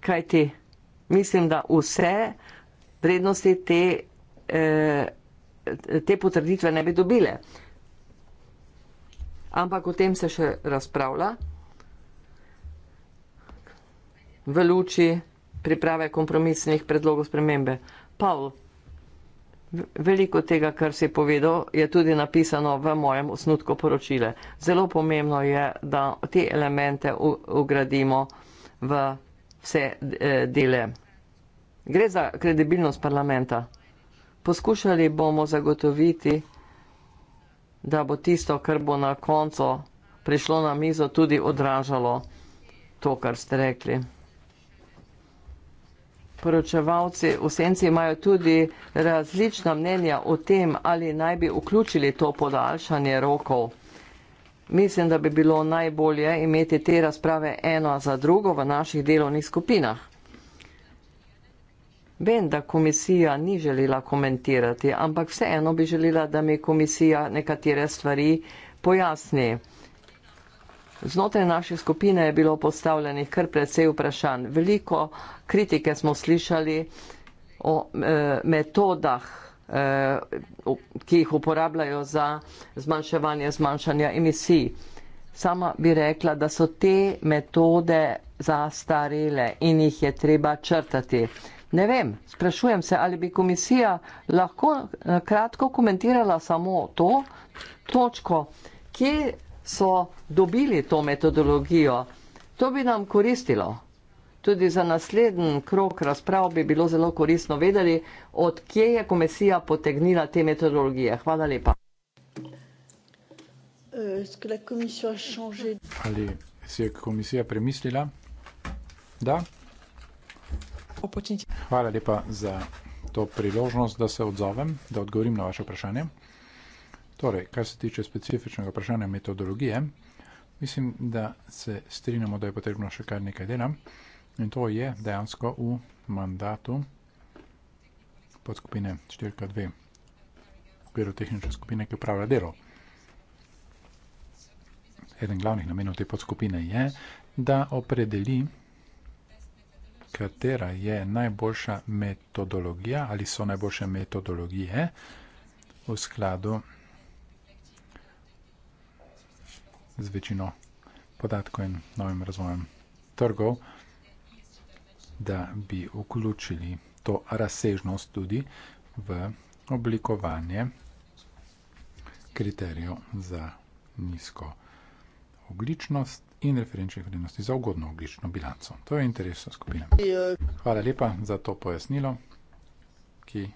Kaj ti? Mislim, da vse vrednosti te, eh, te potrditve ne bi dobile. Ampak o tem se še razpravlja v luči priprave kompromisnih predlogov spremembe. Pavel, veliko tega, kar si povedal, je tudi napisano v mojem osnutku poročile. Zelo pomembno je, da te elemente ugradimo v vse e, dele. Gre za kredibilnost parlamenta. Poskušali bomo zagotoviti, da bo tisto, kar bo na koncu prišlo na mizo, tudi odražalo to, kar ste rekli poročevalci v senci imajo tudi različna mnenja o tem, ali naj bi vključili to podaljšanje rokov. Mislim, da bi bilo najbolje imeti te razprave eno za drugo v naših delovnih skupinah. Vem, da komisija ni želela komentirati, ampak vseeno bi želela, da mi komisija nekatere stvari pojasni. Znotraj naše skupine je bilo postavljenih kar precej vprašanj. Veliko kritike smo slišali o e, metodah, e, ki jih uporabljajo za zmanjševanje zmanjšanja emisij. Sama bi rekla, da so te metode zastarele in jih je treba črtati. Ne vem, sprašujem se, ali bi komisija lahko e, kratko komentirala samo to točko, kje so dobili to metodologijo. To bi nam koristilo. Tudi za naslednji krok razprav bi bilo zelo koristno vedeli, odkje je komisija potegnila te metodologije. Hvala lepa. Ali si je komisija premislila? Da. Hvala lepa za to priložnost, da se odzovem, da odgovorim na vaše vprašanje. Torej, kar se tiče specifičnega vprašanja metodologije, mislim, da se strinjamo, da je potrebno še kar nekaj dela in to je dejansko v mandatu podskupine 4K2 v okviru tehnične skupine, ki upravlja delo. Eden glavnih namenov te podskupine je, da opredeli, katera je najboljša metodologija ali so najboljše metodologije v skladu 4K2. z večino podatkov in novim razvojem trgov, da bi vključili to razsežnost tudi v oblikovanje kriterijev za nizko ogličnost in referenčne vrednosti za ugodno oglično bilanco. To je interes skupine. Hvala lepa za to pojasnilo, ki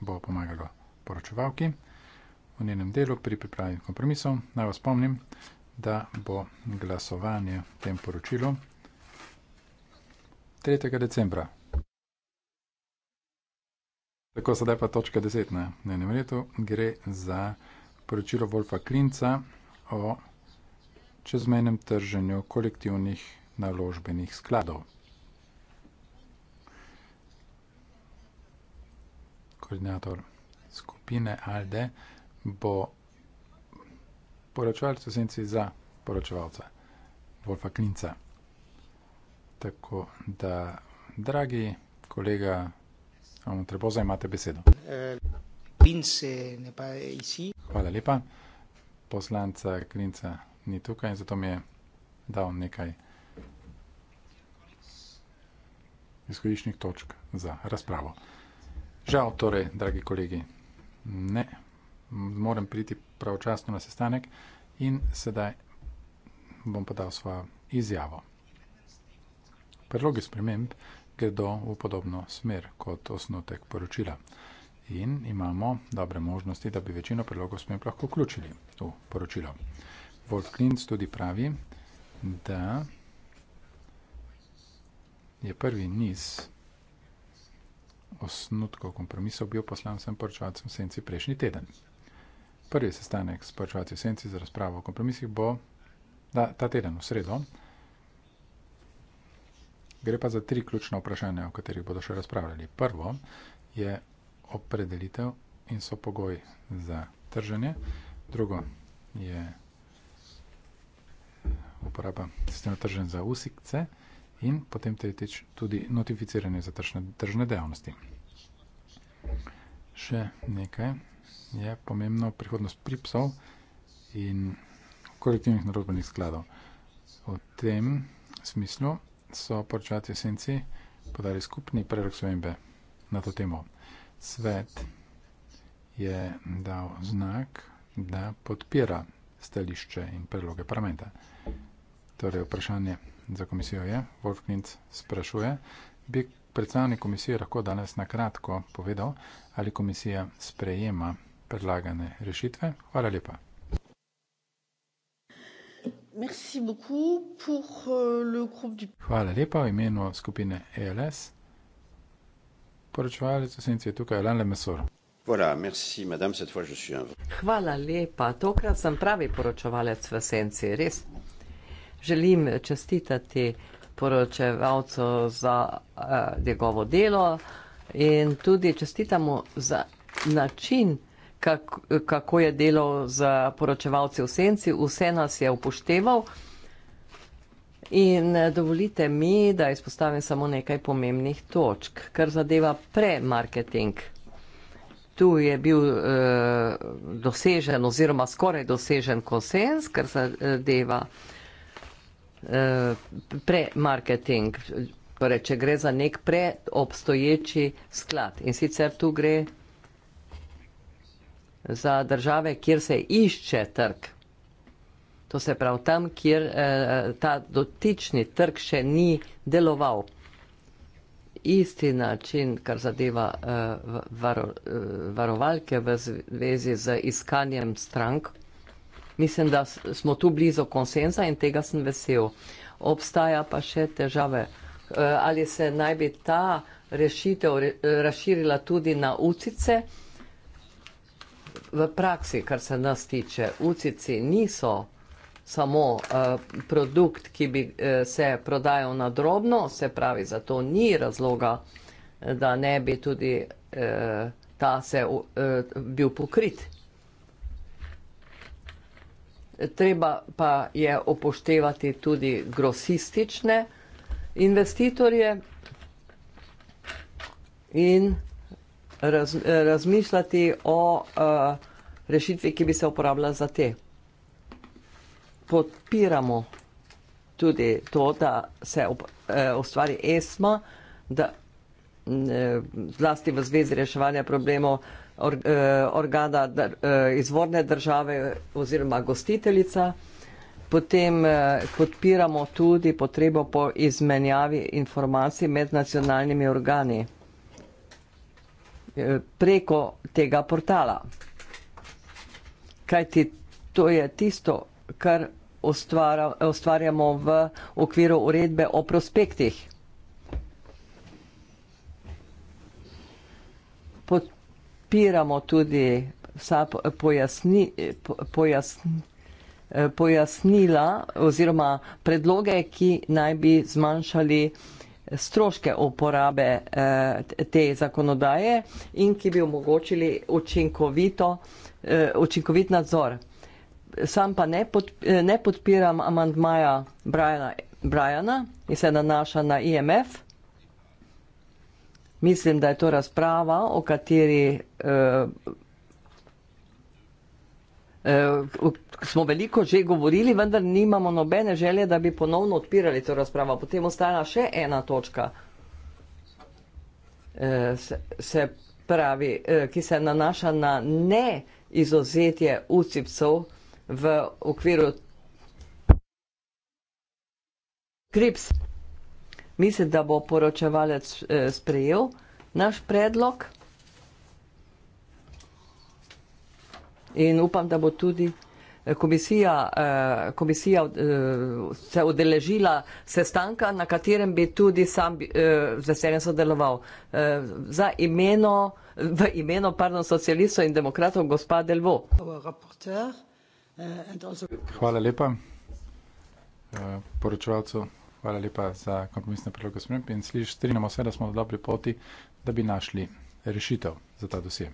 bo pomagalo poročevalki v njenem delu pri pripravi kompromisov. Naj vas spomnim, da bo glasovanje v tem poročilu 3. decembra. Tako sedaj pa točka 10 na enem letu gre za poročilo Wolfa Klinca o čezmenem trženju kolektivnih naložbenih skladov. Koordinator skupine ALDE bo poročevalec v senci za poročevalca, Wolfa Klinca. Tako da, dragi kolega, vam treba zajemati besedo. Hvala lepa. Poslanca Klinca ni tukaj in zato mi je dal nekaj izhodišnih točk za razpravo. Žal torej, dragi kolegi, ne moram priti pravočasno na sestanek in sedaj bom podal svojo izjavo. Predlogi sprememb gredo v podobno smer kot osnotek poročila in imamo dobre možnosti, da bi večino predlogov sprememb lahko vključili v poročilo. Wolf Klintz tudi pravi, da je prvi niz osnutkov kompromisov bil poslan vsem poročevalcem v senci prejšnji teden. Prvi sestanek s pričovalci v senci za razpravo o kompromisih bo da, ta teden v sredo. Gre pa za tri ključna vprašanja, o katerih bodo še razpravljali. Prvo je opredelitev in so pogoj za trženje. Drugo je uporaba sistema trženja za usikce in potem tretjič tudi notificiranje za tržne, tržne dejavnosti. Še nekaj je pomembno prihodnost pripsov in kolektivnih naročbenih skladov. V tem smislu so poročati esenci podali skupni prerok svojembe na to temo. Svet je dal znak, da podpira stališče in predloge parlamenta. Torej, vprašanje za komisijo je, Wolf Klintz sprašuje, bi predstavnik komisije lahko danes nakratko povedal, ali komisija sprejema predlagane rešitve. Hvala lepa. Euh, Hvala lepa v imenu skupine ELS. Poročevalec v senci je tukaj Alain Lemesor. Voilà, merci, madame, cette fois je suis un... Hvala lepa, tokrat sem pravi poročevalec v senci, res. Želim čestitati poročevalcu za uh, njegovo delo in tudi čestitamo za način kako, kako je delal z poročevalci v senci, vse nas je upošteval. In eh, dovolite mi, da izpostavim samo nekaj pomembnih točk, kar zadeva pre-marketing. Tu je bil eh, dosežen oziroma skoraj dosežen konsens, kar zadeva eh, pre-marketing. Torej, če gre za nek preobstoječi sklad in sicer tu gre za države, kjer se išče trg. To se pravi tam, kjer eh, ta dotični trg še ni deloval. Isti način, kar zadeva eh, varo, eh, varovalke v zvezi z iskanjem strank. Mislim, da smo tu blizu konsenza in tega sem vesel. Obstaja pa še težave, eh, ali se naj bi ta rešitev re, eh, razširila tudi na ucice v praksi, kar se nas tiče, ucici niso samo uh, produkt, ki bi uh, se prodajal na drobno, se pravi, zato ni razloga, da ne bi tudi uh, ta se uh, bil pokrit. Treba pa je upoštevati tudi grosistične investitorje in raz, razmišljati o uh, rešitvi, ki bi se uporabljala za te. Podpiramo tudi to, da se op, uh, eh, ustvari ESMA, da eh, zlasti v zvezi reševanja problemov or, uh, organa dr, uh, izvorne države oziroma gostiteljica. Potem eh, podpiramo tudi potrebo po izmenjavi informacij med nacionalnimi organi. Eh, preko tega portala. Kaj ti to je tisto, kar ustvara, ustvarjamo v okviru uredbe o prospektih. Podpiramo tudi vsa pojasni, pojasn, eh, pojasnila oziroma predloge, ki naj bi zmanjšali stroške uporabe eh, te zakonodaje in ki bi omogočili učinkovito, eh, učinkovit nadzor. Sam pa ne, podp eh, ne podpiram amantmaja Brajana in se nanaša na IMF. Mislim, da je to razprava, o kateri uh, Eh, smo veliko že govorili, vendar nimamo nobene želje, da bi ponovno odpirali to razpravo. Potem ostala še ena točka, eh, se pravi, eh, ki se nanaša na ne izuzetje ucipcev v okviru krips. Mislim, da bo poročevalec sprejel naš predlog. in upam, da bo tudi eh, komisija, eh, komisija eh, se odeležila sestanka, na katerem bi tudi sam veseljen sodeloval. Za imeno, v imeno, pardon, socialistov in demokratov, gospa Delvo. Hvala lepa. Poročevalcu, hvala lepa za kompromisne predloge sprememb in sliš, strinjamo se, da smo na dobri poti, da bi našli rešitev za ta dosje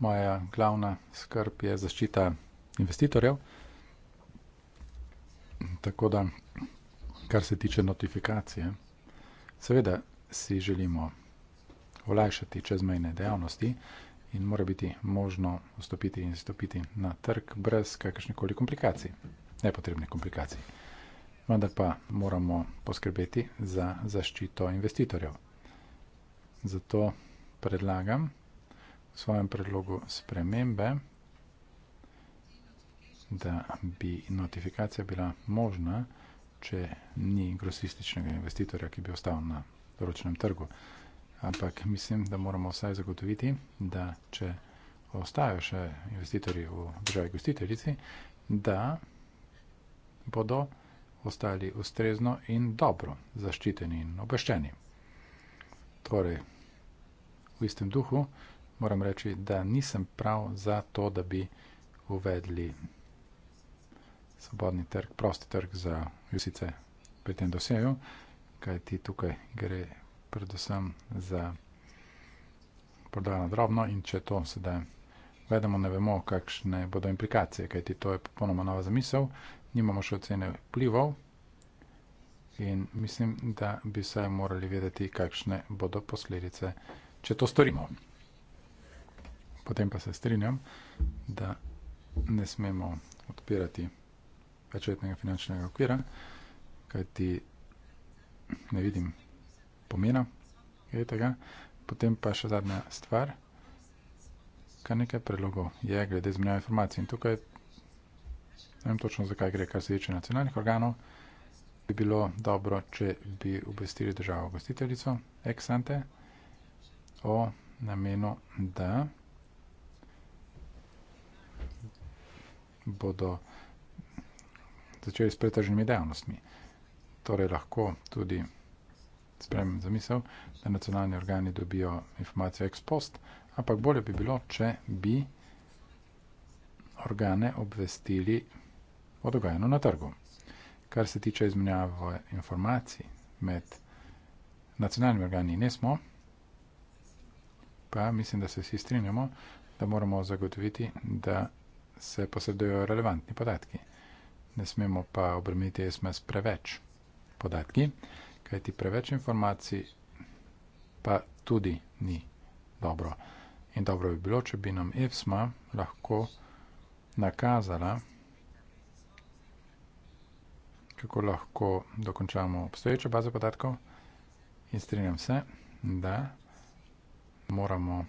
moja glavna skrb je zaščita investitorjev. Tako da, kar se tiče notifikacije, seveda si želimo olajšati čezmejne dejavnosti in mora biti možno vstopiti in stopiti na trg brez kakršnih koli komplikacij, nepotrebnih komplikacij. Vendar pa moramo poskrbeti za zaščito investitorjev. Zato predlagam, svojem predlogu spremembe, da bi notifikacija bila možna, če ni grosističnega investitorja, ki bi ostal na določenem trgu. Ampak mislim, da moramo vsaj zagotoviti, da če ostajo še investitorji v državi gostiteljici, da bodo ostali ustrezno in dobro zaščiteni in obveščeni. Torej, v istem duhu, moram reči, da nisem prav za to, da bi uvedli svobodni trg, prosti trg za vsice pri tem dosejo, kaj ti tukaj gre predvsem za prodajo na drobno in če to sedaj vedemo, ne vemo, kakšne bodo implikacije, kaj ti to je popolnoma nova zamisel, nimamo še ocene vplivov in mislim, da bi vsaj morali vedeti, kakšne bodo posledice, če to storimo. Potem pa se strinjam, da ne smemo odpirati večletnega finančnega okvira, kajti ne vidim pomena tega. Potem pa še zadnja stvar, kar nekaj predlogov je glede izmenjave informacij. In tukaj ne vem točno, zakaj gre, kar se tiče nacionalnih organov. Bi bilo dobro, če bi obvestili državo gostiteljico ex ante o namenu, da bodo začeli s pretrženimi dejavnostmi. Torej, lahko tudi spremem zamisel, da nacionalni organi dobijo informacijo ex post, ampak bolje bi bilo, če bi organe obvestili o dogajanju na trgu. Kar se tiče izmenjave informacij med nacionalnimi organi, ne smo, pa mislim, da se vsi strinjamo, da moramo zagotoviti, da se posredujejo relevantni podatki. Ne smemo pa obremeniti SMS e preveč podatki, kajti preveč informacij pa tudi ni dobro. In dobro bi bilo, če bi nam EFSMA lahko nakazala, kako lahko dokončamo obstoječe baze podatkov in strinjam se, da moramo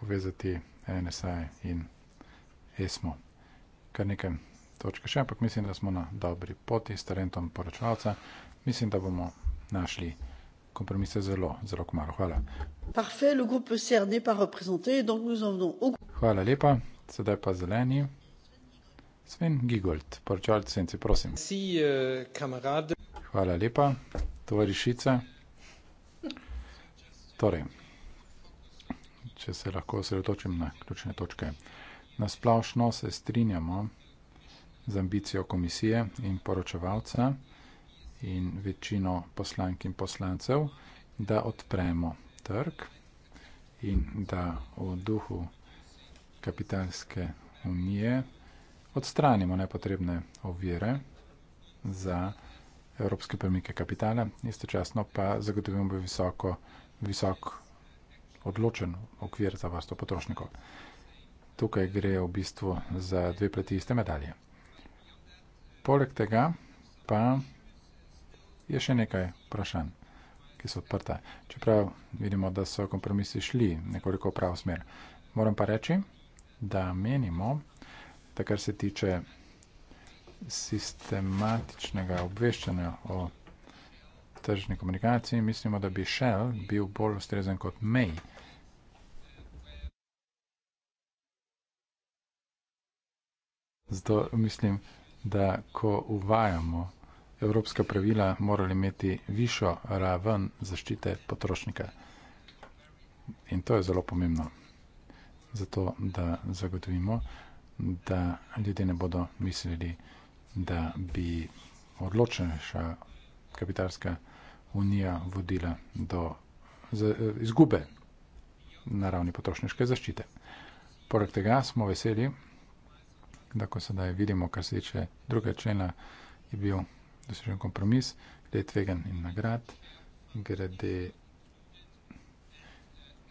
povezati NSA in ESMO. Kar nekaj točke še, ampak mislim, da smo na dobri poti s talentom poročevalca. Mislim, da bomo našli kompromise zelo, zelo kmalo. Hvala. Hvala lepa, sedaj pa zeleni. Sven Gigolt, poročevalc Senci, prosim. Eh, Hvala lepa, tovarišice. Torej, če se lahko osredotočim na ključne točke. Nasplošno se strinjamo z ambicijo komisije in poročevalca in večino poslank in poslancev, da odpremo trg in da v duhu kapitalske unije odstranimo nepotrebne ovire za evropske premike kapitala, istočasno pa zagotovimo visoko, visok odločen okvir za vrsto potrošnikov. Tukaj gre v bistvu za dve plati iste medalje. Poleg tega pa je še nekaj vprašanj, ki so odprta. Čeprav vidimo, da so kompromisi šli nekoliko v prav smer. Moram pa reči, da menimo, da kar se tiče sistematičnega obveščanja o tržni komunikaciji mislimo, da bi Shell bil bolj ustrezen kot May. Zato mislim, da ko uvajamo evropska pravila, morali imeti višjo raven zaščite potrošnika. In to je zelo pomembno. Zato, da zagotovimo, da ljudje ne bodo mislili, da bi odločenejša kapitalska unija vodila do eh, izgube na ravni potrošniške zaščite. Poleg tega smo veseli, da ko sedaj vidimo, kar se tiče druga člena, je bil dosežen kompromis glede tvegan in nagrad, glede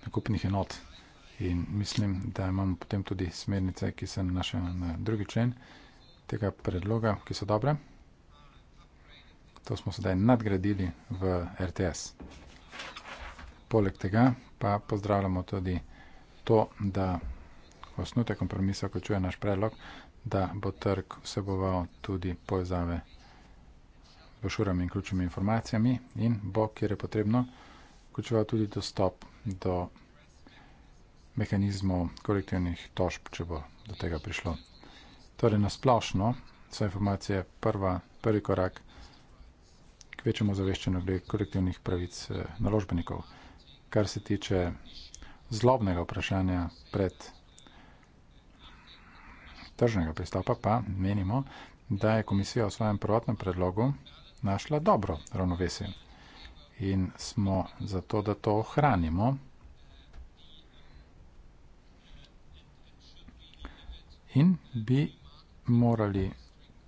nakupnih enot. In mislim, da imamo potem tudi smernice, ki se nanašajo na drugi člen tega predloga, ki so dobre. To smo sedaj nadgradili v RTS. Poleg tega pa pozdravljamo tudi to, da osnute kompromisa, ko čuje naš predlog, da bo trg vseboval tudi povezave z brošurami in ključnimi informacijami in bo, kjer je potrebno, vključeval tudi dostop do mehanizmov kolektivnih tožb, če bo do tega prišlo. Torej, nasplošno so informacije prva, prvi korak k večjemu zaveščanju glede kolektivnih pravic eh, naložbenikov. Kar se tiče zlobnega vprašanja pred tržnega pristopa, pa menimo, da je komisija v svojem prvotnem predlogu našla dobro ravnovesje in smo zato, da to ohranimo. In bi morali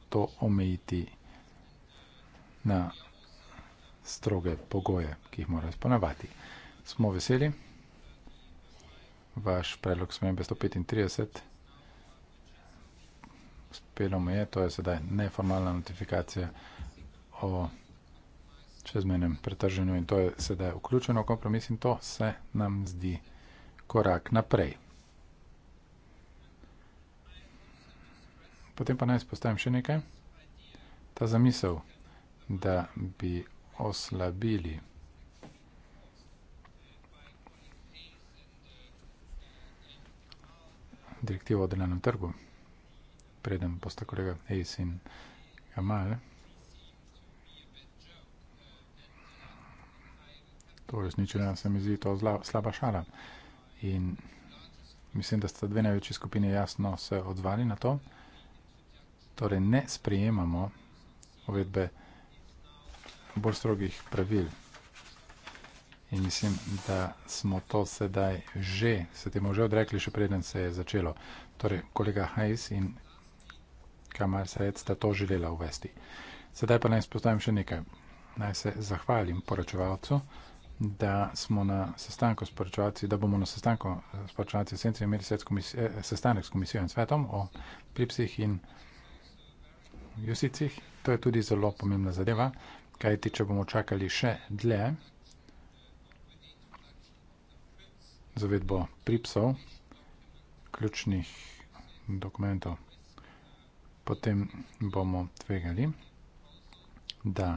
to omejiti na stroge pogoje, ki jih mora izpolnjevati. Smo veseli, vaš predlog spremembe 135, uspelo mu je, to je sedaj neformalna notifikacija o čezmenem pretrženju in to je sedaj vključeno v kompromis in to se nam zdi korak naprej. Potem pa naj spostavim še nekaj. Ta zamisel, da bi oslabili. Direktivo o delenem trgu. Preden posta kolega Ace in Amal. To je resničenja, se mi zdi to slaba šala. In mislim, da sta dve največji skupine jasno se odzvali na to. Torej ne sprejemamo uvedbe vsega, bolj strogih pravil. In mislim, da smo to sedaj že, se temu že odrekli, še preden se je začelo. Torej, kolega Hajs in kamar Sajec sta to želela uvesti. Sedaj pa naj spostavim še nekaj. Naj se zahvalim poročevalcu, da smo na sestanku s poročevalci, da bomo na sestanku eh, s poročevalci esencije imeli eh, sestanek s komisijo in svetom o pripsih in jusicih. To je tudi zelo pomembna zadeva, kaj ti, če bomo čakali še dlje, zavedbo pripsov, ključnih dokumentov, potem bomo tvegali, da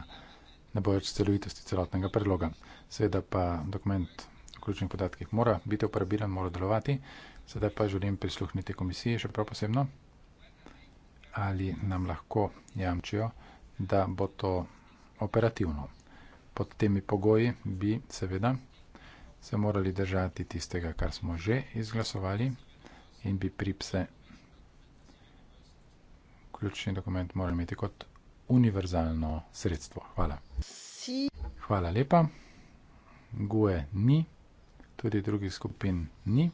ne bo več celovitosti celotnega predloga. Seveda pa dokument v ključnih podatkih mora biti uporabilen, mora delovati, sedaj pa želim prisluhniti komisiji še prav posebno, ali nam lahko jamčijo, da bo to vsega operativno. Pod temi pogoji bi seveda se morali držati tistega, kar smo že izglasovali in bi pripse ključni dokument morali imeti kot univerzalno sredstvo. Hvala. Hvala lepa. Gue ni, tudi drugih skupin ni.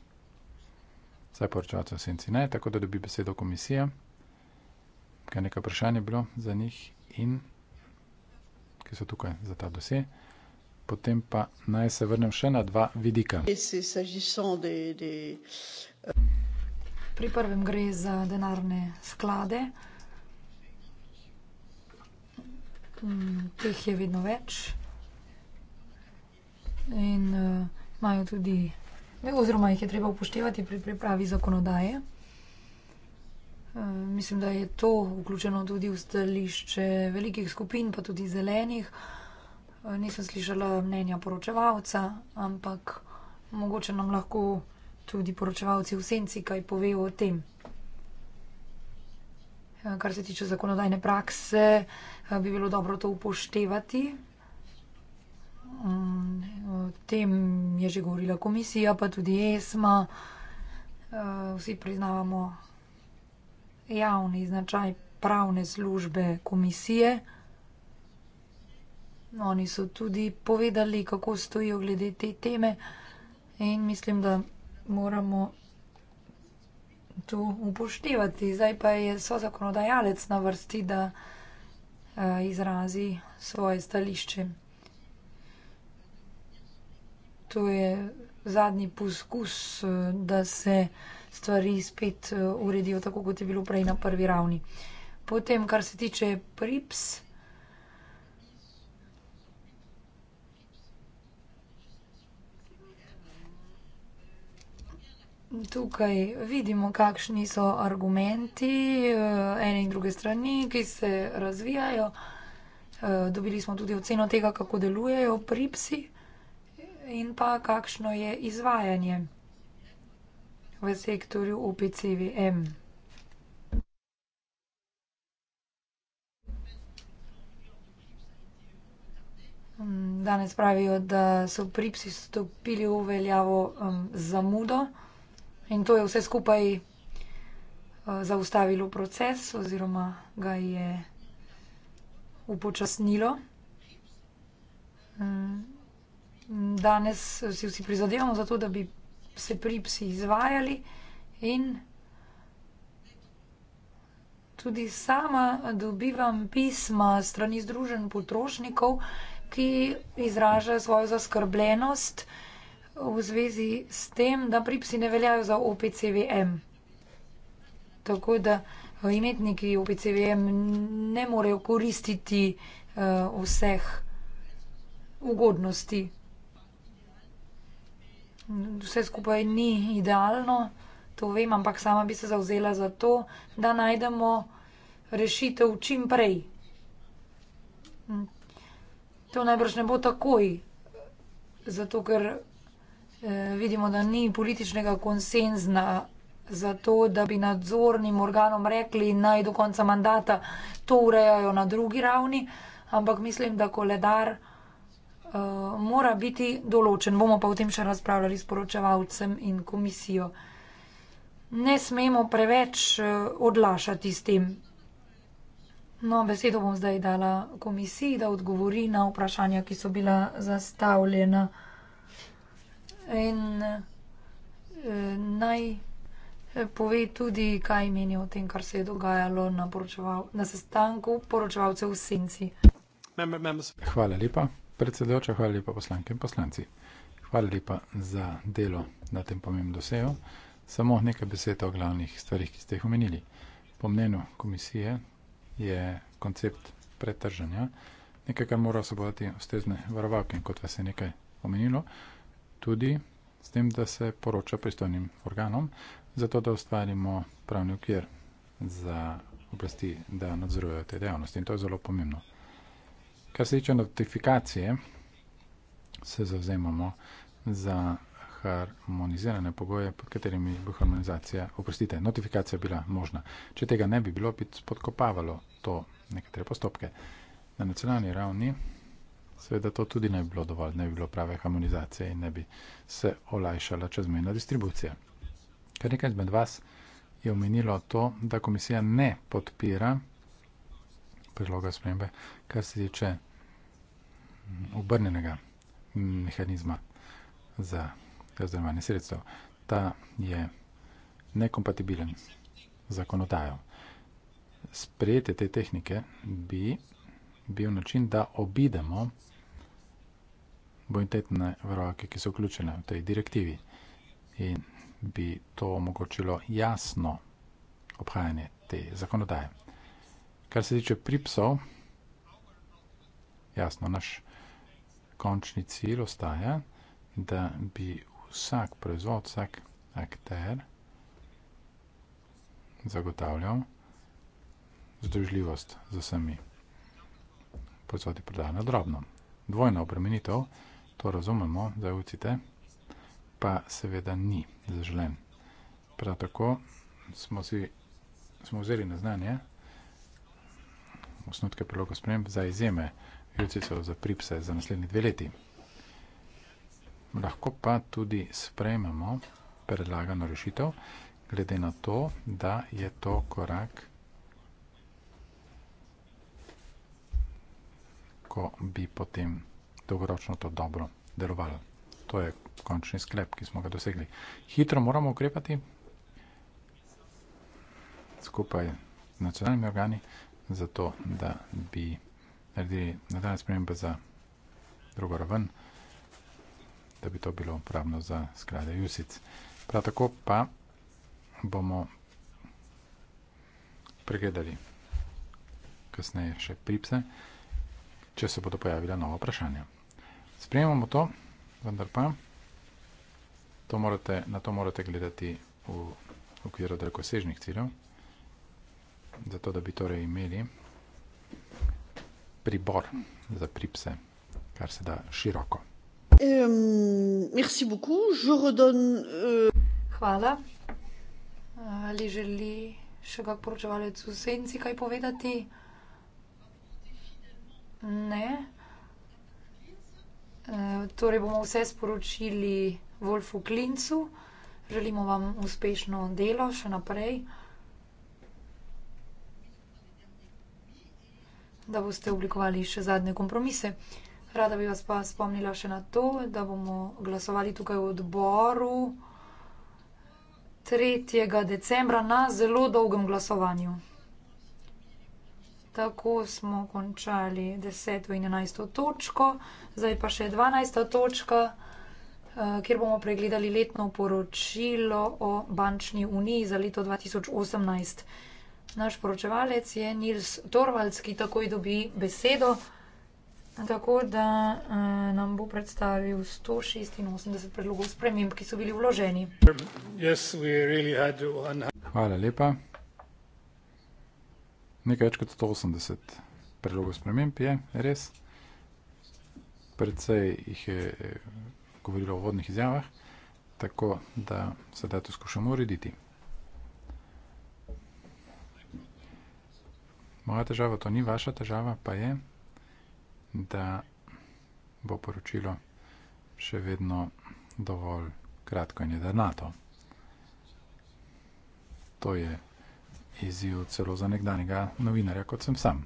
Saj poročevalcev senci ne, tako da dobi besedo komisija, kaj nekaj vprašanje bilo za njih in ki so tukaj za ta dosje. Potem pa naj se vrnem še na dva vidika. Euh, pri prvem gre za denarne sklade. Mm, teh je vedno več. In uh, imajo tudi, oziroma jih je treba upoštevati pri pripravi zakonodaje. Eh, mislim, da je to vključeno tudi v stališče velikih skupin, pa tudi zelenih. Eh, nisem slišala mnenja poročevalca, ampak mogoče nam lahko tudi poročevalci v senci kaj povejo o tem. Eh, kar se tiče zakonodajne prakse, bi bilo dobro to upoštevati. Mm, o tem je že govorila komisija, pa tudi ESMA. Vsi priznavamo javni značaj pravne službe komisije. Oni so tudi povedali, kako stojijo glede te teme in mislim, da moramo to upoštevati. Zdaj pa je so zakonodajalec na vrsti, da eh, izrazi svoje stališče. To je zadnji poskus, eh, da se stvari spet eh, uredijo tako, kot je bilo prej na prvi ravni. Potem, kar se tiče prips. Tukaj vidimo, kakšni so argumenti eh, ene in druge strani, ki se razvijajo. Eh, dobili smo tudi oceno tega, kako delujejo pripsi in pa kakšno je izvajanje v sektorju UPCVM. Danes pravijo, da so pripsi stopili v veljavo um, zamudo in to je vse skupaj uh, zaustavilo proces oziroma ga je upočasnilo. Mm, danes si vsi prizadevamo za to, da bi se pripsi izvajali in tudi sama dobivam pisma strani Združen potrošnikov, ki izraža svojo zaskrbljenost v zvezi s tem, da pripsi ne veljajo za OPCVM. Tako da eh, imetniki OPCVM ne morejo koristiti uh, vseh ugodnosti vse skupaj ni idealno, to vem, ampak sama bi se zauzela za to, da najdemo rešitev čim prej. To najbrž ne bo takoj, zato ker eh, vidimo, da ni političnega konsenzna za to, da bi nadzornim organom rekli naj do konca mandata to urejajo na drugi ravni, ampak mislim, da koledar. Eh, mora biti določen. Bomo pa o tem še razpravljali s poročevalcem in komisijo. Ne smemo preveč eh, odlašati s tem. No, besedo bom zdaj dala komisiji, da odgovori na vprašanja, ki so bila zastavljena. In eh, naj eh, pove tudi, kaj meni o tem, kar se je dogajalo na, na sestanku poročevalcev v Senci. Hvala lepa predsedujoča, hvala lepa poslanke in poslanci. Hvala lepa za delo na tem pomembnem dosegu. Samo nekaj besed o glavnih stvarih, ki ste jih omenili. Po mnenju komisije je koncept pretržanja nekaj, kar mora osebovati ustrezne varovalke, kot vas je nekaj omenilo, tudi s tem, da se poroča pristojnim organom, zato da ustvarimo pravni okvir za oblasti, da nadzorujejo te dejavnosti. In to je zelo pomembno. Kar se tiče notifikacije, se zavzemamo za harmonizirane pogoje, pod katerimi bo harmonizacija, oprostite, notifikacija bila možna. Če tega ne bi bilo, bi spodkopavalo to nekatere postopke. Na nacionalni ravni seveda to tudi ne bi bilo dovolj, ne bi bilo prave harmonizacije in ne bi se olajšala čezmejna distribucija. Kar nekaj izmed vas je omenilo to, da komisija ne podpira predloga spremembe, kar se tiče obrnjenega mehanizma za razdelovanje sredstev. Ta je nekompatibilen z zakonodajo. Sprejetje te tehnike bi bil način, da obidemo bonitetne varovake, ki so vključene v tej direktivi in bi to omogočilo jasno obhajanje te zakonodaje. Kar se tiče pripsov, jasno, naš vsega končni cilj ostaja, da bi vsak proizvod, vsak akter zagotavljal združljivost z vsemi proizvodi prodajanja drobno. Dvojna obremenitev, to razumemo, zdaj ucite, pa seveda ni zaželen. Prav tako smo si smo vzeli na znanje osnutke priloga sprememb za izjeme Policijo za pripse za naslednji dve leti. Lahko pa tudi sprejmemo predlagano rešitev, glede na to, da je to korak, ko bi potem dolgoročno to dobro delovalo. To je končni sklep, ki smo ga dosegli. Hitro moramo ukrepati skupaj z nacionalnimi organi, zato da bi naredi nadaljne spremembe za drugo raven, da bi to bilo pravno za sklade usic. Prav tako pa bomo pregledali kasneje še pripse, če se bodo pojavila nova vprašanja. Sprejemamo to, vendar pa to morate, na to morate gledati v okviru dalekosežnih ciljev, zato da bi torej imeli pribor za pripse, kar se da široko. Euh, Hvala. Ali želi še kak poročevalec v senci kaj povedati? Ne. E, torej bomo vse sporočili Wolfu Klincu. Želimo vam uspešno delo še naprej. da boste oblikovali še zadnje kompromise. Rada bi vas pa spomnila še na to, da bomo glasovali tukaj v odboru 3. decembra na zelo dolgem glasovanju. Tako smo končali 10. in 11. točko, zdaj pa še 12. točka, eh, kjer bomo pregledali letno poročilo o bančni uniji za leto 2018. Naš poročevalec je Nils Torvalds, ki takoj dobi besedo, tako da eh, nam bo predstavil 186 predlogov sprememb, ki so bili vloženi. Hvala lepa. Nekaj več kot 180 predlogov sprememb je res. Predvsej jih je eh, govorilo o vodnih izjavah, tako da se da to skušamo urediti. Moja težava, to ni vaša težava, pa je, da bo poročilo še vedno dovolj kratko in jedrnato. To je izjiv celo za nekdanjega novinarja, kot sem sam.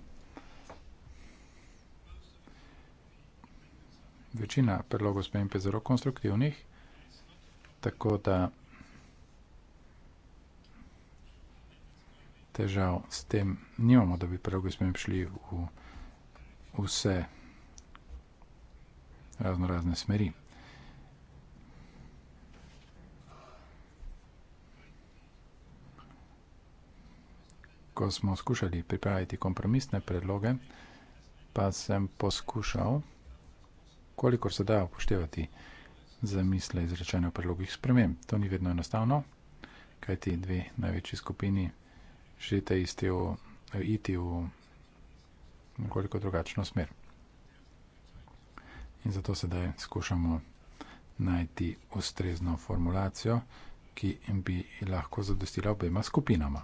Večina predlogov spremembe je zelo konstruktivnih, tako da težav s tem nimamo, da bi predolgo smo šli v vse razno razne smeri. Ko smo skušali pripraviti kompromisne predloge, pa sem poskušal, kolikor se da upoštevati zamisle izrečene v predlogih sprememb. To ni vedno enostavno, kajti dve največji skupini želite isti v, iti v nekoliko drugačno smer. In zato sedaj skušamo najti ustrezno formulacijo, ki bi lahko zadostila obema skupinama.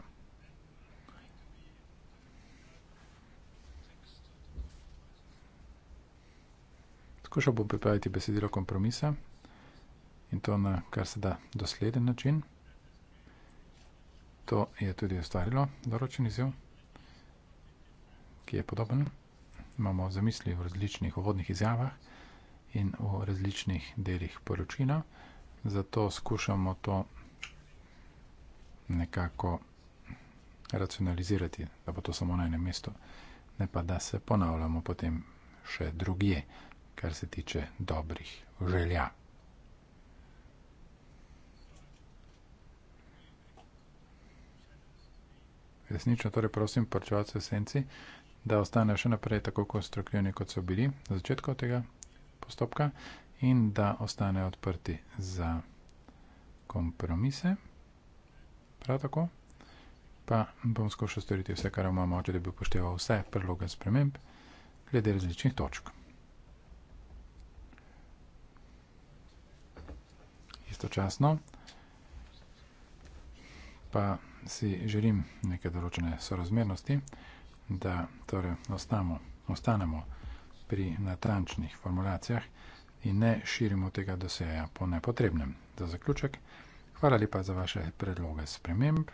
Skušal bom pripraviti besedilo kompromisa in to na kar se da dosleden način to je tudi ustvarilo doročen izjev, ki je podoben. Imamo zamisli v različnih uvodnih izjavah in v različnih delih poročina, zato skušamo to nekako racionalizirati, da bo to samo na enem mestu, ne pa da se ponavljamo potem še drugje, kar se tiče dobrih želja. resnično torej prosim porčevalce v senci, da ostanejo še naprej tako konstruktivni, kot so bili na začetku tega postopka in da ostanejo odprti za kompromise. Prav tako pa bom skušal storiti vse, kar imamo oče, da bi upošteval vse predloge sprememb glede različnih točk. Istočasno pa si želim neke določene sorazmernosti, da torej ostamo, ostanemo pri natančnih formulacijah in ne širimo tega doseja po nepotrebnem. Za zaključek, hvala lepa za vaše predloge sprememb.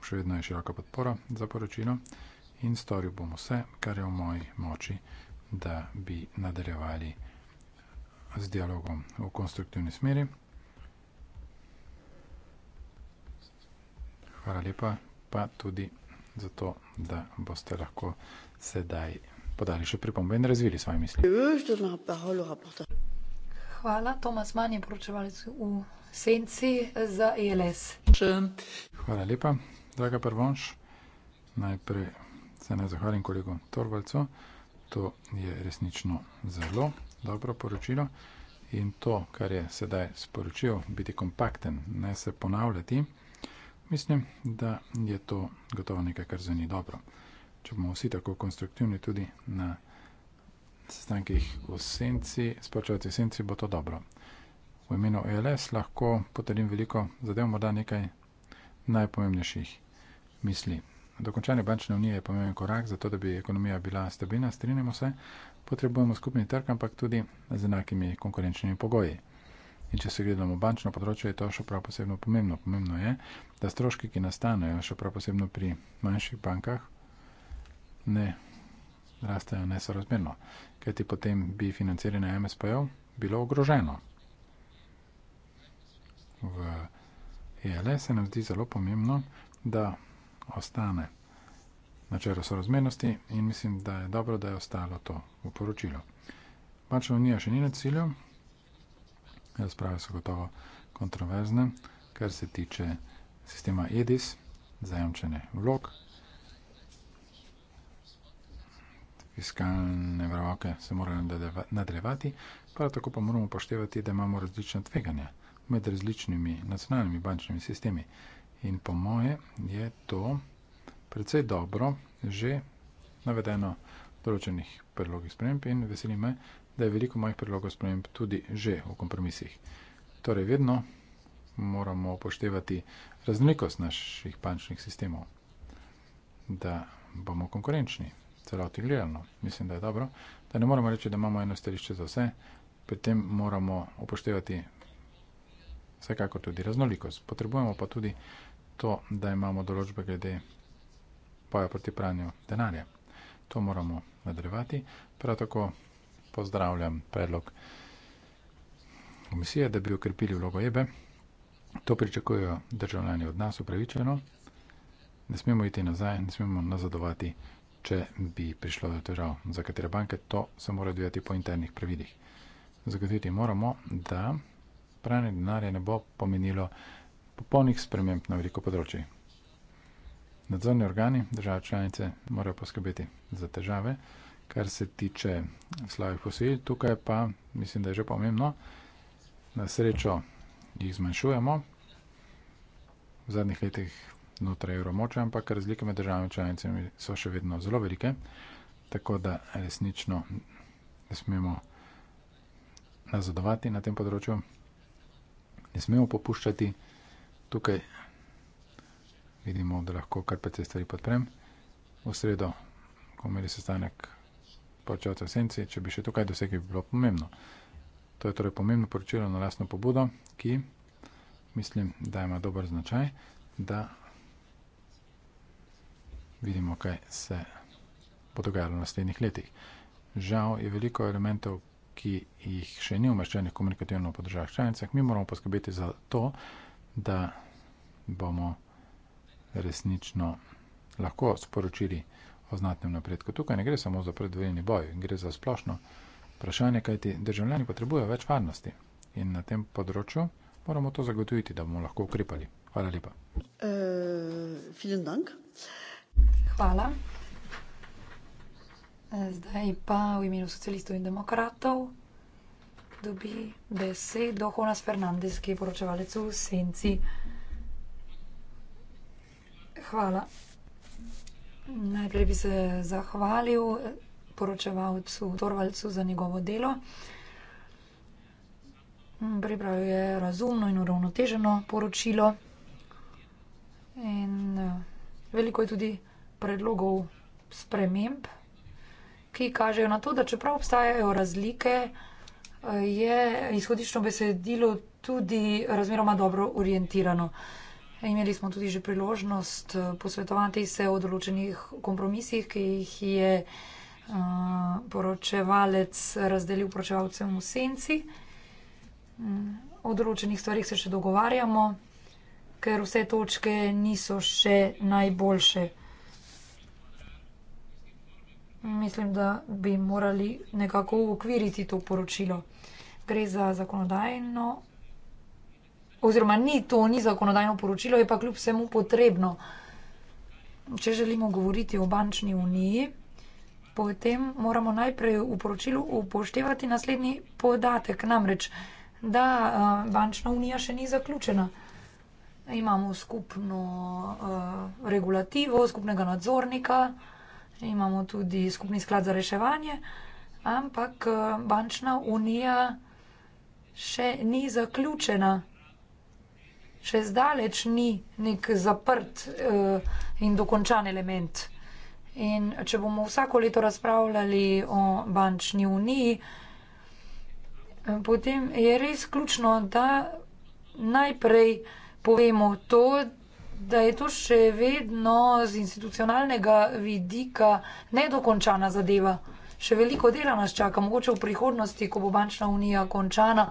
Še vedno je široka podpora za poročilo in storil bom vse, kar je v moji moči, da bi nadaljevali z dialogom v konstruktivni smeri. Hvala lepa, pa tudi zato, da boste lahko sedaj podali še pripombe in razvili svoje misli. Hvala, Tomas Manj, poročevalec v Senci za ELS. Hvala lepa, draga Prvonš. Najprej se naj zahvalim kolegu Torvalcu. To je resnično zelo dobro poročilo. In to, kar je sedaj sporočil, biti kompakten, ne se ponavljati. Mislim, da je to gotovo nekaj, kar za ni dobro. Če bomo vsi tako konstruktivni tudi na sestankih v senci, spočevati v senci, bo to dobro. V imenu ELS lahko potrdim veliko zadev, morda nekaj najpomembnejših misli. Dokončanje bančne unije je pomemben korak, zato da bi ekonomija bila stabilna, strinjamo se, potrebujemo skupni trg, ampak tudi z enakimi konkurenčnimi pogoji. In če se gledamo bančno področje, je to še prav posebno pomembno. Pomembno je, da stroški, ki nastanejo, še prav posebno pri manjših bankah, ne rastejo nesorazmerno, ker ti potem bi financiranje MSP-ov bilo ogroženo. V ELE se nam zdi zelo pomembno, da ostane načelo sorazmernosti in mislim, da je dobro, da je ostalo to v poročilu. Bančna unija še ni na cilju, razprave so gotovo kontroverzne, kar se tiče sistema EDIS, zajamčene vlog, fiskalne vroke se morajo nadrevati, pa tako pa moramo poštevati, da imamo različne tveganja med različnimi nacionalnimi bančnimi sistemi. In po moje je to predvsej dobro že navedeno določenih predlogih sprememb in veseli me, da je veliko manj predlogov sprememb tudi že v kompromisih. Torej, vedno moramo upoštevati raznolikost naših pančnih sistemov, da bomo konkurenčni, celoti gledano. Mislim, da je dobro, da ne moramo reči, da imamo eno stališče za vse, pri tem moramo upoštevati vsekakor tudi raznolikost. Potrebujemo pa tudi to, da imamo določbe glede boja proti pranju denarja. To moramo nadrevati, prav tako pozdravljam predlog komisije, da bi ukrepili vlogo EBE. To pričakujejo državljani od nas upravičeno. Ne smemo iti nazaj, ne smemo nazadovati, če bi prišlo do težav. Za katere banke to se mora odvijati po internih pravilih. Zagotoviti moramo, da pranje denarja ne bo pomenilo popolnih sprememb na veliko področji. Nadzorni organi države članice morajo poskrbeti za težave kar se tiče slabih posojil. Tukaj pa mislim, da je že pomembno, na srečo jih zmanjšujemo v zadnjih letih znotraj evromoča, ampak razlike med državami članicami so še vedno zelo velike, tako da resnično ne smemo nazadovati na tem področju, ne smemo popuščati. Tukaj vidimo, da lahko kar pa te stvari podprem. V sredo, ko imeli sestanek poročevalca senci, če bi še tukaj dosegli, bi bilo pomembno. To je torej pomembno poročilo na lastno pobudo, ki mislim, da ima dober značaj, da vidimo, kaj se bo dogajalo v naslednjih letih. Žal je veliko elementov, ki jih še ni umeščenih komunikativno v podržavah članicah. Mi moramo poskrbeti za to, da bomo resnično lahko sporočili vsega, o znatnem napredku. Tukaj ne gre samo za predvoljeni boj, gre za splošno vprašanje, kajti državljani potrebujejo več varnosti in na tem področju moramo to zagotoviti, da bomo lahko ukrepali. Hvala lepa. Uh, Hvala. Eh, zdaj pa v imenu socialistov in demokratov dobi besedo Jonas Fernandez, ki je poročevalec v Senci. Hvala. Najprej bi se zahvalil poročevalcu Torvaldcu za njegovo delo. Pripravil je razumno in uravnoteženo poročilo. In eh, veliko je tudi predlogov sprememb, ki kažejo na to, da čeprav obstajajo razlike, eh, je izhodiščno besedilo tudi razmeroma dobro orientirano. Imeli smo tudi že priložnost eh, posvetovati se o določenih kompromisih, ki jih je eh, poročevalec razdelil poročevalcem v senci. Mm, o določenih stvarih se še dogovarjamo, ker vse točke niso še najboljše. Mislim, da bi morali nekako uokviriti to poročilo. Gre za zakonodajno oziroma ni to, ni zakonodajno poročilo, je pa kljub vsemu potrebno. Če želimo govoriti o bančni uniji, potem moramo najprej v poročilu upoštevati naslednji podatek, namreč, da eh, bančna unija še ni zaključena. Imamo skupno uh, regulativo, skupnega nadzornika, imamo tudi skupni sklad za reševanje, ampak uh, bančna unija še ni zaključena še zdaleč ni nek zaprt uh, in dokončan element. In če bomo vsako leto razpravljali o bančni uniji, eh, potem je res ključno, da najprej povemo to, da je to še vedno z institucionalnega vidika nedokončana zadeva še veliko dela nas čaka, mogoče v prihodnosti, ko bo bančna unija končana,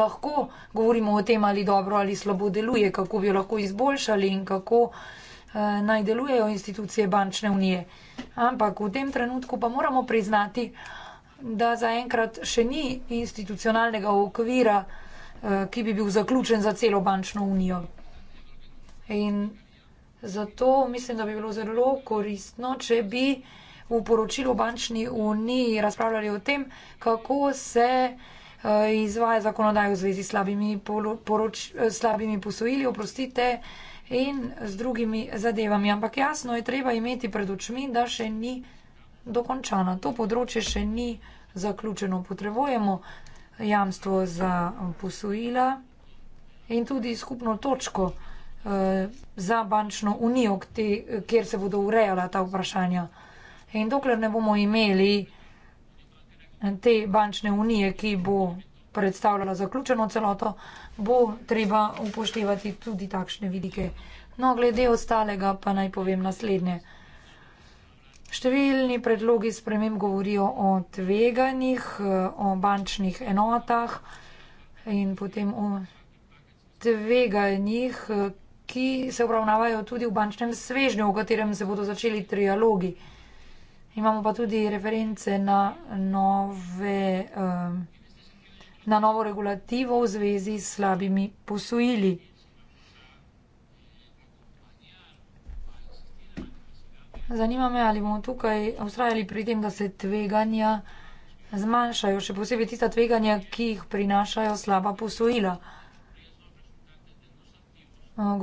lahko govorimo o tem, ali dobro ali slabo deluje, kako bi jo lahko izboljšali in kako eh, naj delujejo institucije bančne unije. Ampak v tem trenutku pa moramo priznati, da zaenkrat še ni institucionalnega okvira, eh, ki bi bil zaključen za celo bančno unijo. In zato mislim, da bi bilo zelo koristno, če bi v poročilu bančni uniji razpravljali o tem, kako se eh, izvaja zakonodajo v zvezi s slabimi, poroč, eh, slabimi posojili, oprostite, in z drugimi zadevami. Ampak jasno je treba imeti pred očmi, da še ni dokončana. To področje še ni zaključeno. Potrebujemo jamstvo za posojila in tudi skupno točko eh, za bančno unijo, kjer se bodo urejala ta vprašanja. In dokler ne bomo imeli te bančne unije, ki bo predstavljala zaključeno celoto, bo treba upoštevati tudi takšne vidike. No, glede ostalega pa naj povem naslednje. Številni predlogi spremem govorijo o tveganih, o bančnih enotah in potem o tveganih, ki se obravnavajo tudi v bančnem svežnju, v katerem se bodo začeli trialogi. Imamo pa tudi reference na nove, eh, na novo regulativo v zvezi s slabimi posojili. Zanima me, ali bomo tukaj ustrajali pri tem, da se tveganja zmanjšajo, še posebej tista tveganja, ki jih prinašajo slaba posojila. Eh,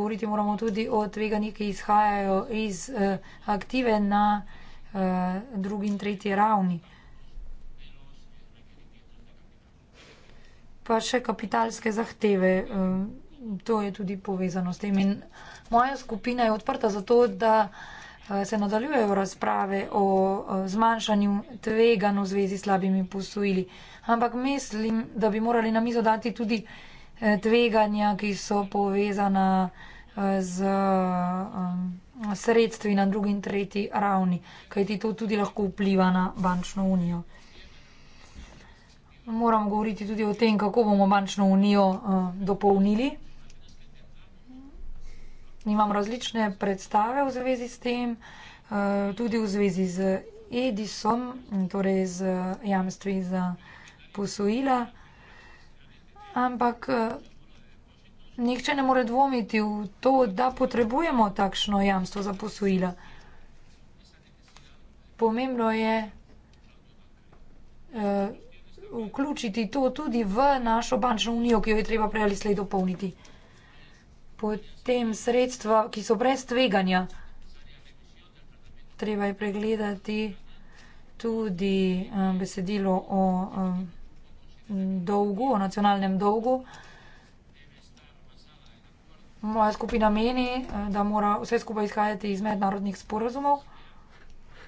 govoriti moramo tudi o tveganjih, ki izhajajo iz eh, aktive na tveganja, Eh, drugi in tretji ravni. Pa še kapitalske zahteve, eh, to je tudi povezano s tem. In moja skupina je odprta zato, da eh, se nadaljujejo razprave o zmanjšanju tveganj v zvezi s slabimi posojili. Ampak mislim, da bi morali na mizo dati tudi tveganja, ki so povezana z. Um, sredstvi na drugi in tretji ravni, kajti to tudi lahko vpliva na bančno unijo. Moramo govoriti tudi o tem, kako bomo bančno unijo eh, dopolnili. Imam različne predstave v zvezi s tem, eh, tudi v zvezi z Edisom, torej z eh, jamstvi za posojila. Ampak nihče ne more dvomiti v to, da potrebujemo takšno jamstvo za posojila. Pomembno je uh, vključiti to tudi v našo bančno unijo, ki jo je treba prej ali slej dopolniti. Potem sredstva, ki so brez tveganja, treba je pregledati tudi um, besedilo o um, dolgu, o nacionalnem dolgu moja skupina meni, eh, da mora vse skupaj izhajati iz mednarodnih sporozumov.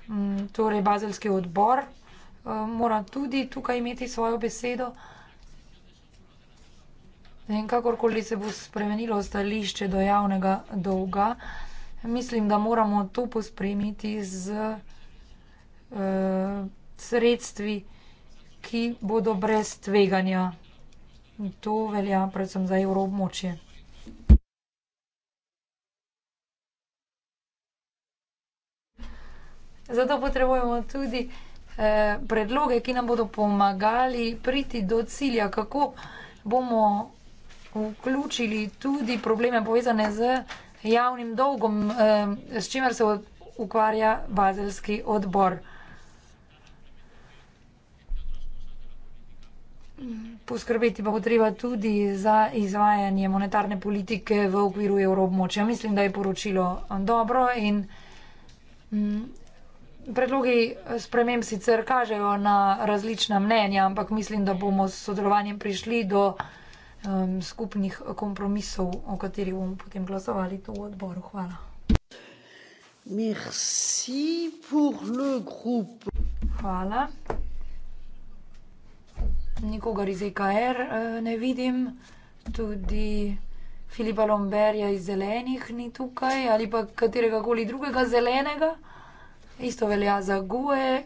Mm, torej, bazelski odbor eh, mora tudi tukaj imeti svojo besedo. In kakorkoli se bo spremenilo stališče do javnega dolga, mislim, da moramo to pospremiti z eh, sredstvi, ki bodo brez tveganja. In to velja predvsem za evroobmočje. Zato potrebujemo tudi eh, predloge, ki nam bodo pomagali priti do cilja, kako bomo vključili tudi probleme povezane z javnim dolgom, eh, s čimer se ukvarja bazelski odbor. Poskrbeti pa bo treba tudi za izvajanje monetarne politike v okviru evrobmoča. Mislim, da je poročilo dobro in mm, predlogi sprememb sicer kažejo na različna mnenja, ampak mislim, da bomo s sodelovanjem prišli do um, skupnih kompromisov, o katerih bomo potem glasovali tu v odboru. Hvala. Merci pour le groupe. Hvala. Nikogar iz EKR eh, ne vidim, tudi Filipa Lomberja iz zelenih ni tukaj ali pa katerega koli drugega zelenega. Isto velja za GUE,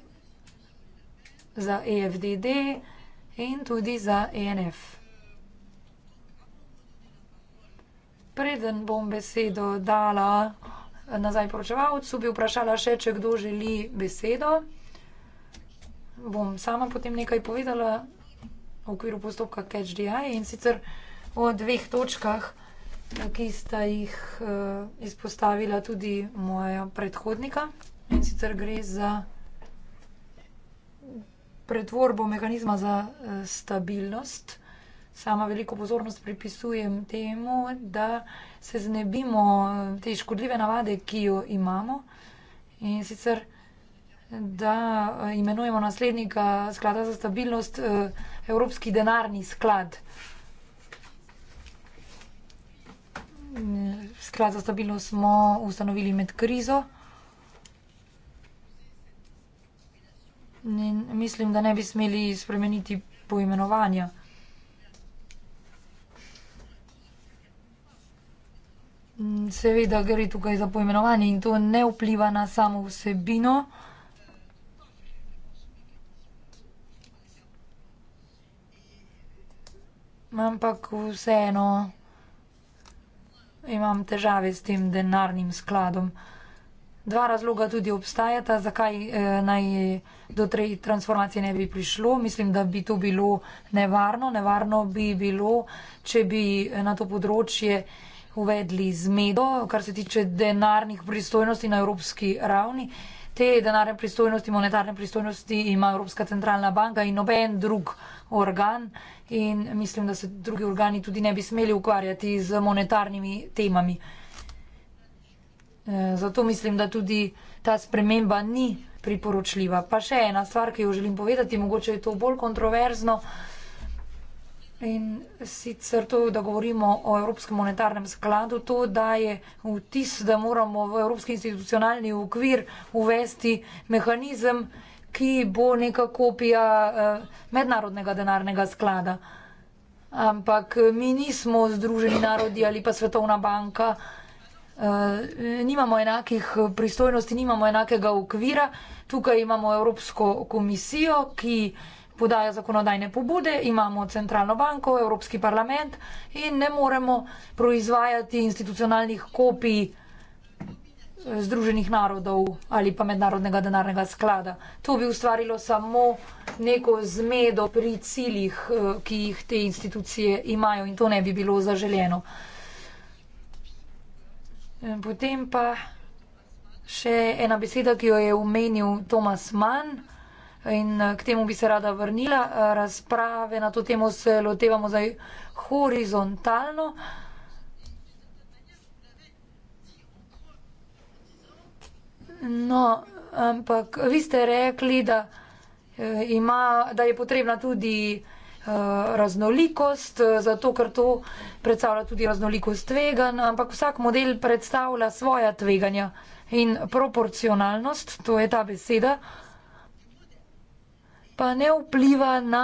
za EFDD in tudi za ENF. Preden bom besedo dala nazaj poročevalcu, bi vprašala še, če kdo želi besedo. Bom sama potem nekaj povedala v okviru postopka CatchDI in sicer o dveh točkah, ki sta jih eh, izpostavila tudi moja predhodnika in sicer gre za pretvorbo mehanizma za eh, stabilnost. Sama veliko pozornost pripisujem temu, da se znebimo eh, te škodljive navade, ki jo imamo in sicer, da eh, imenujemo naslednika sklada za stabilnost Evropski denarni sklad. Mm, sklad za stabilnost smo ustanovili med krizo. mislim, da ne bi smeli spremeniti poimenovanja. Mm, seveda gre tukaj za poimenovanje in to ne vpliva na samo vsebino. Ampak vseeno imam težave s tem denarnim skladom dva razloga tudi obstajata, zakaj eh, naj do trej transformacije ne bi prišlo. Mislim, da bi to bilo nevarno. Nevarno bi bilo, če bi eh, na to področje uvedli zmedo, kar se tiče denarnih pristojnosti na evropski ravni. Te denarne pristojnosti, monetarne pristojnosti ima Evropska centralna banka in noben drug organ in mislim, da se drugi organi tudi ne bi smeli ukvarjati z monetarnimi temami. Zato mislim, da tudi ta sprememba ni priporočljiva. Pa še ena stvar, ki jo želim povedati, mogoče je to bolj kontroverzno. In sicer to, da govorimo o Evropskem monetarnem skladu, to daje vtis, da moramo v Evropski institucionalni okvir uvesti mehanizem, ki bo neka kopija eh, mednarodnega denarnega sklada. Ampak eh, mi nismo Združeni narodi ali pa Svetovna banka, Eh, nimamo enakih pristojnosti, nimamo enakega okvira. Tukaj imamo Evropsko komisijo, ki podaja zakonodajne pobude, imamo centralno banko, Evropski parlament in ne moremo proizvajati institucionalnih kopij eh, Združenih narodov ali pa mednarodnega denarnega sklada. To bi ustvarilo samo neko zmedo pri ciljih, eh, ki jih te institucije imajo in to ne bi bilo zaželjeno. Potem pa še ena beseda, ki jo je omenil Tomas Mann in eh, k temu bi se rada vrnila. Eh, razprave na to temo se lotevamo zdaj horizontalno. No, ampak vi ste rekli, da, eh, ima, da je potrebna tudi. Eh, raznolikost, eh, zato ker to predstavlja tudi raznolikost tvegan, ampak vsak model predstavlja svoja tveganja in proporcionalnost, to je ta beseda, pa ne vpliva na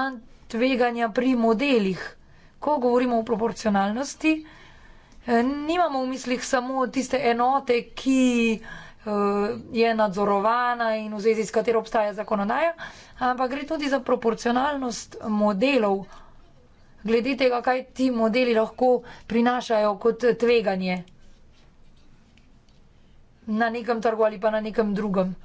tveganja pri modelih. Ko govorimo o proporcionalnosti, eh, nimamo v mislih samo tiste enote, ki Eh, je nadzorovana in v zvezi s katero obstaja zakonodaja, ampak gre tudi za proporcionalnost modelov, glede tega, kaj ti modeli lahko prinašajo kot tveganje na nekem trgu ali pa na nekem drugem.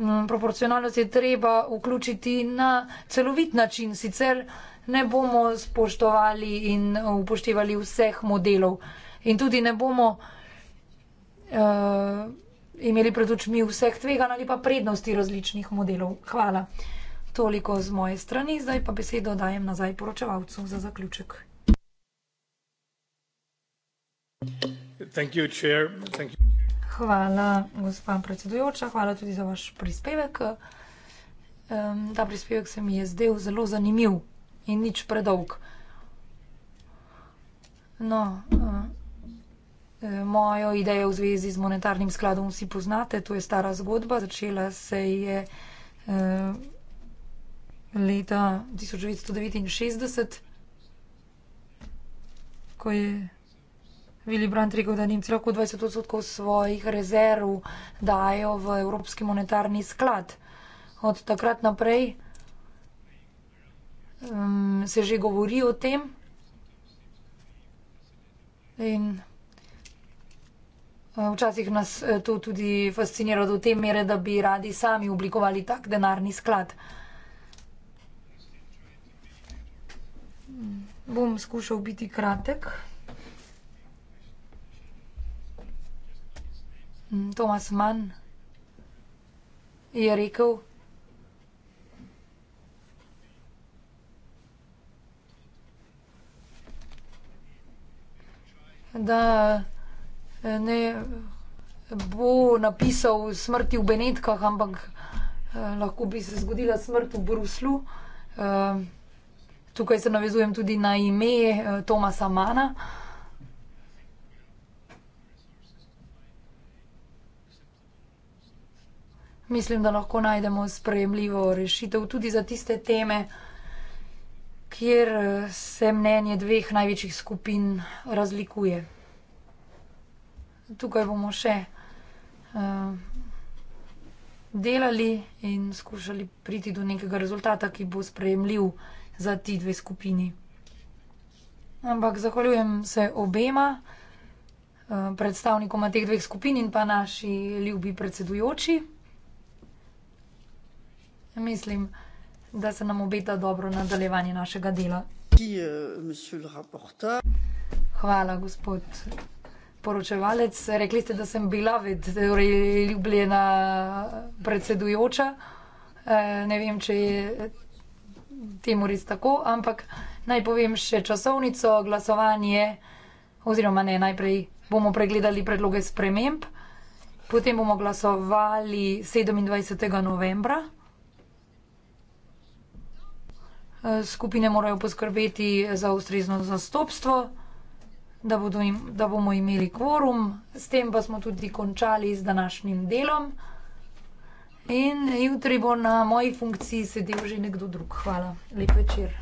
Mm, proporcionalnost je treba vključiti na celovit način, sicer ne bomo spoštovali in upoštevali vseh modelov in tudi ne bomo uh, imeli pred očmi vseh tveganj ali pa prednosti različnih modelov. Hvala. Toliko z moje strani, zdaj pa besedo dajem nazaj poročevalcu za zaključek. You, you... Hvala, gospa predsedujoča, hvala tudi za vaš prispevek. Um, ta prispevek se mi je zdel zelo zanimiv in nič predolg. No. Uh... Mojo idejo v zvezi z monetarnim skladom vsi poznate, to je stara zgodba. Začela se je eh, leta 1969, ko je Willy Brandt rekel, da Nemci lahko 20 odstotkov svojih rezerv dajo v Evropski monetarni sklad. Od takrat naprej um, se že govori o tem. In Včasih nas eh, to tudi fascinira do te mere, da bi radi sami oblikovali tak denarni sklad. Bom skušal biti kratek. Mm, Tomas Mann je rekel. Da ne bo napisal smrti v Benetkah, ampak eh, lahko bi se zgodila smrt v Bruslu. Eh, tukaj se navezujem tudi na ime eh, Tomasa Mana. Mislim, da lahko najdemo sprejemljivo rešitev tudi za tiste teme, kjer se mnenje dveh največjih skupin razlikuje tukaj bomo še uh, delali in skušali priti do nekega rezultata, ki bo sprejemljiv za ti dve skupini. Ampak zahvaljujem se obema eh, predstavnikoma teh dveh skupin in pa naši ljubi predsedujoči. Mislim, da se nam obeta dobro nadaljevanje našega dela. Eh, Hvala, gospod poročevalec. Rekli ste, da sem bila ved, torej ljubljena predsedujoča. E, ne vem, če je temu res tako, ampak naj povem še časovnico, glasovanje, oziroma ne, najprej bomo pregledali predloge sprememb, potem bomo glasovali 27. novembra. E, skupine morajo poskrbeti za ustrezno zastopstvo da, bodo, da bomo imeli kvorum, s tem pa smo tudi končali z današnjim delom. In jutri bo na moji funkciji sedel že nekdo drug. Hvala, lep večer.